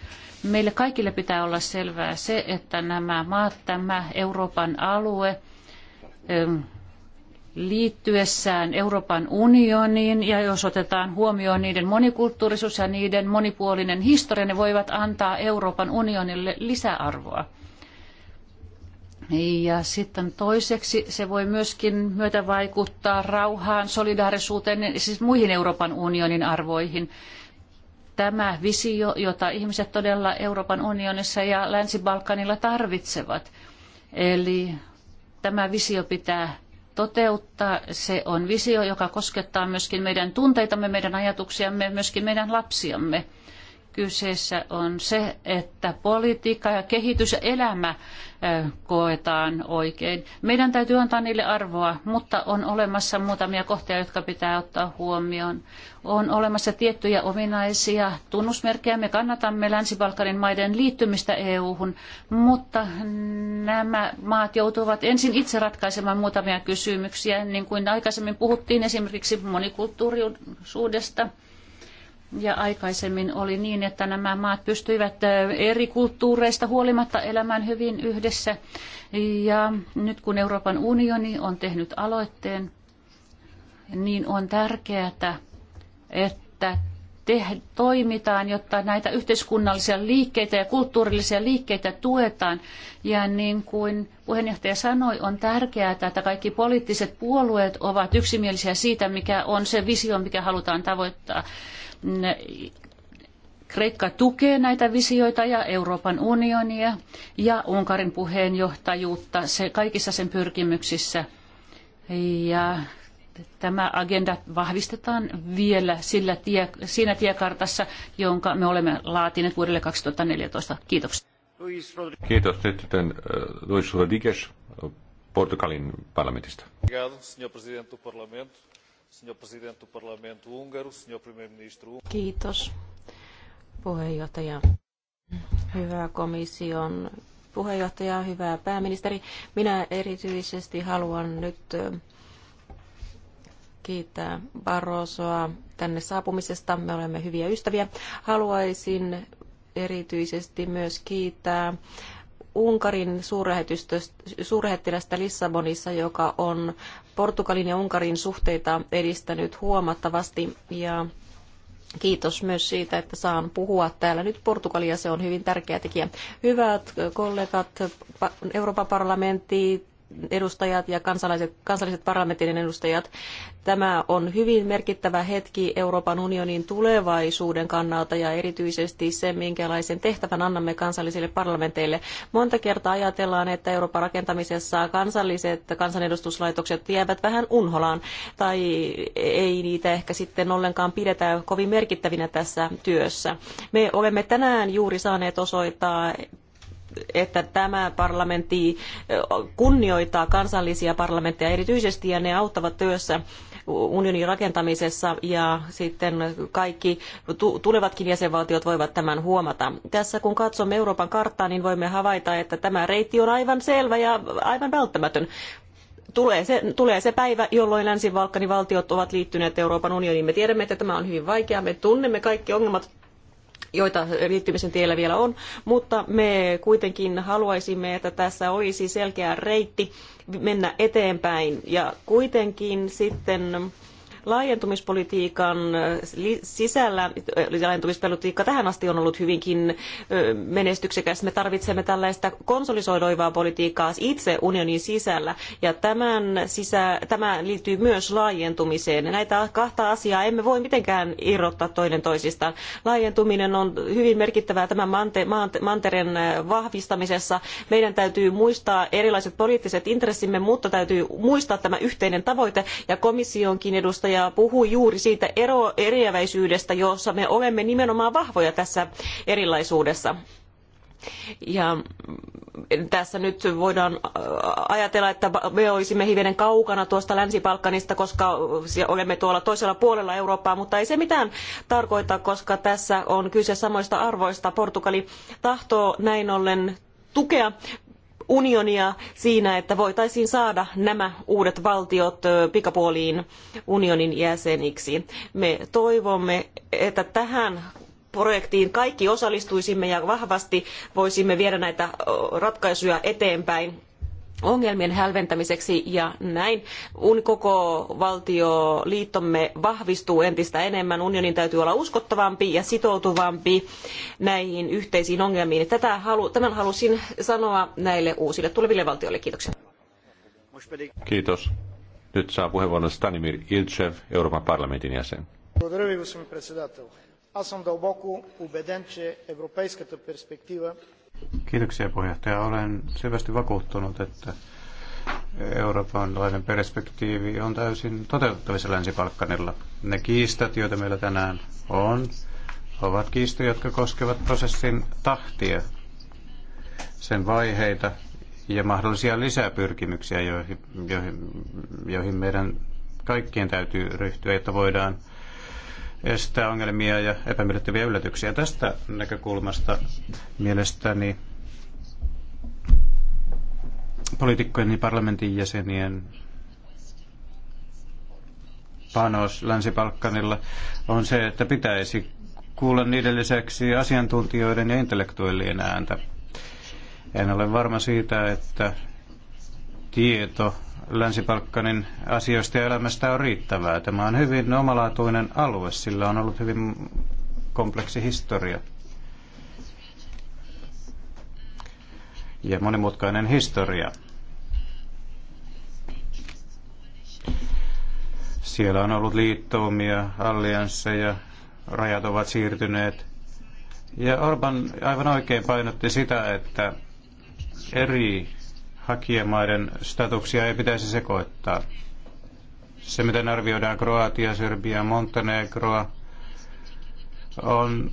Meille kaikille pitää olla selvää se, että nämä maat, tämä Euroopan alue liittyessään Euroopan unioniin ja jos otetaan huomioon niiden monikulttuurisuus ja niiden monipuolinen historia, ne voivat antaa Euroopan unionille lisäarvoa. Ja sitten toiseksi se voi myöskin myötä vaikuttaa rauhaan, solidaarisuuteen, siis muihin Euroopan unionin arvoihin. Tämä visio, jota ihmiset todella Euroopan unionissa ja Länsi-Balkanilla tarvitsevat. Eli tämä visio pitää toteuttaa. Se on visio, joka koskettaa myöskin meidän tunteitamme, meidän ajatuksiamme, myöskin meidän lapsiamme. Kyseessä on se, että politiikka ja kehitys ja elämä koetaan oikein. Meidän täytyy antaa niille arvoa, mutta on olemassa muutamia kohtia, jotka pitää ottaa huomioon. On olemassa tiettyjä ominaisia tunnusmerkkejä. Me kannatamme Länsi-Balkanin maiden liittymistä EU-hun, mutta nämä maat joutuvat ensin itse ratkaisemaan muutamia kysymyksiä, niin kuin aikaisemmin puhuttiin esimerkiksi monikulttuurisuudesta – ja aikaisemmin oli niin, että nämä maat pystyivät eri kulttuureista huolimatta elämään hyvin yhdessä. Ja nyt kun Euroopan unioni on tehnyt aloitteen, niin on tärkeää, että te, toimitaan, jotta näitä yhteiskunnallisia liikkeitä ja kulttuurillisia liikkeitä tuetaan. Ja niin kuin puheenjohtaja sanoi, on tärkeää, että kaikki poliittiset puolueet ovat yksimielisiä siitä, mikä on se visio, mikä halutaan tavoittaa. Kreikka tukee näitä visioita ja Euroopan unionia ja Unkarin puheenjohtajuutta se, kaikissa sen pyrkimyksissä. Ja tämä agenda vahvistetaan vielä sillä tie, siinä tiekartassa, jonka me olemme laatineet vuodelle 2014. Kiitoksia. Kiitos. Nyt sitten äh, Luis Rodriguez Portugalin parlamentista. Kiitos puheenjohtaja. Hyvä komission puheenjohtaja, hyvä pääministeri. Minä erityisesti haluan nyt kiittää Barrosoa tänne saapumisesta. Me olemme hyviä ystäviä. Haluaisin erityisesti myös kiittää Unkarin suurlähettilästä Lissabonissa, joka on Portugalin ja Unkarin suhteita edistänyt huomattavasti ja Kiitos myös siitä, että saan puhua täällä nyt Portugalia, se on hyvin tärkeä tekijä. Hyvät kollegat, Euroopan parlamentti, edustajat ja kansalaiset, kansalliset parlamentin edustajat. Tämä on hyvin merkittävä hetki Euroopan unionin tulevaisuuden kannalta ja erityisesti se, minkälaisen tehtävän annamme kansallisille parlamenteille. Monta kertaa ajatellaan, että Euroopan rakentamisessa kansalliset kansanedustuslaitokset jäävät vähän unholaan tai ei niitä ehkä sitten ollenkaan pidetä kovin merkittävinä tässä työssä. Me olemme tänään juuri saaneet osoittaa että tämä parlamentti kunnioittaa kansallisia parlamentteja erityisesti ja ne auttavat työssä unionin rakentamisessa ja sitten kaikki tulevatkin jäsenvaltiot voivat tämän huomata. Tässä kun katsomme Euroopan karttaa, niin voimme havaita, että tämä reitti on aivan selvä ja aivan välttämätön tulee se, tulee se päivä, jolloin Länsi-Balkanin valtiot ovat liittyneet Euroopan unioniin. Me tiedämme, että tämä on hyvin vaikeaa. Me tunnemme kaikki ongelmat joita liittymisen tiellä vielä on, mutta me kuitenkin haluaisimme, että tässä olisi selkeä reitti mennä eteenpäin ja kuitenkin sitten laajentumispolitiikan äh, sisällä, äh, laajentumispolitiikka tähän asti on ollut hyvinkin äh, menestyksekäs. Me tarvitsemme tällaista konsolisoidoivaa politiikkaa itse unionin sisällä ja tämän sisä, tämä liittyy myös laajentumiseen. Näitä kahta asiaa emme voi mitenkään irrottaa toinen toisistaan. Laajentuminen on hyvin merkittävää tämän mantereen vahvistamisessa. Meidän täytyy muistaa erilaiset poliittiset intressimme, mutta täytyy muistaa tämä yhteinen tavoite ja komissionkin edustaja Latviaa puhui juuri siitä eriäväisyydestä, jossa me olemme nimenomaan vahvoja tässä erilaisuudessa. Ja tässä nyt voidaan äh, ajatella, että me olisimme hivenen kaukana tuosta Länsi-Balkanista, koska olemme tuolla toisella puolella Eurooppaa, mutta ei se mitään tarkoita, koska tässä on kyse samoista arvoista. Portugali tahtoo näin ollen tukea unionia siinä, että voitaisiin saada nämä uudet valtiot pikapuoliin unionin jäseniksi. Me toivomme, että tähän projektiin kaikki osallistuisimme ja vahvasti voisimme viedä näitä ratkaisuja eteenpäin ongelmien hälventämiseksi ja näin un koko valtioliittomme vahvistuu entistä enemmän. Unionin täytyy olla uskottavampi ja sitoutuvampi näihin yhteisiin ongelmiin. Tätä halu, tämän halusin sanoa näille uusille tuleville valtioille. Kiitoksia. Kiitos. Nyt saa puheenvuoron Stanimir Ilchev, Euroopan parlamentin jäsen. Благодаря ви, господин председател. Аз съм дълбоко убеден, Kiitoksia puheenjohtaja. Olen syvästi vakuuttunut, että eurooppalainen perspektiivi on täysin toteutettavissa Länsi-Balkanilla. Ne kiistat, joita meillä tänään on, ovat kiistoja, jotka koskevat prosessin tahtia, sen vaiheita ja mahdollisia lisäpyrkimyksiä, joihin, joihin, joihin meidän kaikkien täytyy ryhtyä, että voidaan estää ongelmia ja epämiellyttäviä yllätyksiä. Tästä näkökulmasta mielestäni poliitikkojen ja parlamentin jäsenien panos länsi on se, että pitäisi kuulla niiden lisäksi asiantuntijoiden ja intellektuellien ääntä. En ole varma siitä, että tieto Länsi-Balkanin asioista ja elämästä on riittävää. Tämä on hyvin omalaatuinen alue, sillä on ollut hyvin kompleksi historia. Ja monimutkainen historia. Siellä on ollut liittoumia, alliansseja, rajat ovat siirtyneet. Ja Orban aivan oikein painotti sitä, että eri hakijamaiden statuksia ei pitäisi sekoittaa. Se, miten arvioidaan Kroatia, Serbia, Montenegroa, on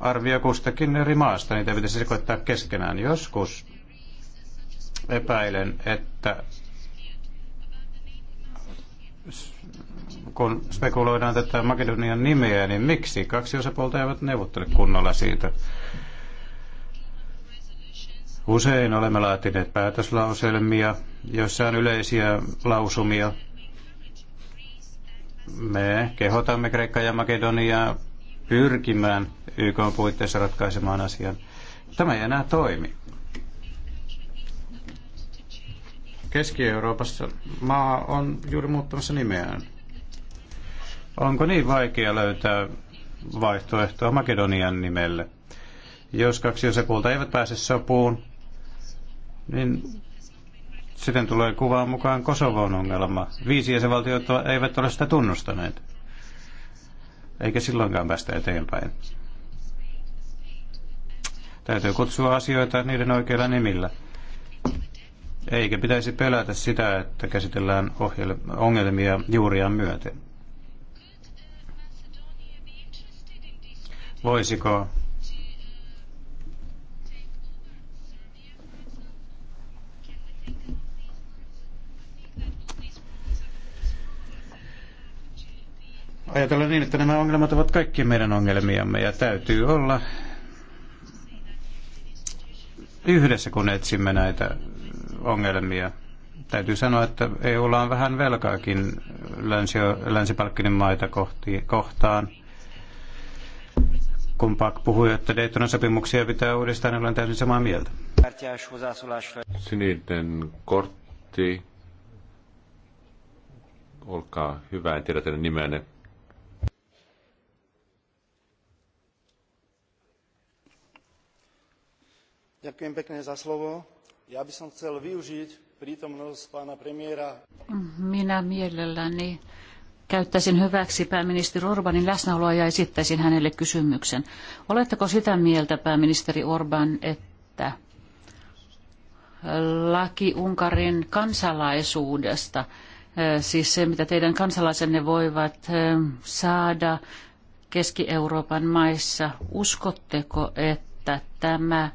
arvio kustakin eri maasta. Niitä pitäisi sekoittaa keskenään. Joskus epäilen, että kun spekuloidaan tätä Makedonian nimeä, niin miksi kaksi osapuolta eivät neuvottele kunnolla siitä? Usein olemme laatineet päätöslauselmia, joissa on yleisiä lausumia. Me kehotamme Kreikkaa ja Makedonia pyrkimään YK puitteissa ratkaisemaan asian. Tämä ei enää toimi. Keski-Euroopassa maa on juuri muuttamassa nimeään. Onko niin vaikea löytää vaihtoehtoa Makedonian nimelle? Jos kaksi osapuolta eivät pääse sopuun, niin sitten tulee kuvaan mukaan Kosovon ongelma. Viisi jäsenvaltiot eivät ole sitä tunnustaneet. Eikä silloinkaan päästä eteenpäin. Täytyy kutsua asioita niiden oikeilla nimillä. Eikä pitäisi pelätä sitä, että käsitellään ongelmia juuriaan myöten. Voisiko ajatella niin, että nämä ongelmat ovat kaikki meidän ongelmiamme ja täytyy olla yhdessä, kun etsimme näitä ongelmia. Täytyy sanoa, että EUlla on vähän velkaakin länsi, länsipalkkinin maita kohti, kohtaan. Kun Pak puhui, että Daytonan sopimuksia pitää uudistaa, niin olen täysin samaa mieltä. Sininen kortti. Olkaa hyvä, en tiedä teidän nimenne. ja by som chcel využiť prítomnosť pána premiéra. Minä mielelläni käyttäisin hyväksi pääministeri Orbanin läsnäoloa ja esittäisin hänelle kysymyksen. Oletteko sitä mieltä, pääministeri Orban, että laki Unkarin kansalaisuudesta, eh, siis se mitä teidän kansalaisenne voivat eh, saada Keski-Euroopan maissa, uskotteko, että tämä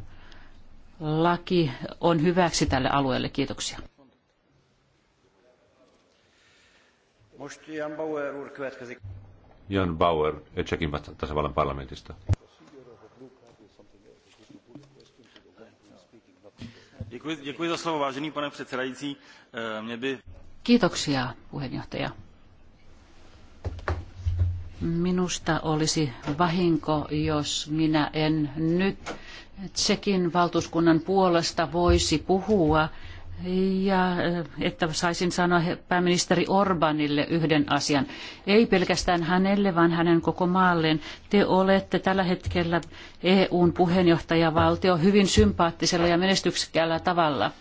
laki on hyväksi tälle alueelle. Kiitoksia. Jan Bauer, Tsekin tasavallan parlamentista. Děkuji za slovo, vážený pane předsedající. Eh, mě by... Kiitoksia, puheenjohtaja. Minusta olisi vahinko, jos minä en nyt Tsekin valtuuskunnan puolesta voisi puhua ja että saisin sanoa pääministeri Orbanille yhden asian. Ei pelkästään hänelle, vaan hänen koko maalleen. Te olette tällä hetkellä EUn puheenjohtajavaltio hyvin sympaattisella ja menestyksekkäällä tavalla –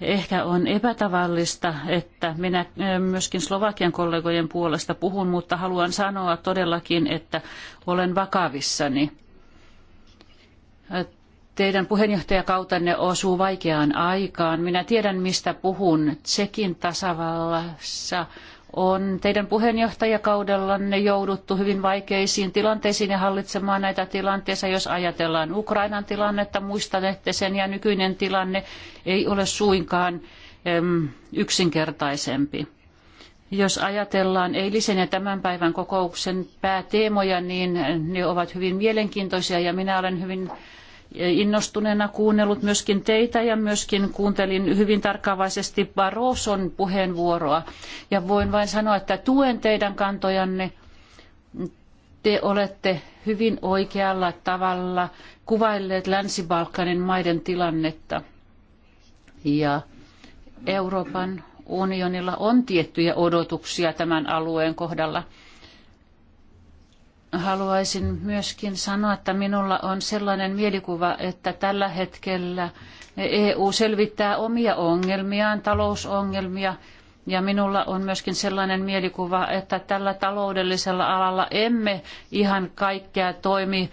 Ehkä on epätavallista, että minä myöskin Slovakian kollegojen puolesta puhun, mutta haluan sanoa todellakin, että olen vakavissani. Teidän puheenjohtajakautanne osuu vaikeaan aikaan. Minä tiedän, mistä puhun. Tsekin tasavallassa on teidän puheenjohtajakaudellanne jouduttu hyvin vaikeisiin tilanteisiin ja hallitsemaan näitä tilanteita. Jos ajatellaan Ukrainan tilannetta, muistan, sen ja nykyinen tilanne ei ole suinkaan yksinkertaisempi. Jos ajatellaan eilisen ja tämän päivän kokouksen pääteemoja, niin ne ovat hyvin mielenkiintoisia ja minä olen hyvin innostuneena kuunnellut myöskin teitä ja myöskin kuuntelin hyvin tarkkaavaisesti Barroson puheenvuoroa. Ja voin vain sanoa, että tuen teidän kantojanne. Te olette hyvin oikealla tavalla kuvailleet Länsi-Balkanin maiden tilannetta. Ja Euroopan unionilla on tiettyjä odotuksia tämän alueen kohdalla – haluaisin myöskin sanoa, että minulla on sellainen mielikuva, että tällä hetkellä EU selvittää omia ongelmiaan, talousongelmia, ja minulla on myöskin sellainen mielikuva, että tällä taloudellisella alalla emme ihan kaikkea toimi,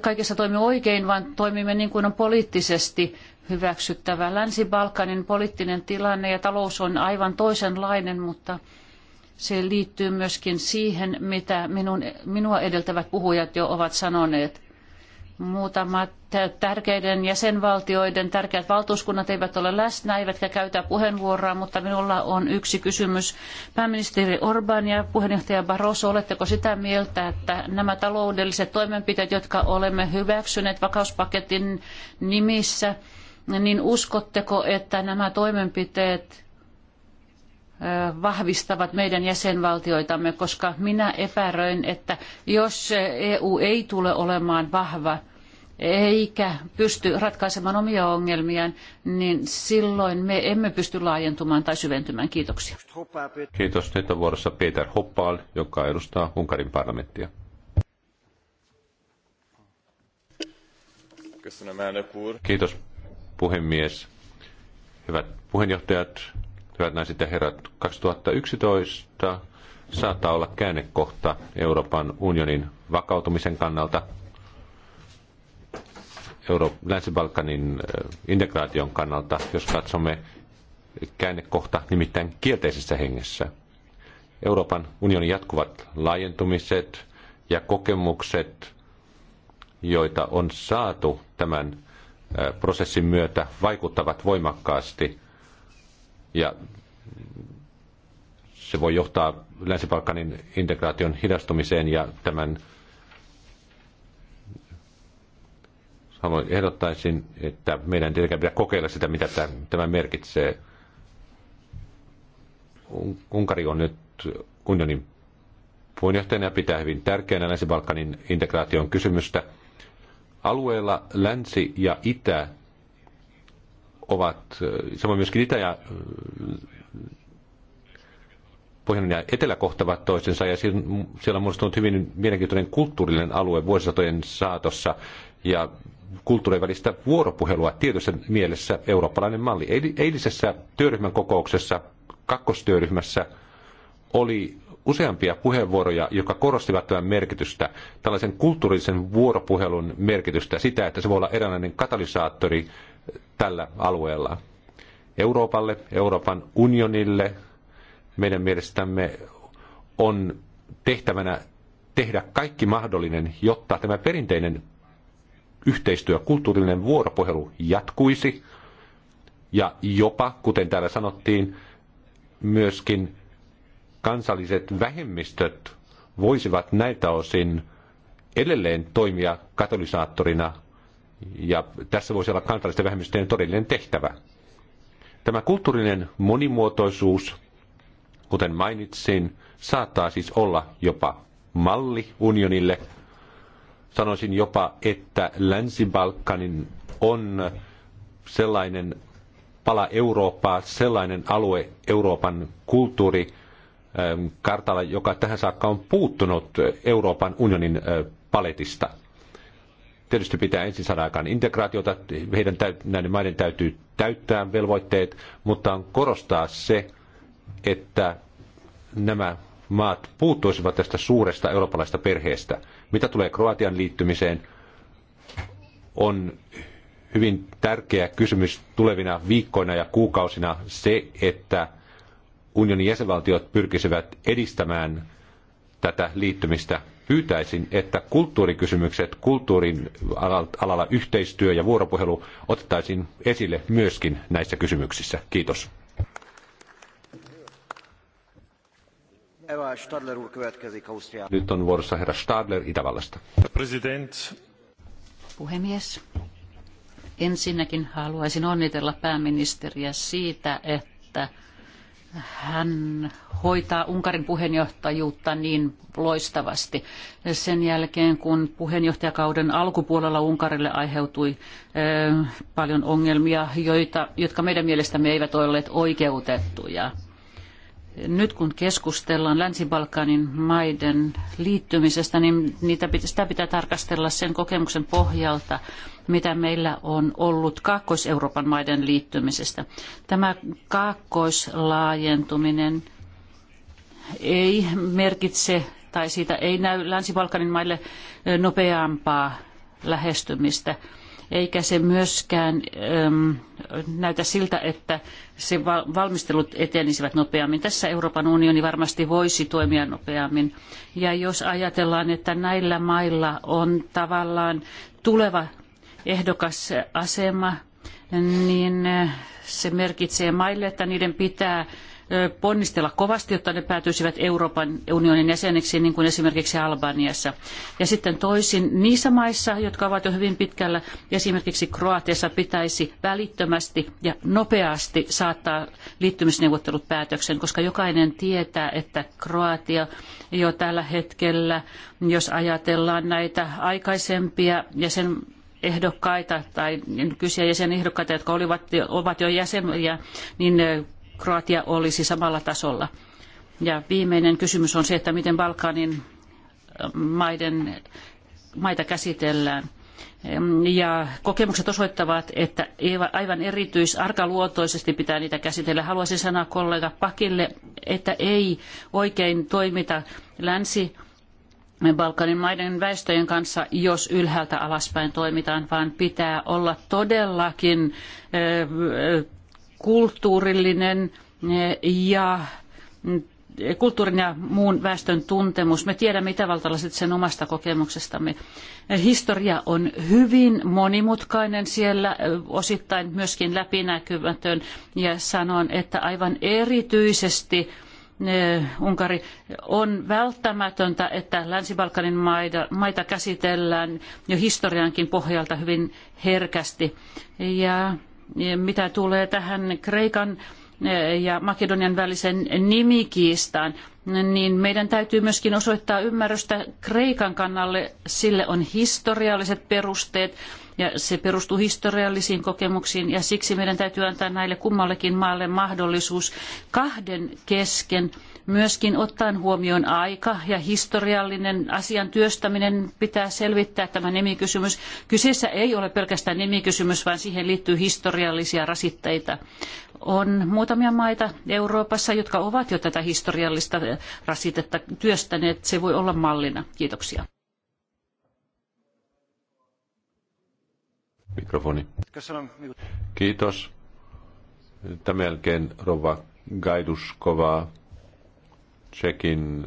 kaikessa toimi oikein, vaan toimimme niin kuin on poliittisesti hyväksyttävä. Länsi-Balkanin poliittinen tilanne ja talous on aivan toisenlainen, mutta se liittyy myöskin siihen, mitä minun, minua edeltävät puhujat jo ovat sanoneet. Muutamat tärkeiden jäsenvaltioiden tärkeät valtuuskunnat eivät ole läsnä, eivätkä käytä puheenvuoroa, mutta minulla on yksi kysymys. Pääministeri Orban ja puheenjohtaja Barroso, oletteko sitä mieltä, että nämä taloudelliset toimenpiteet, jotka olemme hyväksyneet vakauspaketin nimissä, niin uskotteko, että nämä toimenpiteet vahvistavat meidän jäsenvaltioitamme, koska minä epäröin, että jos EU ei tule olemaan vahva eikä pysty ratkaisemaan omia ongelmiaan, niin silloin me emme pysty laajentumaan tai syventymään. Kiitoksia. Kiitos. Nyt on vuorossa Peter Hoppal, joka edustaa Unkarin parlamenttia. Kiitos puhemies. Hyvät puheenjohtajat, Hyvät naiset ja herrat, 2011 saattaa olla käännekohta Euroopan unionin vakautumisen kannalta, Euro- Länsi-Balkanin eh, integraation kannalta, jos katsomme käännekohta nimittäin kielteisessä hengessä. Euroopan unionin jatkuvat laajentumiset ja kokemukset, joita on saatu tämän eh, prosessin myötä, vaikuttavat voimakkaasti – ja se voi johtaa Länsi-Balkanin integraation hidastumiseen ja tämän haluan ehdottaisin, että meidän tietenkään pitää kokeilla sitä, mitä tämä merkitsee. Unkari on nyt unionin puheenjohtajana ja pitää hyvin tärkeänä Länsi-Balkanin integraation kysymystä. Alueella Länsi ja Itä ovat, samoin myöskin Itä- ja Pohjan ja Etelä kohtavat toisensa ja siellä on muodostunut hyvin mielenkiintoinen kulttuurillinen alue vuosisatojen saatossa ja kulttuurien välistä vuoropuhelua tietyssä mielessä eurooppalainen malli. Eilisessä työryhmän kokouksessa, kakkostyöryhmässä, oli useampia puheenvuoroja, jotka korostivat tämän merkitystä, tällaisen kulttuurisen vuoropuhelun merkitystä, sitä, että se voi olla eräänlainen katalysaattori tällä alueella. Euroopalle, Euroopan unionille meidän mielestämme on tehtävänä tehdä kaikki mahdollinen, jotta tämä perinteinen yhteistyö, kulttuurinen vuoropuhelu jatkuisi ja jopa, kuten täällä sanottiin, myöskin kansalliset vähemmistöt voisivat näiltä osin edelleen toimia katalysaattorina ja tässä voisi olla kansallisten vähemmistöjen todellinen tehtävä. Tämä kulttuurinen monimuotoisuus, kuten mainitsin, saattaa siis olla jopa malli unionille. Sanoisin jopa, että Länsi-Balkanin on sellainen pala Eurooppaa, sellainen alue Euroopan kulttuuri ähm, kartalla, joka tähän saakka on puuttunut Euroopan unionin äh, paletista. Tietysti pitää ensin saada aikaan integraatiota, heidän täyt, näiden maiden täytyy täyttää velvoitteet, mutta on korostaa se, että nämä maat puuttuisivat tästä suuresta eurooppalaista perheestä. Mitä tulee Kroatian liittymiseen, on hyvin tärkeä kysymys tulevina viikkoina ja kuukausina se, että unionin jäsenvaltiot pyrkisivät edistämään tätä liittymistä pyytäisin, että kulttuurikysymykset, kulttuurin alalla yhteistyö ja vuoropuhelu otettaisiin esille myöskin näissä kysymyksissä. Kiitos. Nyt on vuorossa herra Stadler Itävallasta. President. Puhemies. Ensinnäkin haluaisin onnitella pääministeriä siitä, että hän hoitaa Unkarin puheenjohtajuutta niin loistavasti. Sen jälkeen, kun puheenjohtajakauden alkupuolella Unkarille aiheutui paljon ongelmia, joita, jotka meidän mielestämme eivät olleet oikeutettuja. Nyt kun keskustellaan Länsi-Balkanin maiden liittymisestä, niin niitä, sitä pitää tarkastella sen kokemuksen pohjalta, mitä meillä on ollut Kaakkois-Euroopan maiden liittymisestä. Tämä kaakkoislaajentuminen ei merkitse tai siitä ei näy Länsi-Balkanin maille nopeampaa lähestymistä eikä se myöskään äm, näytä siltä, että se valmistelut etenisivät nopeammin. Tässä Euroopan unioni varmasti voisi toimia nopeammin. Ja jos ajatellaan, että näillä mailla on tavallaan tuleva ehdokasasema, niin eh, se merkitsee maille, että niiden pitää eh, ponnistella kovasti, jotta ne päätyisivät Euroopan unionin jäseniksi, niin kuin esimerkiksi Albaniassa. Ja sitten toisin niissä maissa, jotka ovat jo hyvin pitkällä, esimerkiksi Kroatiassa pitäisi välittömästi ja nopeasti saattaa liittymisneuvottelut päätöksen, koska jokainen tietää, että Kroatia jo tällä hetkellä, jos ajatellaan näitä aikaisempia sen ehdokkaita tai nykyisiä jäsenehdokkaita, jotka olivat, ovat jo jäseniä, niin Kroatia olisi samalla tasolla. Ja viimeinen kysymys on se, että miten Balkanin maiden, maita käsitellään. Ja kokemukset osoittavat, että aivan erityisarkaluontoisesti pitää niitä käsitellä. Haluaisin sanoa kollega Pakille, että ei oikein toimita länsi Balkanin maiden väestöjen kanssa, jos ylhäältä alaspäin toimitaan, vaan pitää olla todellakin eh, kulttuurillinen eh, ja mm, kulttuurin ja muun väestön tuntemus. Me tiedämme itävaltalaiset sen omasta kokemuksestamme. Historia on hyvin monimutkainen siellä, eh, osittain myöskin läpinäkymätön, ja sanon, että aivan erityisesti – Unkari, on välttämätöntä, että Länsi-Balkanin maita, maita käsitellään jo historiankin pohjalta hyvin herkästi. Ja mitä tulee tähän Kreikan e, ja Makedonian välisen nimikiistaan, niin meidän täytyy myöskin osoittaa ymmärrystä Kreikan kannalle. Sille on historialliset perusteet ja se perustuu historiallisiin kokemuksiin ja siksi meidän täytyy antaa näille kummallekin maalle mahdollisuus kahden kesken myöskin ottaen huomioon aika ja historiallinen asian työstäminen pitää selvittää tämä nimikysymys. Kyseessä ei ole pelkästään nimikysymys, vaan siihen liittyy historiallisia rasitteita. On muutamia maita Euroopassa, jotka ovat jo tätä historiallista rasitetta työstäneet. Se voi olla mallina. Kiitoksia. Mikrofoni. Kiitos. Tämän jälkeen Rova Gaiduskova, Tsekin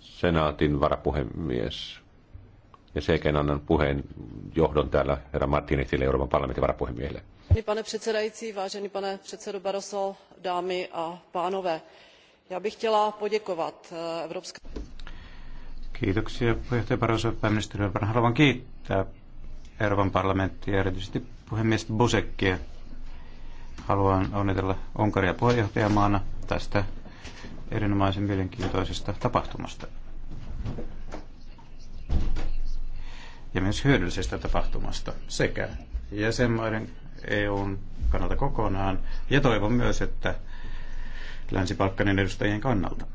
senaatin varapuhemies. Ja sen annan puheen johdon täällä herra Martinitille, Euroopan parlamentin varapuhemiehelle. Pane předsedající, vážený pane předsedo Barroso, dámy a pánové, já bych chtěla poděkovat eh, Evropské... Kiitoksia puheenjohtaja Barroso, pääministeri Haluan kiittää Euroopan ja erityisesti puhemies Busekkiä. Haluan onnitella Unkaria puheenjohtajamaana tästä erinomaisen mielenkiintoisesta tapahtumasta. Ja myös hyödyllisestä tapahtumasta sekä jäsenmaiden EUn kannalta kokonaan ja toivon myös, että Länsi-Balkanin edustajien kannalta.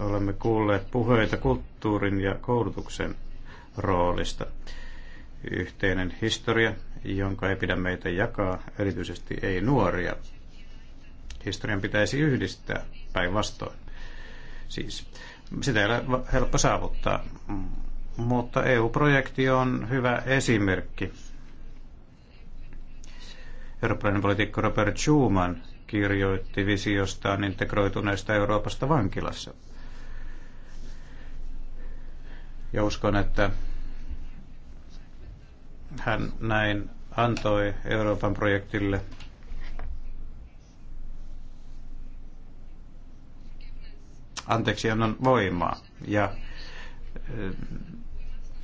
olemme kuulleet puheita kulttuurin ja koulutuksen roolista. Yhteinen historia, jonka ei pidä meitä jakaa, erityisesti ei nuoria. Historian pitäisi yhdistää päinvastoin. Siis, sitä ei ole helppo saavuttaa, mutta EU-projekti on hyvä esimerkki. Eurooppalainen poliitikko Robert Schuman kirjoitti visiostaan integroituneesta Euroopasta vankilassa – ja uskon, että hän näin antoi Euroopan projektille annan voimaa ja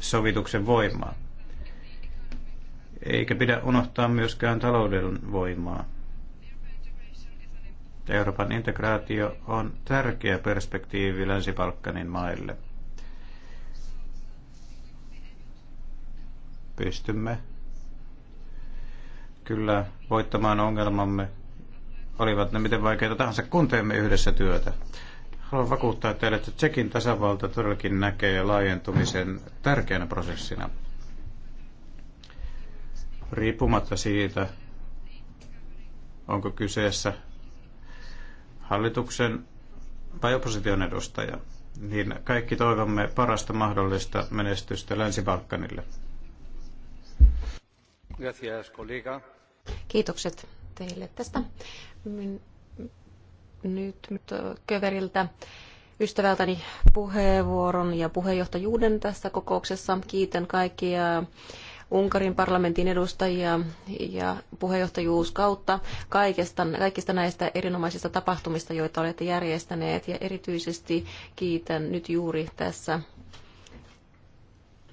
sovituksen voimaa. Eikä pidä unohtaa myöskään talouden voimaa. Euroopan integraatio on tärkeä perspektiivi Länsi-Balkanin maille – pystymme kyllä voittamaan ongelmamme, olivat ne miten vaikeita tahansa, kun teemme yhdessä työtä. Haluan vakuuttaa teille, että Tsekin tasavalta todellakin näkee laajentumisen tärkeänä prosessina. Riippumatta siitä, onko kyseessä hallituksen vai opposition edustaja, niin kaikki toivomme parasta mahdollista menestystä Länsi-Balkanille. Kiitokset teille tästä. Nyt köveriltä ystävältäni puheenvuoron ja puheenjohtajuuden tässä kokouksessa. Kiitän kaikkia Unkarin parlamentin edustajia ja puheenjohtajuuskautta kaikista kaikista näistä erinomaisista tapahtumista, joita olette järjestäneet. Ja erityisesti kiitän nyt juuri tässä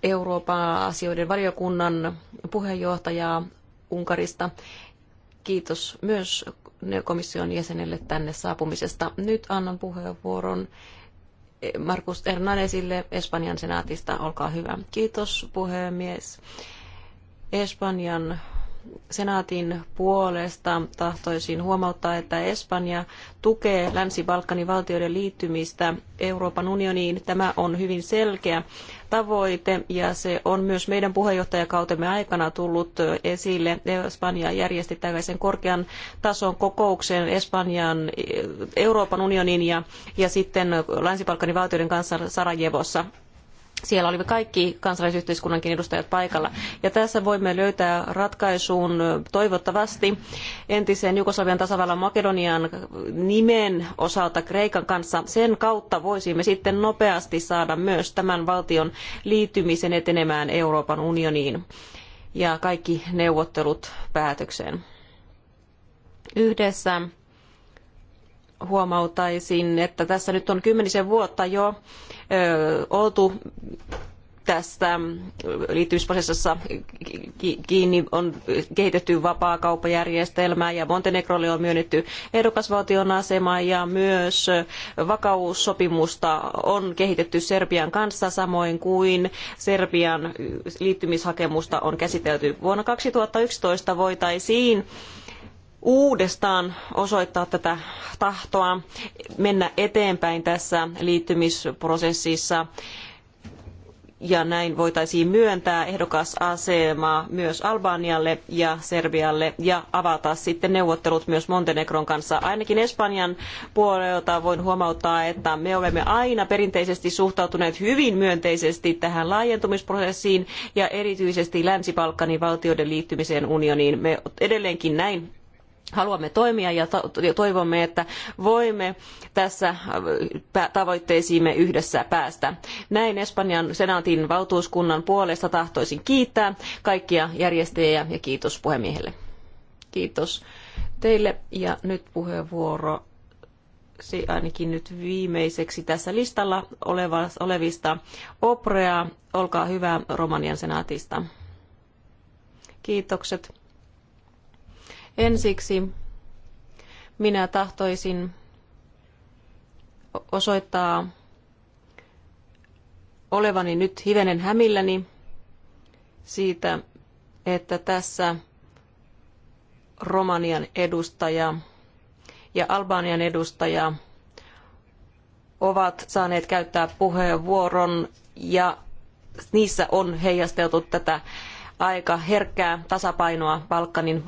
Euroopan asioiden valiokunnan puheenjohtajaa Unkarista. Kiitos myös komission jäsenelle tänne saapumisesta. Nyt annan puheenvuoron Markus Hernandezille Espanjan senaatista. Olkaa hyvä. Kiitos puhemies. Espanjan senaatin puolesta tahtoisin huomauttaa, että Espanja tukee Länsi-Balkanin valtioiden liittymistä Euroopan unioniin. Tämä on hyvin selkeä tavoite ja se on myös meidän puheenjohtajakautemme aikana tullut esille. Espanja järjesti tällaisen korkean tason kokouksen Espanjan, Euroopan unionin ja, ja sitten Länsi-Balkanin valtioiden kanssa Sarajevossa siellä olivat kaikki kansalaisyhteiskunnankin edustajat paikalla. Ja tässä voimme löytää ratkaisuun toivottavasti entisen Jugoslavian tasavallan Makedonian nimen osalta Kreikan kanssa. Sen kautta voisimme sitten nopeasti saada myös tämän valtion liittymisen etenemään Euroopan unioniin ja kaikki neuvottelut päätökseen. Yhdessä huomautaisin, että tässä nyt on kymmenisen vuotta jo oltu tässä liittymisprosessissa kiinni on kehitetty vapaakauppajärjestelmää ja Montenegrolle on myönnetty ehdokasvaltion asema ja myös vakaussopimusta on kehitetty Serbian kanssa samoin kuin Serbian liittymishakemusta on käsitelty. Vuonna 2011 voitaisiin uudestaan osoittaa tätä tahtoa mennä eteenpäin tässä liittymisprosessissa ja näin voitaisiin myöntää ehdokasasemaa myös Albanialle ja Serbialle ja avata sitten neuvottelut myös Montenegron kanssa. Ainakin Espanjan puolelta voin huomauttaa, että me olemme aina perinteisesti suhtautuneet hyvin myönteisesti tähän laajentumisprosessiin ja erityisesti Länsi-Balkanin valtioiden liittymiseen unioniin. Me edelleenkin näin haluamme toimia ja toivomme, että voimme tässä äh, tavoitteisiimme yhdessä päästä. Näin Espanjan senaatin valtuuskunnan puolesta tahtoisin kiittää kaikkia järjestäjiä ja kiitos puhemiehelle. Kiitos teille ja nyt puheenvuoro se ainakin nyt viimeiseksi tässä listalla olevista Oprea. Olkaa hyvä Romanian senaatista. Kiitokset Ensiksi minä tahtoisin osoittaa olevani nyt hivenen hämilläni siitä, että tässä Romanian edustaja ja Albanian edustaja ovat saaneet käyttää puheenvuoron ja niissä on heijasteltu tätä aika herkkää tasapainoa Balkanin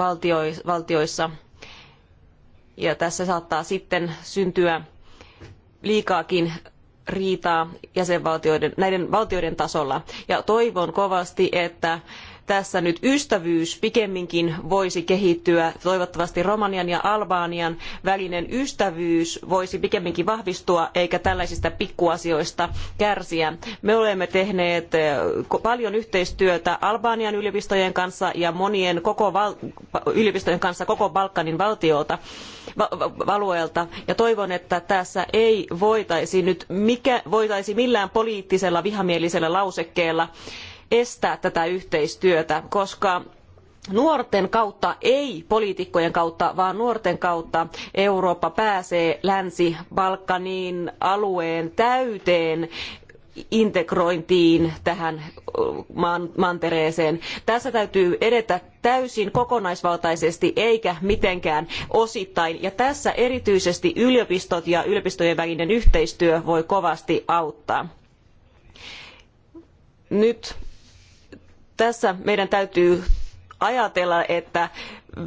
valtioissa. Ja tässä saattaa sitten syntyä liikaakin riitaa jäsenvaltioiden, näiden valtioiden tasolla. Ja toivon kovasti, että tässä nyt ystävyys pikemminkin voisi kehittyä. Toivottavasti Romanian ja Albanian välinen ystävyys voisi pikemminkin vahvistua eikä tällaisista pikkuasioista kärsiä. Me olemme tehneet eh, paljon yhteistyötä Albanian yliopistojen kanssa ja monien koko yliopistojen kanssa koko Balkanin valtiolta alueelta ja toivon, että tässä ei voitaisi nyt mikä, voitaisi millään poliittisella vihamielisellä lausekkeella estää tätä yhteistyötä, koska nuorten kautta, ei poliitikkojen kautta, vaan nuorten kautta Eurooppa pääsee Länsi-Balkanin alueen täyteen integrointiin tähän mantereeseen. Tässä täytyy edetä täysin kokonaisvaltaisesti eikä mitenkään osittain. Ja tässä erityisesti yliopistot ja yliopistojen välinen yhteistyö voi kovasti auttaa. Nyt tässä meidän täytyy ajatella, että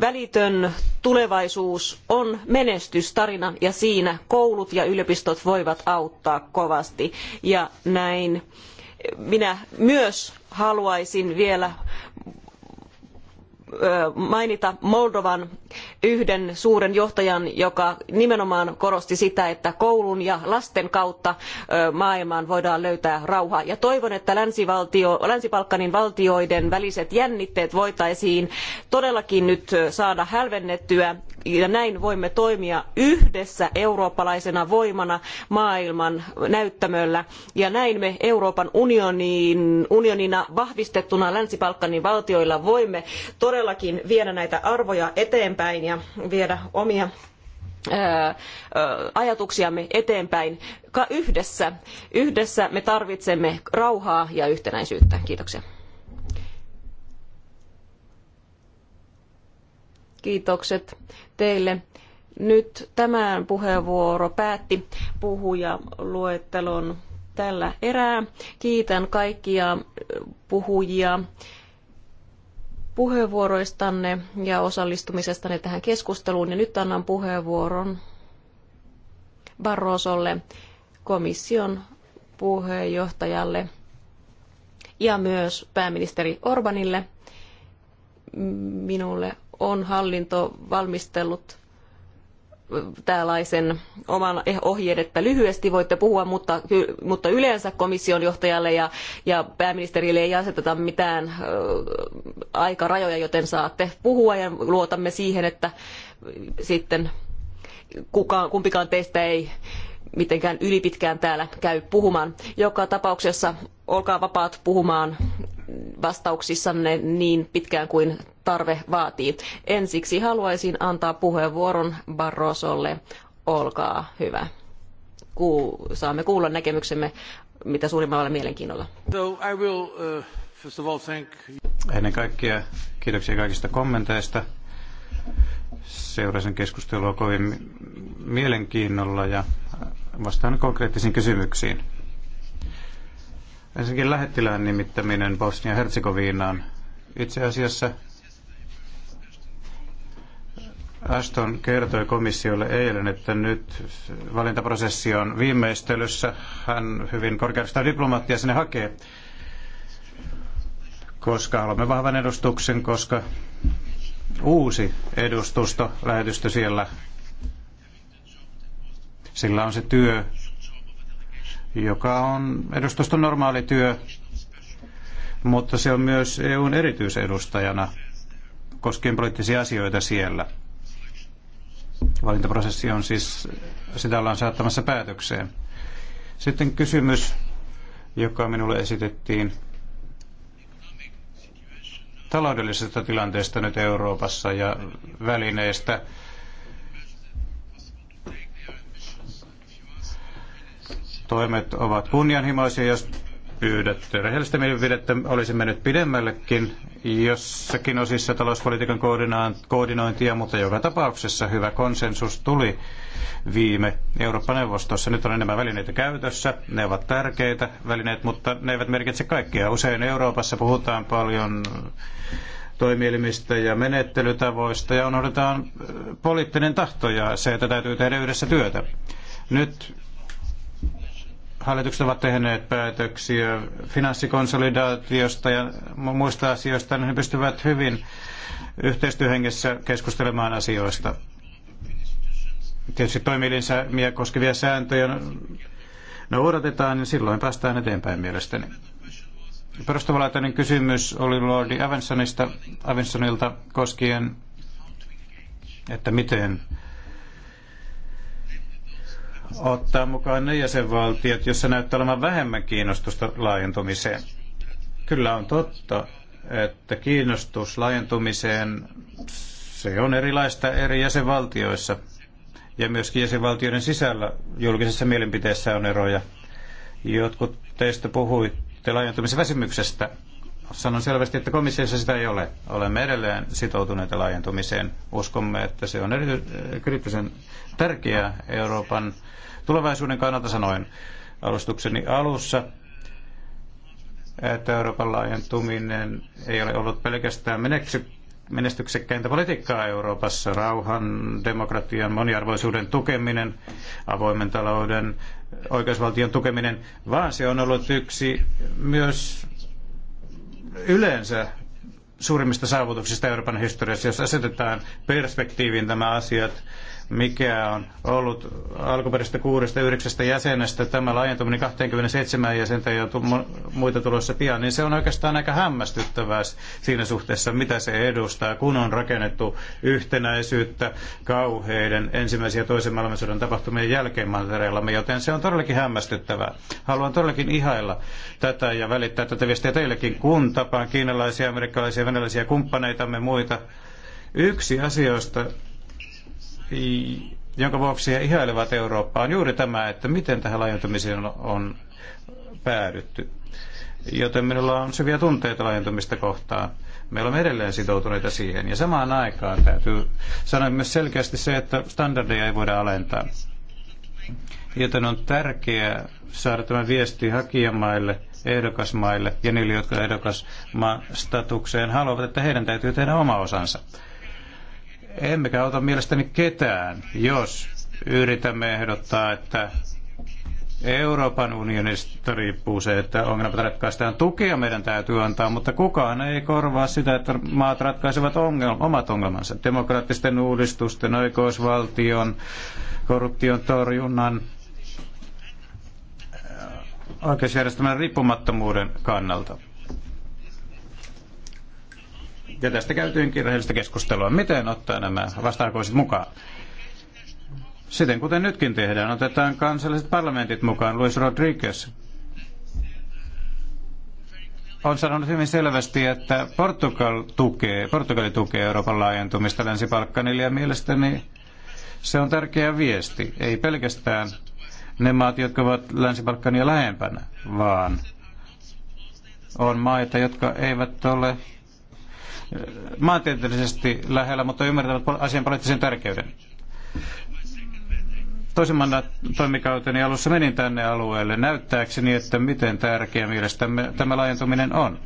välitön tulevaisuus on menestystarina ja siinä koulut ja yliopistot voivat auttaa kovasti. Ja näin minä myös haluaisin vielä mainita Moldovan yhden suuren johtajan, joka nimenomaan korosti sitä, että koulun ja lasten kautta maailmaan voidaan löytää rauha. Ja toivon, että länsivaltio, Länsi-Balkanin valtioiden väliset jännitteet voitaisiin todellakin nyt saada hälvennettyä ja näin voimme toimia yhdessä eurooppalaisena voimana maailman näyttämöllä. Ja näin me Euroopan unionin, unionina vahvistettuna Länsi-Balkanin valtioilla voimme todella todellakin viedä näitä arvoja eteenpäin ja viedä omia ajatuksiamme eteenpäin yhdessä. Yhdessä me tarvitsemme rauhaa ja yhtenäisyyttä. Kiitoksia. Kiitokset teille. Nyt tämän puheenvuoro päätti puhujaluettelon tällä erää. Kiitän kaikkia puhujia puheenvuoroistanne ja osallistumisestanne tähän keskusteluun. Ja nyt annan puheenvuoron Barrosolle, komission puheenjohtajalle ja myös pääministeri Orbanille. Minulle on hallinto valmistellut tällaisen oman ohjeen, että lyhyesti voitte puhua, mutta, mutta yleensä komission johtajalle ja, ja pääministerille ei aseteta mitään aikarajoja, joten saatte puhua ja luotamme siihen, että sitten kukaan, kumpikaan teistä ei mitenkään ylipitkään täällä käy puhumaan. Joka tapauksessa olkaa vapaat puhumaan vastauksissanne niin pitkään kuin tarve vaatii. Ensiksi haluaisin antaa puheenvuoron Barrosolle. Olkaa hyvä. Kuu, saamme kuulla näkemyksemme mitä suurimmalla mielenkiinnolla. So will, uh, thank... Ennen kaikkea kiitoksia kaikista kommenteista. Seurasin keskustelua kovin mielenkiinnolla ja Vastaan konkreettisiin kysymyksiin. Ensinnäkin lähettilään nimittäminen Bosnia-Herzegovinaan. Itse asiassa Aston kertoi komissiolle eilen, että nyt valintaprosessi on viimeistelyssä. Hän hyvin korkeasta diplomaattia sinne hakee, koska haluamme vahvan edustuksen, koska uusi edustusto, lähetystö siellä sillä on se työ, joka on edustuston normaali työ, mutta se on myös EUn erityisedustajana koskien poliittisia asioita siellä. Valintaprosessi on siis, sitä ollaan saattamassa päätökseen. Sitten kysymys, joka minulle esitettiin taloudellisesta tilanteesta nyt Euroopassa ja välineistä toimet ovat kunnianhimoisia, jos pyydätte. Rehellistä mielipidettä olisimme nyt pidemmällekin jossakin osissa talouspolitiikan koordinointia, mutta joka tapauksessa hyvä konsensus tuli viime Eurooppa-neuvostossa. Nyt on enemmän välineitä käytössä, ne ovat tärkeitä välineet, mutta ne eivät merkitse kaikkea. Usein Euroopassa puhutaan paljon toimielimistä ja menettelytavoista ja unohdetaan poliittinen tahto ja se, että täytyy tehdä yhdessä työtä. Nyt hallitukset ovat tehneet päätöksiä finanssikonsolidaatiosta ja muista asioista, niin he pystyvät hyvin yhteistyöhengessä keskustelemaan asioista. Tietysti toimielinsämiä koskevia sääntöjä noudatetaan, niin silloin päästään eteenpäin mielestäni. Perustavanlaatuinen kysymys oli Lordi Avansonista, Avansonilta koskien, että miten ottaa mukaan ne jäsenvaltiot, joissa näyttää olevan vähemmän kiinnostusta laajentumiseen. Kyllä on totta, että kiinnostus laajentumiseen se on erilaista eri jäsenvaltioissa ja myöskin jäsenvaltioiden sisällä julkisessa mielipiteessä on eroja. Jotkut teistä puhuitte laajentumisen väsymyksestä sanon selvästi, että komissiossa sitä ei ole. Olemme edelleen sitoutuneita laajentumiseen. Uskomme, että se on erityisen tärkeää Euroopan tulevaisuuden kannalta sanoin alustukseni alussa, että Euroopan laajentuminen ei ole ollut pelkästään menestyksekkäintä politiikkaa Euroopassa. Rauhan, demokratian, moniarvoisuuden tukeminen, avoimen talouden, oikeusvaltion tukeminen, vaan se on ollut yksi myös yleensä suurimmista saavutuksista Euroopan historiassa, jos asetetaan perspektiiviin nämä asiat mikä on ollut alkuperäisestä kuudesta yhdeksästä jäsenestä tämä laajentuminen 27 jäsentä ja muita tulossa pian, niin se on oikeastaan aika hämmästyttävää siinä suhteessa, mitä se edustaa, kun on rakennettu yhtenäisyyttä kauheiden ensimmäisen ja toisen maailmansodan tapahtumien jälkeen mantereellamme, joten se on todellakin hämmästyttävää. Haluan todellakin ihailla tätä ja välittää tätä viestiä teillekin, kun tapaan kiinalaisia, amerikkalaisia, venäläisiä kumppaneitamme muita. Yksi asioista, jonka vuoksi he ihailevat Eurooppaa, on juuri tämä, että miten tähän laajentumiseen on päädytty. Joten minulla on syviä tunteita laajentumista kohtaan. Me olemme edelleen sitoutuneita siihen. Ja samaan aikaan täytyy sanoa myös selkeästi se, että standardeja ei voida alentaa. Joten on tärkeää saada tämä viesti hakijamaille, ehdokasmaille ja niille, jotka ehdokasstatukseen haluavat, että heidän täytyy tehdä oma osansa. Emmekä auta mielestäni ketään, jos yritämme ehdottaa, että Euroopan unionista riippuu se, että ongelmat ratkaistaan. Tukea meidän täytyy antaa, mutta kukaan ei korvaa sitä, että maat ratkaisevat ongelma, omat ongelmansa. Demokraattisten uudistusten, oikeusvaltion, korruption torjunnan, äh, oikeusjärjestelmän riippumattomuuden kannalta. Ja tästä käytyinkin rehellistä keskustelua. Miten ottaa nämä vastaakoiset mukaan? Siten kuten nytkin tehdään, otetaan kansalliset parlamentit mukaan. Luis Rodriguez on sanonut hyvin selvästi, että Portugal tukee, Portugali tukee Euroopan laajentumista länsi ja mielestäni se on tärkeä viesti. Ei pelkästään ne maat, jotka ovat Länsi-Balkania lähempänä, vaan on maita, jotka eivät ole maantieteellisesti lähellä, mutta ymmärtävät asian poliittisen tärkeyden. Toisen toimikauteni alussa menin tänne alueelle näyttääkseni, että miten tärkeä mielestämme tämä laajentuminen on.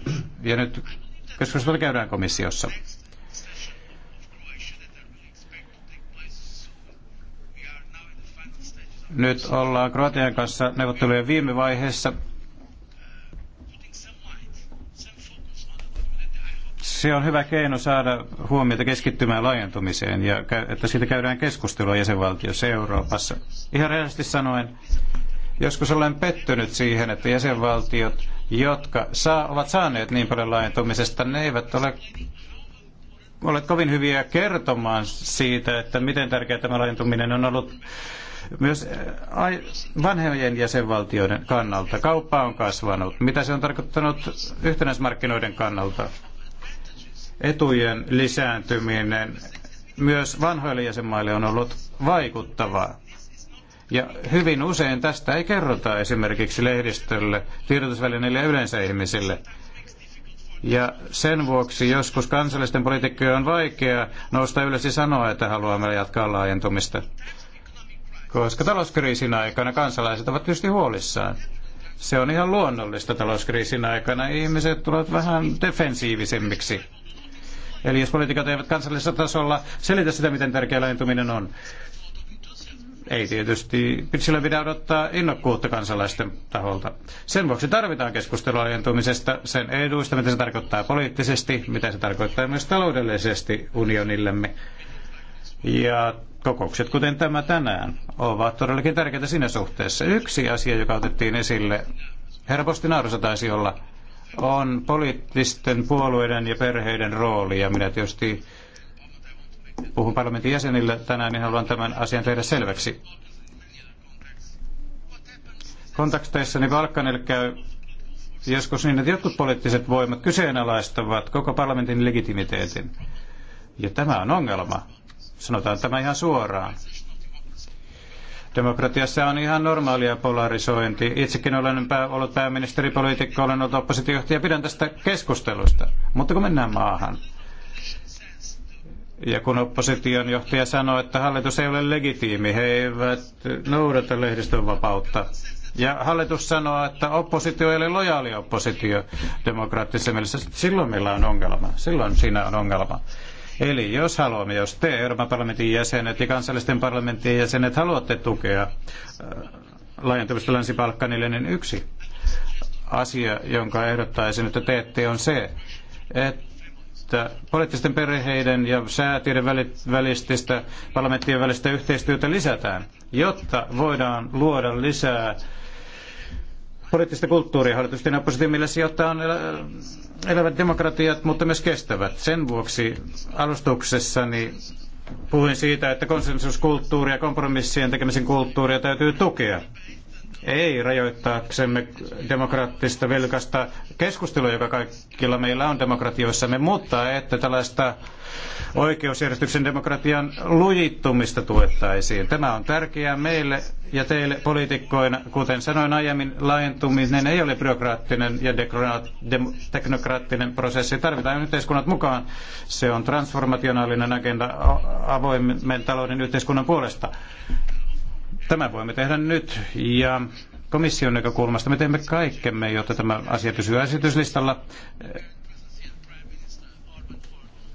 Ja nyt keskustelu käydään komissiossa. Nyt ollaan Kroatian kanssa neuvottelujen viime vaiheessa. Se on hyvä keino saada huomiota keskittymään laajentumiseen ja että siitä käydään keskustelua jäsenvaltiossa Euroopassa. Ihan rehellisesti sanoen, joskus olen pettynyt siihen, että jäsenvaltiot, jotka saa, ovat saaneet niin paljon laajentumisesta, ne eivät ole olet kovin hyviä kertomaan siitä, että miten tärkeää tämä laajentuminen on ollut myös äh, vanhempien jäsenvaltioiden kannalta. Kauppa on kasvanut. Mitä se on tarkoittanut yhtenäismarkkinoiden kannalta? etujen lisääntyminen myös vanhoille jäsenmaille on ollut vaikuttavaa. Ja hyvin usein tästä ei kerrota esimerkiksi lehdistölle, tiedotusvälineille ja yleensä ihmisille. Ja sen vuoksi joskus kansallisten poliitikkojen on vaikea nousta ylös ja sanoa, että haluamme jatkaa laajentumista. Koska talouskriisin aikana kansalaiset ovat tietysti huolissaan. Se on ihan luonnollista talouskriisin aikana. Ihmiset tulevat vähän defensiivisemmiksi Eli jos poliitikot eivät kansallisella tasolla selitä sitä, miten tärkeä laajentuminen on. Ei tietysti sillä pidä odottaa innokkuutta kansalaisten taholta. Sen vuoksi tarvitaan keskustelua laajentumisesta, sen eduista, mitä se tarkoittaa poliittisesti, mitä se tarkoittaa myös taloudellisesti unionillemme. Ja kokoukset, kuten tämä tänään, ovat todellakin tärkeitä siinä suhteessa. Yksi asia, joka otettiin esille, herra Postinaarossa taisi olla, on poliittisten puolueiden ja perheiden rooli. Ja minä tietysti puhun parlamentin jäsenille tänään, niin haluan tämän asian tehdä selväksi. Kontakteissani Balkanille käy joskus niin, että jotkut poliittiset voimat kyseenalaistavat koko parlamentin legitimiteetin. Ja tämä on ongelma. Sanotaan tämä ihan suoraan. Demokratiassa on ihan normaalia polarisointi. Itsekin olen pää, ollut pääministeripoliitikko, olen ollut oppositiojohtaja, pidän tästä keskustelusta. Mutta kun mennään maahan, ja kun opposition johtaja sanoo, että hallitus ei ole legitiimi, he eivät noudata lehdistön vapautta. Ja hallitus sanoo, että oppositio ei ole lojaali oppositio demokraattisessa mielessä. Silloin meillä on ongelma. Silloin siinä on ongelma. Eli jos haluamme, jos te Euroopan parlamentin jäsenet ja kansallisten parlamenttien jäsenet haluatte tukea äh, laajentumista Länsi-Balkanille, niin yksi asia, jonka ehdottaisin, että teette, on se, että poliittisten perheiden ja säätiöiden välististä, parlamenttien välistä yhteistyötä lisätään, jotta voidaan luoda lisää poliittista kulttuuria hallitusten oppositiomille sijoittaa elävät demokratiat, mutta myös kestävät. Sen vuoksi alustuksessani puhuin siitä, että konsensuskulttuuria, kompromissien tekemisen kulttuuria täytyy tukea. Ei rajoittaaksemme demokraattista vilkasta keskustelua, joka kaikilla meillä on demokratioissamme, mutta että tällaista oikeusjärjestyksen demokratian lujittumista tuettaisiin. Tämä on tärkeää meille ja teille poliitikkoina. Kuten sanoin aiemmin, laajentuminen ei ole byrokraattinen ja teknokraattinen prosessi. Tarvitaan yhteiskunnat mukaan. Se on transformationaalinen agenda avoimen talouden yhteiskunnan puolesta. Tämä voimme tehdä nyt ja komission näkökulmasta me teemme kaikkemme, jotta tämä asia pysyy esityslistalla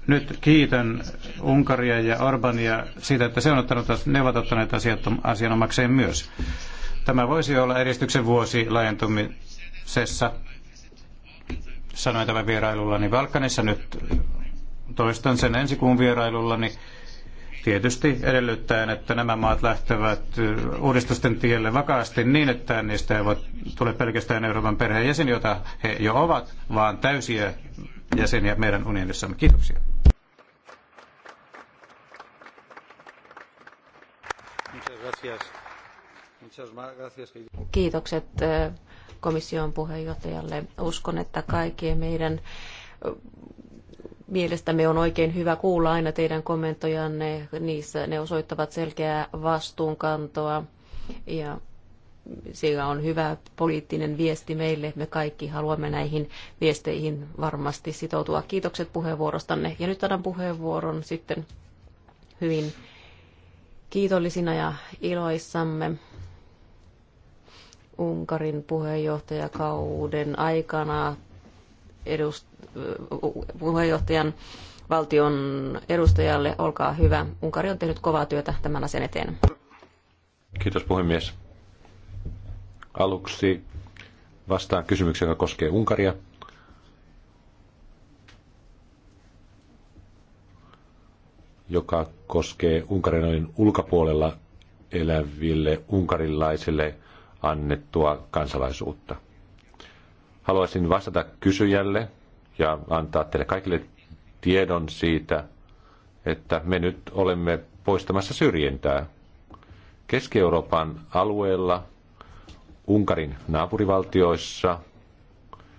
nyt kiitän Unkaria ja Orbania siitä, että se on ottanut, ne ovat ottaneet asiat, asianomakseen myös. Tämä voisi olla edistyksen vuosi laajentumisessa. Sanoin tämän vierailullani Balkanissa nyt toistan sen ensi kuun vierailullani. Tietysti edellyttäen, että nämä maat lähtevät uudistusten tielle vakaasti niin, että niistä ei voi tule pelkästään Euroopan perheenjäsen, jota he jo ovat, vaan täysiä jäseniä meidän unionissamme. Kiitoksia. Kiitokset komission puheenjohtajalle. Uskon, että kaikkien meidän mielestämme on oikein hyvä kuulla aina teidän kommentojanne. Niissä ne osoittavat selkeää vastuunkantoa ja sillä on hyvä poliittinen viesti meille. Me kaikki haluamme näihin viesteihin varmasti sitoutua. Kiitokset puheenvuorostanne. Ja nyt annan puheenvuoron sitten hyvin kiitollisina ja iloissamme Unkarin puheenjohtajakauden aikana edust- puheenjohtajan valtion edustajalle. Olkaa hyvä. Unkari on tehnyt kovaa työtä tämän asian eteen. Kiitos puhemies. Aluksi vastaan kysymykseen, joka koskee Unkaria. joka koskee Unkarin ulkopuolella eläville unkarilaisille annettua kansalaisuutta. Haluaisin vastata kysyjälle ja antaa teille kaikille tiedon siitä, että me nyt olemme poistamassa syrjintää. Keski-Euroopan alueella Unkarin naapurivaltioissa,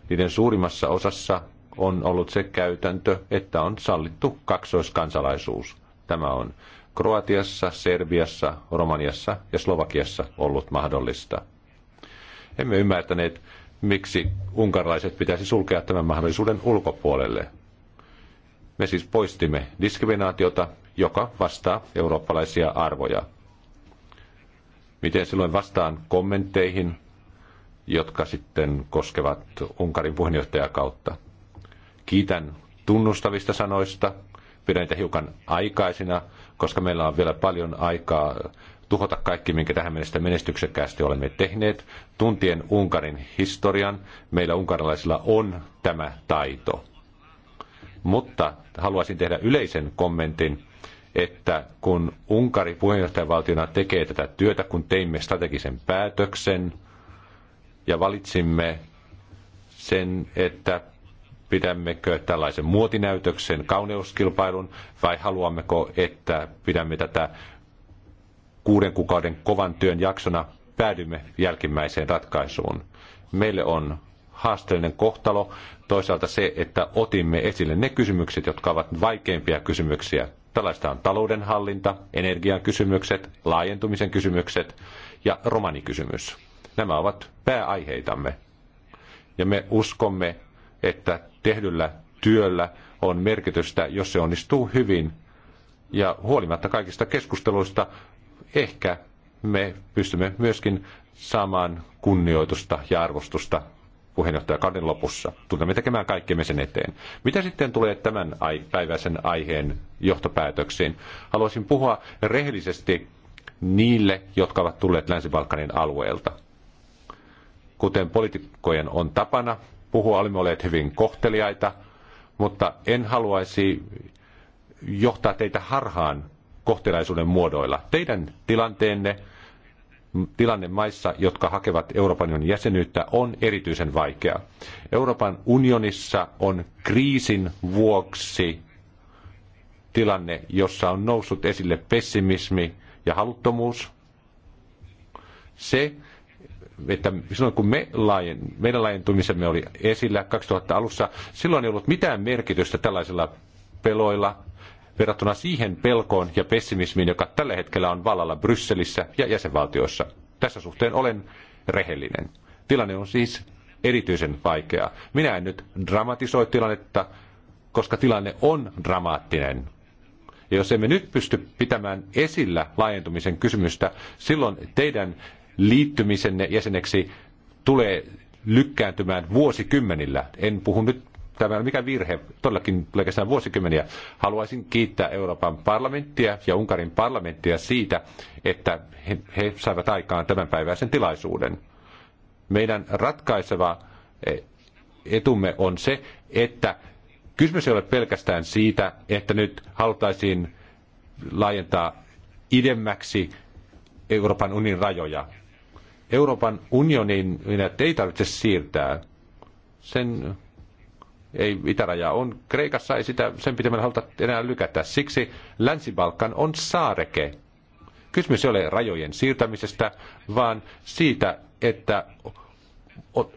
niiden suurimmassa osassa on ollut se käytäntö, että on sallittu kaksoiskansalaisuus. Tämä on Kroatiassa, Serbiassa, Romaniassa ja Slovakiassa ollut mahdollista. Emme ymmärtäneet, miksi unkarlaiset pitäisi sulkea tämän mahdollisuuden ulkopuolelle. Me siis poistimme diskriminaatiota, joka vastaa eurooppalaisia arvoja. Miten silloin vastaan kommentteihin, jotka sitten koskevat Unkarin puheenjohtajakautta? Kiitän tunnustavista sanoista. Pidän niitä hiukan aikaisina, koska meillä on vielä paljon aikaa tuhota kaikki, minkä tähän mennessä menestyksekkäästi olemme tehneet. Tuntien Unkarin historian, meillä unkarilaisilla on tämä taito. Mutta haluaisin tehdä yleisen kommentin että kun Unkari puheenjohtajavaltiona tekee tätä työtä, kun teimme strategisen päätöksen ja valitsimme sen, että pidämmekö tällaisen muotinäytöksen kauneuskilpailun vai haluammeko, että pidämme tätä kuuden kuukauden kovan työn jaksona, päädymme jälkimmäiseen ratkaisuun. Meille on haasteellinen kohtalo, toisaalta se, että otimme esille ne kysymykset, jotka ovat vaikeimpia kysymyksiä Tällaista on taloudenhallinta, energiakysymykset, laajentumisen kysymykset ja romanikysymys. Nämä ovat pääaiheitamme. Ja me uskomme, että tehdyllä työllä on merkitystä, jos se onnistuu hyvin. Ja huolimatta kaikista keskusteluista, ehkä me pystymme myöskin saamaan kunnioitusta ja arvostusta puheenjohtajakauden lopussa. Tulemme tekemään kaikkemme sen eteen. Mitä sitten tulee tämän päiväisen aiheen johtopäätöksiin? Haluaisin puhua rehellisesti niille, jotka ovat tulleet Länsi-Balkanin alueelta. Kuten poliitikkojen on tapana puhua, olemme olleet hyvin kohteliaita, mutta en haluaisi johtaa teitä harhaan kohtelaisuuden muodoilla. Teidän tilanteenne tilanne maissa, jotka hakevat Euroopan unionin jäsenyyttä, on erityisen vaikea. Euroopan unionissa on kriisin vuoksi tilanne, jossa on noussut esille pessimismi ja haluttomuus. Se, että silloin kun me laajen, meidän laajentumisemme oli esillä 2000 alussa, silloin ei ollut mitään merkitystä tällaisilla peloilla verrattuna siihen pelkoon ja pessimismiin, joka tällä hetkellä on vallalla Brysselissä ja jäsenvaltioissa. Tässä suhteen olen rehellinen. Tilanne on siis erityisen vaikea. Minä en nyt dramatisoi tilannetta, koska tilanne on dramaattinen. Ja jos emme nyt pysty pitämään esillä laajentumisen kysymystä, silloin teidän liittymisenne jäseneksi tulee lykkääntymään vuosikymmenillä. En puhu nyt tämä on mikä virhe, todellakin tulee vuosikymmeniä. Haluaisin kiittää Euroopan parlamenttia ja Unkarin parlamenttia siitä, että he, he saivat aikaan tämän päiväisen tilaisuuden. Meidän ratkaiseva eh, etumme on se, että kysymys ei ole pelkästään siitä, että nyt haluttaisiin laajentaa idemmäksi Euroopan unionin rajoja. Euroopan unionin ei tarvitse siirtää. Sen ei itäraja on Kreikassa, ei sitä sen pitemmälle haluta enää lykätä. Siksi Länsi-Balkan on saareke. Kysymys ei ole rajojen siirtämisestä, vaan siitä, että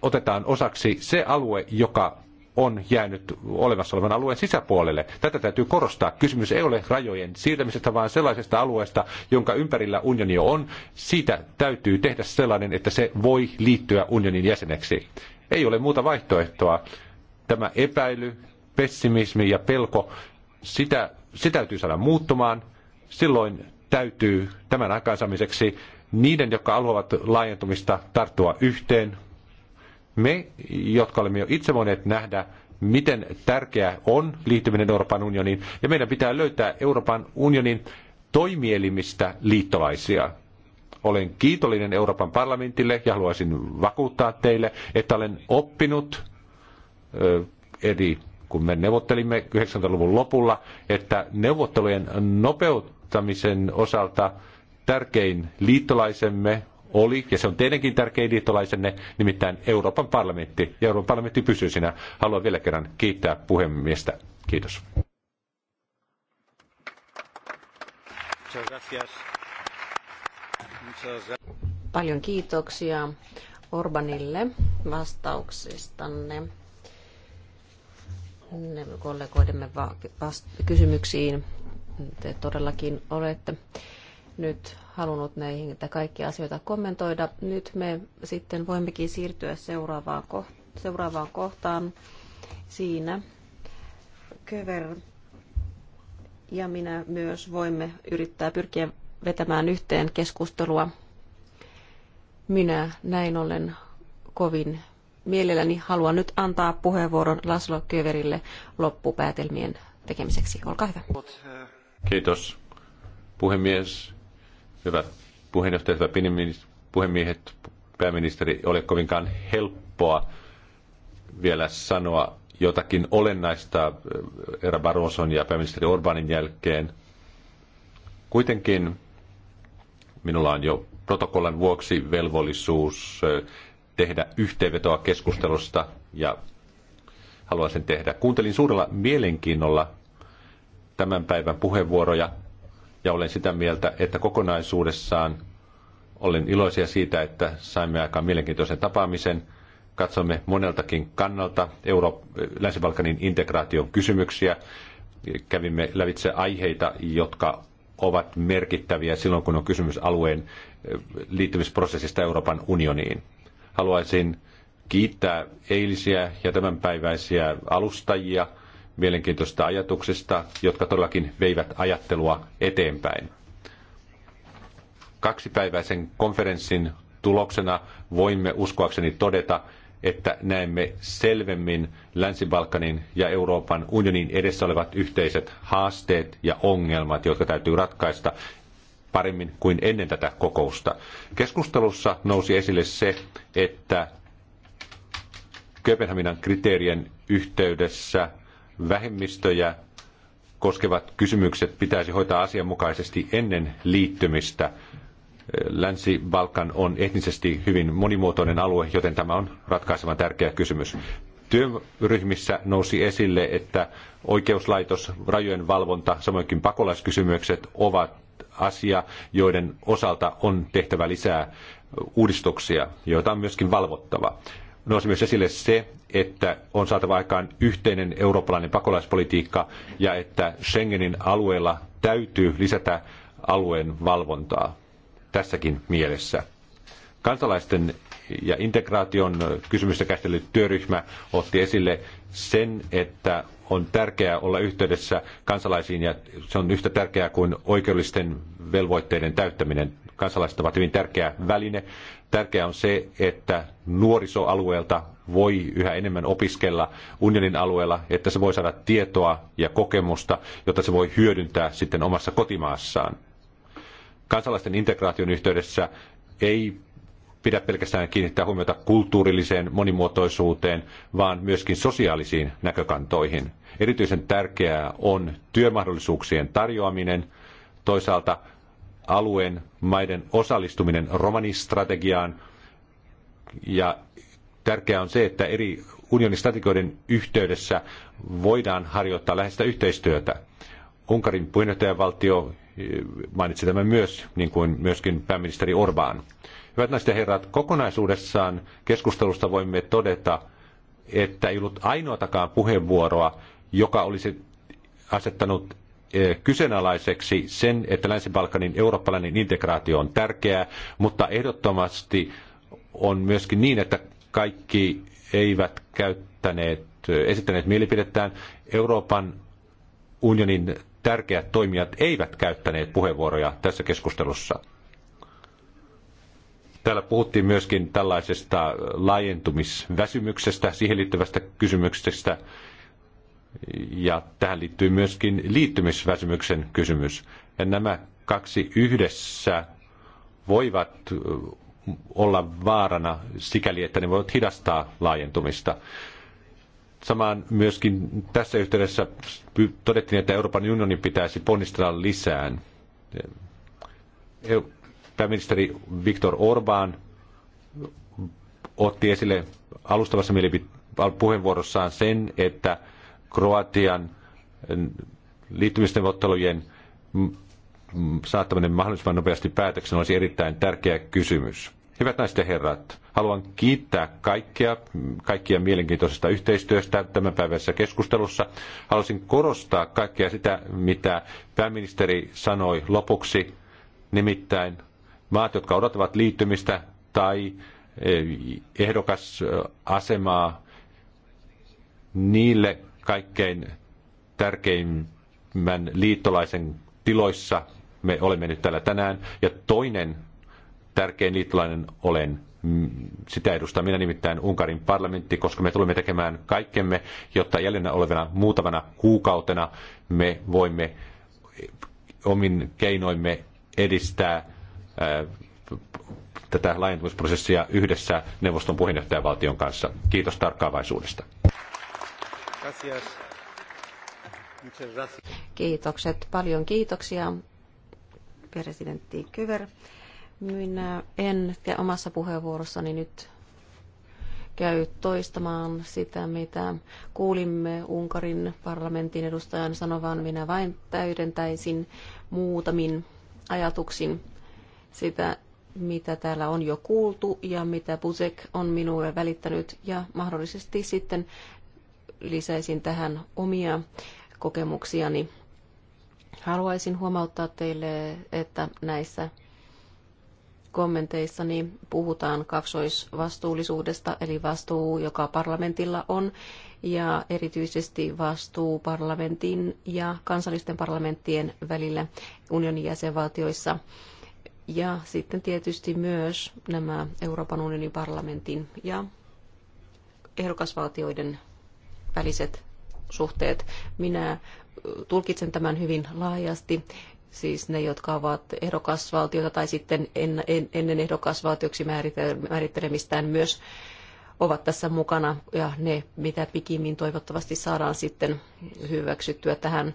otetaan osaksi se alue, joka on jäänyt olemassa olevan alueen sisäpuolelle. Tätä täytyy korostaa. Kysymys ei ole rajojen siirtämisestä, vaan sellaisesta alueesta, jonka ympärillä unioni on. Siitä täytyy tehdä sellainen, että se voi liittyä unionin jäseneksi. Ei ole muuta vaihtoehtoa. Tämä epäily, pessimismi ja pelko, sitä, täytyy saada muuttumaan. Silloin täytyy tämän aikaansaamiseksi niiden, jotka haluavat laajentumista, tarttua yhteen. Me, jotka olemme jo itse voineet nähdä, miten tärkeää on liittyminen Euroopan unioniin, ja meidän pitää löytää Euroopan unionin toimielimistä liittolaisia. Olen kiitollinen Euroopan parlamentille ja haluaisin vakuuttaa teille, että olen oppinut Eli kun me neuvottelimme 90-luvun lopulla, että neuvottelujen nopeuttamisen osalta tärkein liittolaisemme oli, ja se on teidänkin tärkein liittolaisenne, nimittäin Euroopan parlamentti. Ja Euroopan parlamentti pysyy siinä. Haluan vielä kerran kiittää puhemiestä. Kiitos. Paljon kiitoksia Orbanille vastauksistanne kollegoidemme kysymyksiin. Te todellakin olette nyt halunnut näihin kaikkia asioita kommentoida. Nyt me sitten voimmekin siirtyä seuraavaan, koht- seuraavaan kohtaan. Siinä Köver ja minä myös voimme yrittää pyrkiä vetämään yhteen keskustelua. Minä näin ollen kovin mielelläni haluan nyt antaa puheenvuoron Laslo Kyöverille loppupäätelmien tekemiseksi. Olkaa hyvä. Kiitos puhemies, hyvät puheenjohtajat, hyvät puhemiehet, pääministeri, ole kovinkaan helppoa vielä sanoa jotakin olennaista äh, Era Barroson ja pääministeri Orbanin jälkeen. Kuitenkin minulla on jo protokollan vuoksi velvollisuus äh, tehdä yhteenvetoa keskustelusta ja haluan sen tehdä. Kuuntelin suurella mielenkiinnolla tämän päivän puheenvuoroja ja olen sitä mieltä, että kokonaisuudessaan olen iloisia siitä, että saimme aikaan mielenkiintoisen tapaamisen. Katsomme moneltakin kannalta Euro- Länsi-Balkanin integraation kysymyksiä. Kävimme lävitse aiheita, jotka ovat merkittäviä silloin, kun on kysymys alueen liittymisprosessista Euroopan unioniin. Haluaisin kiittää eilisiä ja tämänpäiväisiä alustajia mielenkiintoista ajatuksista, jotka todellakin veivät ajattelua eteenpäin. Kaksipäiväisen konferenssin tuloksena voimme uskoakseni todeta, että näemme selvemmin Länsi-Balkanin ja Euroopan unionin edessä olevat yhteiset haasteet ja ongelmat, jotka täytyy ratkaista, paremmin kuin ennen tätä kokousta. Keskustelussa nousi esille se, että Kööpenhaminan kriteerien yhteydessä vähemmistöjä koskevat kysymykset pitäisi hoitaa asianmukaisesti ennen liittymistä. Länsi-Balkan on etnisesti hyvin monimuotoinen alue, joten tämä on ratkaisevan tärkeä kysymys. Työryhmissä nousi esille, että oikeuslaitos, rajojen valvonta, samoinkin pakolaiskysymykset ovat asia, joiden osalta on tehtävä lisää uudistuksia, joita on myöskin valvottava. Nousi myös esille se, että on saatava aikaan yhteinen eurooppalainen pakolaispolitiikka ja että Schengenin alueella täytyy lisätä alueen valvontaa tässäkin mielessä. Kansalaisten ja integraation kysymystä käsitellyt työryhmä otti esille sen, että on tärkeää olla yhteydessä kansalaisiin ja se on yhtä tärkeää kuin oikeudellisten velvoitteiden täyttäminen. Kansalaiset ovat hyvin tärkeä väline. Tärkeää on se, että nuorisoalueelta voi yhä enemmän opiskella unionin alueella, että se voi saada tietoa ja kokemusta, jota se voi hyödyntää sitten omassa kotimaassaan. Kansalaisten integraation yhteydessä ei pidä pelkästään kiinnittää huomiota kulttuurilliseen monimuotoisuuteen, vaan myöskin sosiaalisiin näkökantoihin. Erityisen tärkeää on työmahdollisuuksien tarjoaminen, toisaalta alueen maiden osallistuminen romanistrategiaan ja tärkeää on se, että eri unionin strategioiden yhteydessä voidaan harjoittaa läheistä yhteistyötä. Unkarin puheenjohtajavaltio eh, mainitsi tämän myös, niin kuin myöskin pääministeri Orbán. Hyvät naiset ja herrat, kokonaisuudessaan keskustelusta voimme todeta, että ei ollut ainoatakaan puheenvuoroa, joka olisi asettanut eh, kyseenalaiseksi sen, että Länsi-Balkanin eurooppalainen integraatio on tärkeää, mutta ehdottomasti on myöskin niin, että kaikki eivät käyttäneet, eh, esittäneet mielipidettään. Euroopan unionin tärkeät toimijat eivät käyttäneet puheenvuoroja tässä keskustelussa. Täällä puhuttiin myöskin tällaisesta laajentumisväsymyksestä, siihen liittyvästä kysymyksestä ja tähän liittyy myöskin liittymisväsymyksen kysymys. Ja nämä kaksi yhdessä voivat olla vaarana sikäli, että ne voivat hidastaa laajentumista. Samaan myöskin tässä yhteydessä todettiin, että Euroopan unionin pitäisi ponnistella lisään. Pääministeri Viktor Orbán otti esille alustavassa puheenvuorossaan sen, että Kroatian liittymisneuvottelujen saattaminen mahdollisimman nopeasti päätöksen olisi erittäin tärkeä kysymys. Hyvät naiset ja herrat, haluan kiittää kaikkia, kaikkia mielenkiintoisesta yhteistyöstä tämän päivässä keskustelussa. Haluaisin korostaa kaikkea sitä, mitä pääministeri sanoi lopuksi, nimittäin maat, jotka odottavat liittymistä tai eh, ehdokasasemaa, niille kaikkein tärkeimmän liittolaisen tiloissa. Me olemme nyt täällä tänään. Ja toinen tärkein liittolainen olen mm, sitä edustan minä nimittäin Unkarin parlamentti, koska me tulemme tekemään kaikkemme, jotta jäljellä olevana muutamana kuukautena me voimme omin keinoimme edistää ää, äh, tätä laajentumisprosessia yhdessä neuvoston puheenjohtajavaltion kanssa. Kiitos tarkkaavaisuudesta. Kiitokset, paljon kiitoksia, presidentti Kyver. Minä en omassa puheenvuorossani nyt käy toistamaan sitä, mitä kuulimme Unkarin parlamentin edustajan sanovan. Minä vain täydentäisin muutamin ajatuksin sitä, mitä täällä on jo kuultu ja mitä Buzek on minulle välittänyt ja mahdollisesti sitten lisäisin tähän omia kokemuksiani. Haluaisin huomauttaa teille, että näissä niin puhutaan kaksoisvastuullisuudesta, eli vastuu, joka parlamentilla on, ja erityisesti vastuu parlamentin ja kansallisten parlamenttien välillä unionin jäsenvaltioissa. Ja sitten tietysti myös nämä Euroopan unionin parlamentin ja ehdokasvaltioiden väliset suhteet. Minä tulkitsen tämän hyvin laajasti siis ne, jotka ovat ehdokasvaltiota tai sitten ennen ehdokasvaltioksi määrittelemistään myös ovat tässä mukana ja ne, mitä pikimmin toivottavasti saadaan sitten hyväksyttyä tähän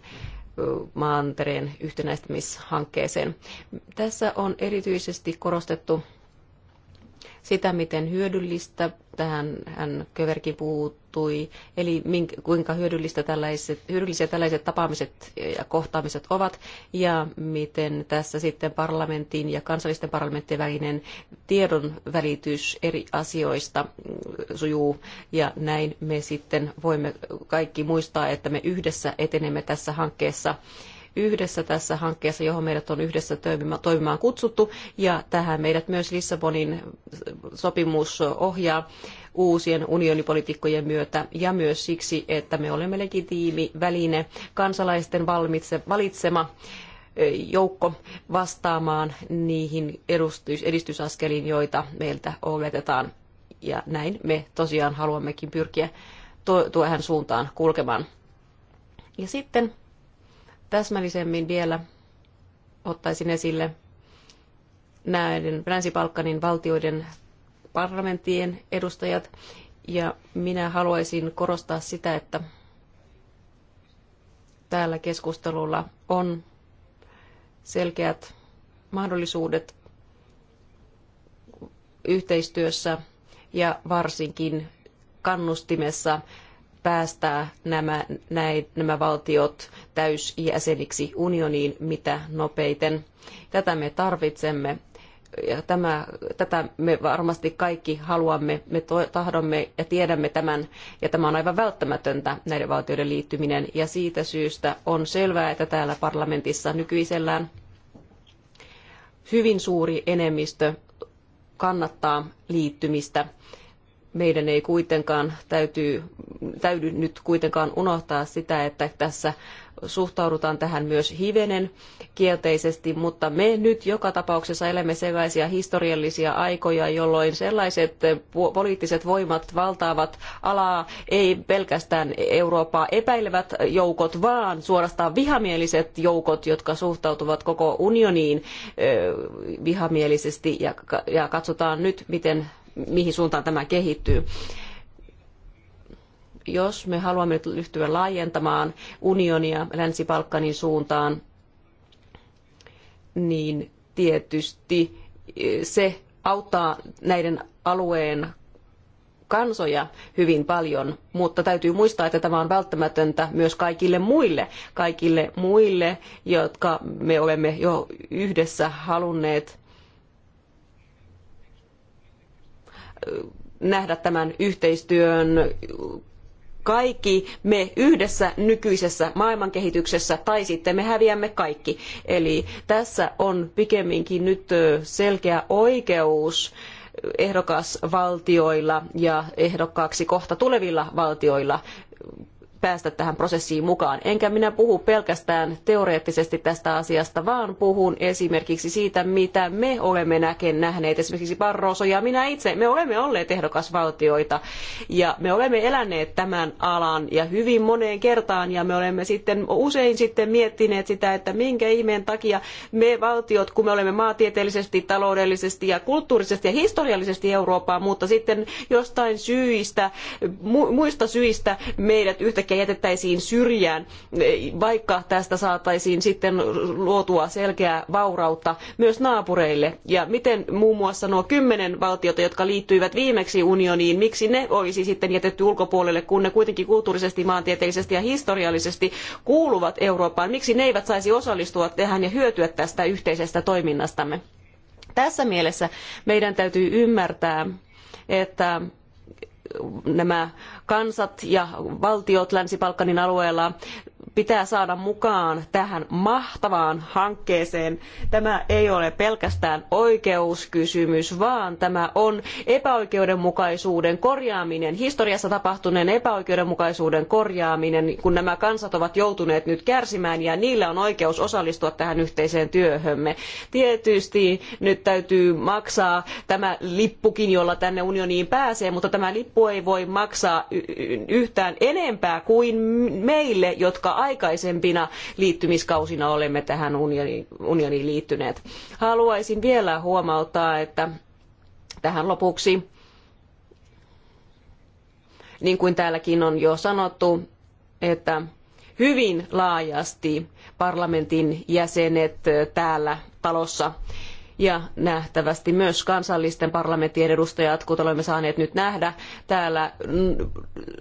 maantereen yhtenäistämishankkeeseen. Tässä on erityisesti korostettu sitä, miten hyödyllistä tähän hän Köverkin puuttui, eli kuinka hyödyllistä tällaiset, hyödyllisiä tällaiset tapaamiset ja kohtaamiset ovat, ja miten tässä sitten parlamentin ja kansallisten parlamenttien välinen tiedon välitys eri asioista sujuu, ja näin me sitten voimme kaikki muistaa, että me yhdessä etenemme tässä hankkeessa yhdessä tässä hankkeessa, johon meidät on yhdessä toimimaan kutsuttu, ja tähän meidät myös Lissabonin sopimus ohjaa uusien unionipolitiikkojen myötä ja myös siksi, että me olemme legitiimi väline kansalaisten valitsema joukko vastaamaan niihin edistysaskeliin, joita meiltä oletetaan. Ja näin me tosiaan haluammekin pyrkiä tuohon suuntaan kulkemaan. Ja sitten täsmällisemmin vielä ottaisin esille näiden Länsi-Balkanin valtioiden parlamenttien edustajat. Ja minä haluaisin korostaa sitä, että täällä keskustelulla on selkeät mahdollisuudet yhteistyössä ja varsinkin kannustimessa päästää nämä, näin, nämä valtiot täysjäseniksi unioniin mitä nopeiten. Tätä me tarvitsemme ja tämä, tätä me varmasti kaikki haluamme, me tahdomme ja tiedämme tämän, ja tämä on aivan välttämätöntä näiden valtioiden liittyminen, ja siitä syystä on selvää, että täällä parlamentissa nykyisellään hyvin suuri enemmistö kannattaa liittymistä meidän ei kuitenkaan täytyy, täydy nyt kuitenkaan unohtaa sitä, että tässä suhtaudutaan tähän myös hivenen kielteisesti, mutta me nyt joka tapauksessa elämme sellaisia historiallisia aikoja, jolloin sellaiset poliittiset voimat valtaavat alaa, ei pelkästään Eurooppaa epäilevät joukot, vaan suorastaan vihamieliset joukot, jotka suhtautuvat koko unioniin vihamielisesti ja, ja katsotaan nyt, miten mihin suuntaan tämä kehittyy. Jos me haluamme nyt ryhtyä laajentamaan unionia Länsi-Balkanin suuntaan, niin tietysti eh, se auttaa näiden alueen kansoja hyvin paljon, mutta täytyy muistaa, että tämä on välttämätöntä myös kaikille muille, kaikille muille, jotka me olemme jo yhdessä halunneet nähdä tämän yhteistyön kaikki me yhdessä nykyisessä maailmankehityksessä tai sitten me häviämme kaikki. Eli tässä on pikemminkin nyt selkeä oikeus ehdokasvaltioilla ja ehdokkaaksi kohta tulevilla valtioilla päästä tähän prosessiin mukaan. Enkä minä puhu pelkästään teoreettisesti tästä asiasta, vaan puhun esimerkiksi siitä, mitä me olemme näken nähneet. Esimerkiksi Barroso ja minä itse, me olemme olleet ehdokasvaltioita ja me olemme eläneet tämän alan ja hyvin moneen kertaan ja me olemme sitten usein sitten miettineet sitä, että minkä ihmeen takia me valtiot, kun me olemme maatieteellisesti, taloudellisesti ja kulttuurisesti ja historiallisesti Eurooppaa, mutta sitten jostain syistä, muista syistä meidät yhtäkkiä kaikkea jätettäisiin syrjään, vaikka tästä saataisiin sitten luotua selkeää vaurautta myös naapureille. Ja miten muun muassa nuo kymmenen valtiota, jotka liittyivät viimeksi unioniin, miksi ne olisi sitten jätetty ulkopuolelle, kun ne kuitenkin kulttuurisesti, maantieteellisesti ja historiallisesti kuuluvat Eurooppaan? Miksi ne eivät saisi osallistua tähän ja hyötyä tästä yhteisestä toiminnastamme? Tässä mielessä meidän täytyy ymmärtää, että nämä kansat ja valtiot Länsi-Balkanin alueella pitää saada mukaan tähän mahtavaan hankkeeseen. Tämä ei ole pelkästään oikeuskysymys, vaan tämä on epäoikeudenmukaisuuden korjaaminen, historiassa tapahtuneen epäoikeudenmukaisuuden korjaaminen, kun nämä kansat ovat joutuneet nyt kärsimään ja niillä on oikeus osallistua tähän yhteiseen työhömme. Tietysti nyt täytyy maksaa tämä lippukin, jolla tänne unioniin pääsee, mutta tämä lippu ei voi maksaa yhtään enempää kuin meille, jotka aikaisempina liittymiskausina olemme tähän unioniin liittyneet. Haluaisin vielä huomauttaa, että tähän lopuksi, niin kuin täälläkin on jo sanottu, että hyvin laajasti parlamentin jäsenet täällä talossa ja nähtävästi myös kansallisten parlamenttien edustajat, kuten olemme saaneet nyt nähdä, täällä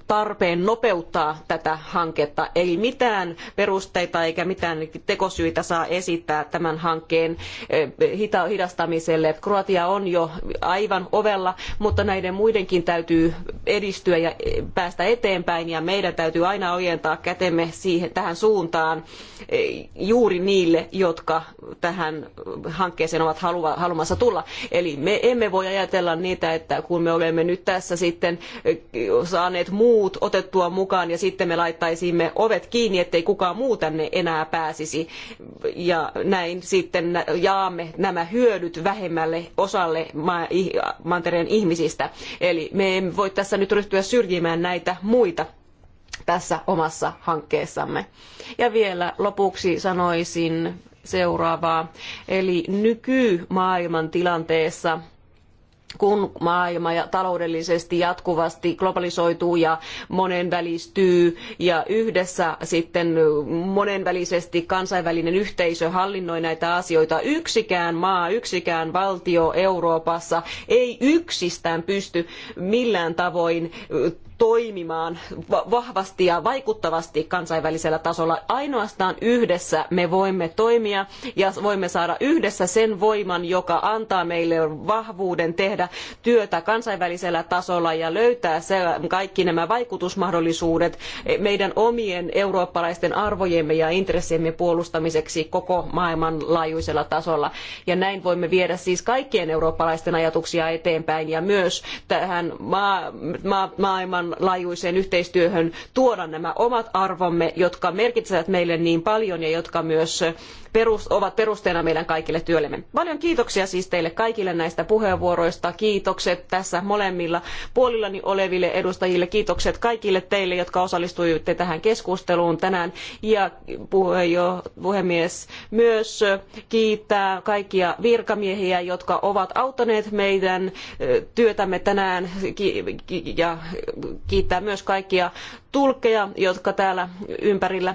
tarpeen nopeuttaa tätä hanketta. Ei mitään perusteita eikä mitään tekosyitä saa esittää tämän hankkeen eh, hidastamiselle. Kroatia on jo aivan ovella, mutta näiden muidenkin täytyy edistyä ja eh, päästä eteenpäin ja meidän täytyy aina ojentaa kätemme siihen, tähän suuntaan eh, juuri niille, jotka tähän hankkeeseen ovat halua, haluamassa tulla. Eli me emme voi ajatella niitä, että kun me olemme nyt tässä sitten eh, saaneet muut otettua mukaan ja sitten me laittaisimme ovet kiinni, ettei kukaan muu tänne enää pääsisi. Ja näin sitten jaamme nämä hyödyt vähemmälle osalle ma- mantereen ihmisistä. Eli me emme voi tässä nyt ryhtyä syrjimään näitä muita tässä omassa hankkeessamme. Ja vielä lopuksi sanoisin seuraavaa. Eli nykymaailman tilanteessa kun maailma ja taloudellisesti jatkuvasti globalisoituu ja monenvälistyy ja yhdessä sitten monenvälisesti kansainvälinen yhteisö hallinnoi näitä asioita. Yksikään maa, yksikään valtio Euroopassa ei yksistään pysty millään tavoin toimimaan vahvasti ja vaikuttavasti kansainvälisellä tasolla. Ainoastaan yhdessä me voimme toimia ja voimme saada yhdessä sen voiman, joka antaa meille vahvuuden tehdä tehdä työtä kansainvälisellä tasolla ja löytää kaikki nämä vaikutusmahdollisuudet meidän omien eurooppalaisten arvojemme ja intressiemme puolustamiseksi koko maailmanlaajuisella tasolla. Ja näin voimme viedä siis kaikkien eurooppalaisten ajatuksia eteenpäin ja myös tähän maa, maa, maailmanlaajuiseen yhteistyöhön tuoda nämä omat arvomme, jotka merkitsevät meille niin paljon ja jotka myös perus, ovat perusteena meidän kaikille työllemme. Paljon kiitoksia siis teille kaikille näistä puheenvuoroista. Kiitokset tässä molemmilla puolillani oleville edustajille. Kiitokset kaikille teille, jotka osallistuitte tähän keskusteluun tänään. Ja puhemies myös kiittää kaikkia virkamiehiä, jotka ovat auttaneet meidän työtämme tänään ja kiittää myös kaikkia tulkkeja, jotka täällä ympärillä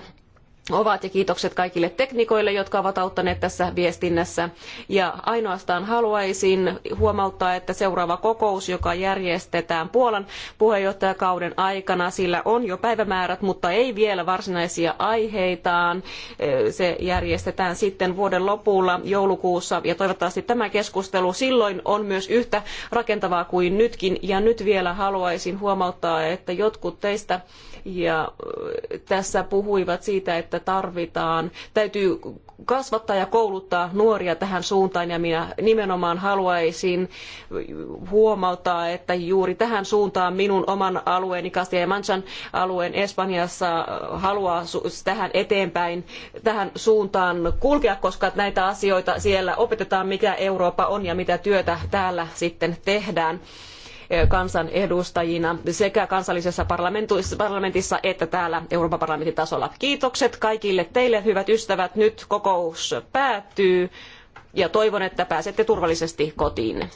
ovat ja kiitokset kaikille teknikoille, jotka ovat auttaneet tässä viestinnässä. Ja ainoastaan haluaisin huomauttaa, että seuraava kokous, joka järjestetään Puolan puheenjohtajakauden aikana, sillä on jo päivämäärät, mutta ei vielä varsinaisia aiheitaan. Se järjestetään sitten vuoden lopulla joulukuussa ja toivottavasti tämä keskustelu silloin on myös yhtä rakentavaa kuin nytkin. Ja nyt vielä haluaisin huomauttaa, että jotkut teistä ja tässä puhuivat siitä, että tarvitaan, täytyy kasvattaa ja kouluttaa nuoria tähän suuntaan ja minä nimenomaan haluaisin huomauttaa, että juuri tähän suuntaan minun oman alueeni Castilla ja Manchan alueen Espanjassa haluaa tähän eteenpäin, tähän suuntaan kulkea, koska näitä asioita siellä opetetaan, mikä Eurooppa on ja mitä työtä täällä sitten tehdään kansanedustajina sekä kansallisessa parlamentissa että täällä Euroopan parlamentin tasolla. Kiitokset kaikille teille, hyvät ystävät. Nyt kokous päättyy ja toivon, että pääsette turvallisesti kotiin.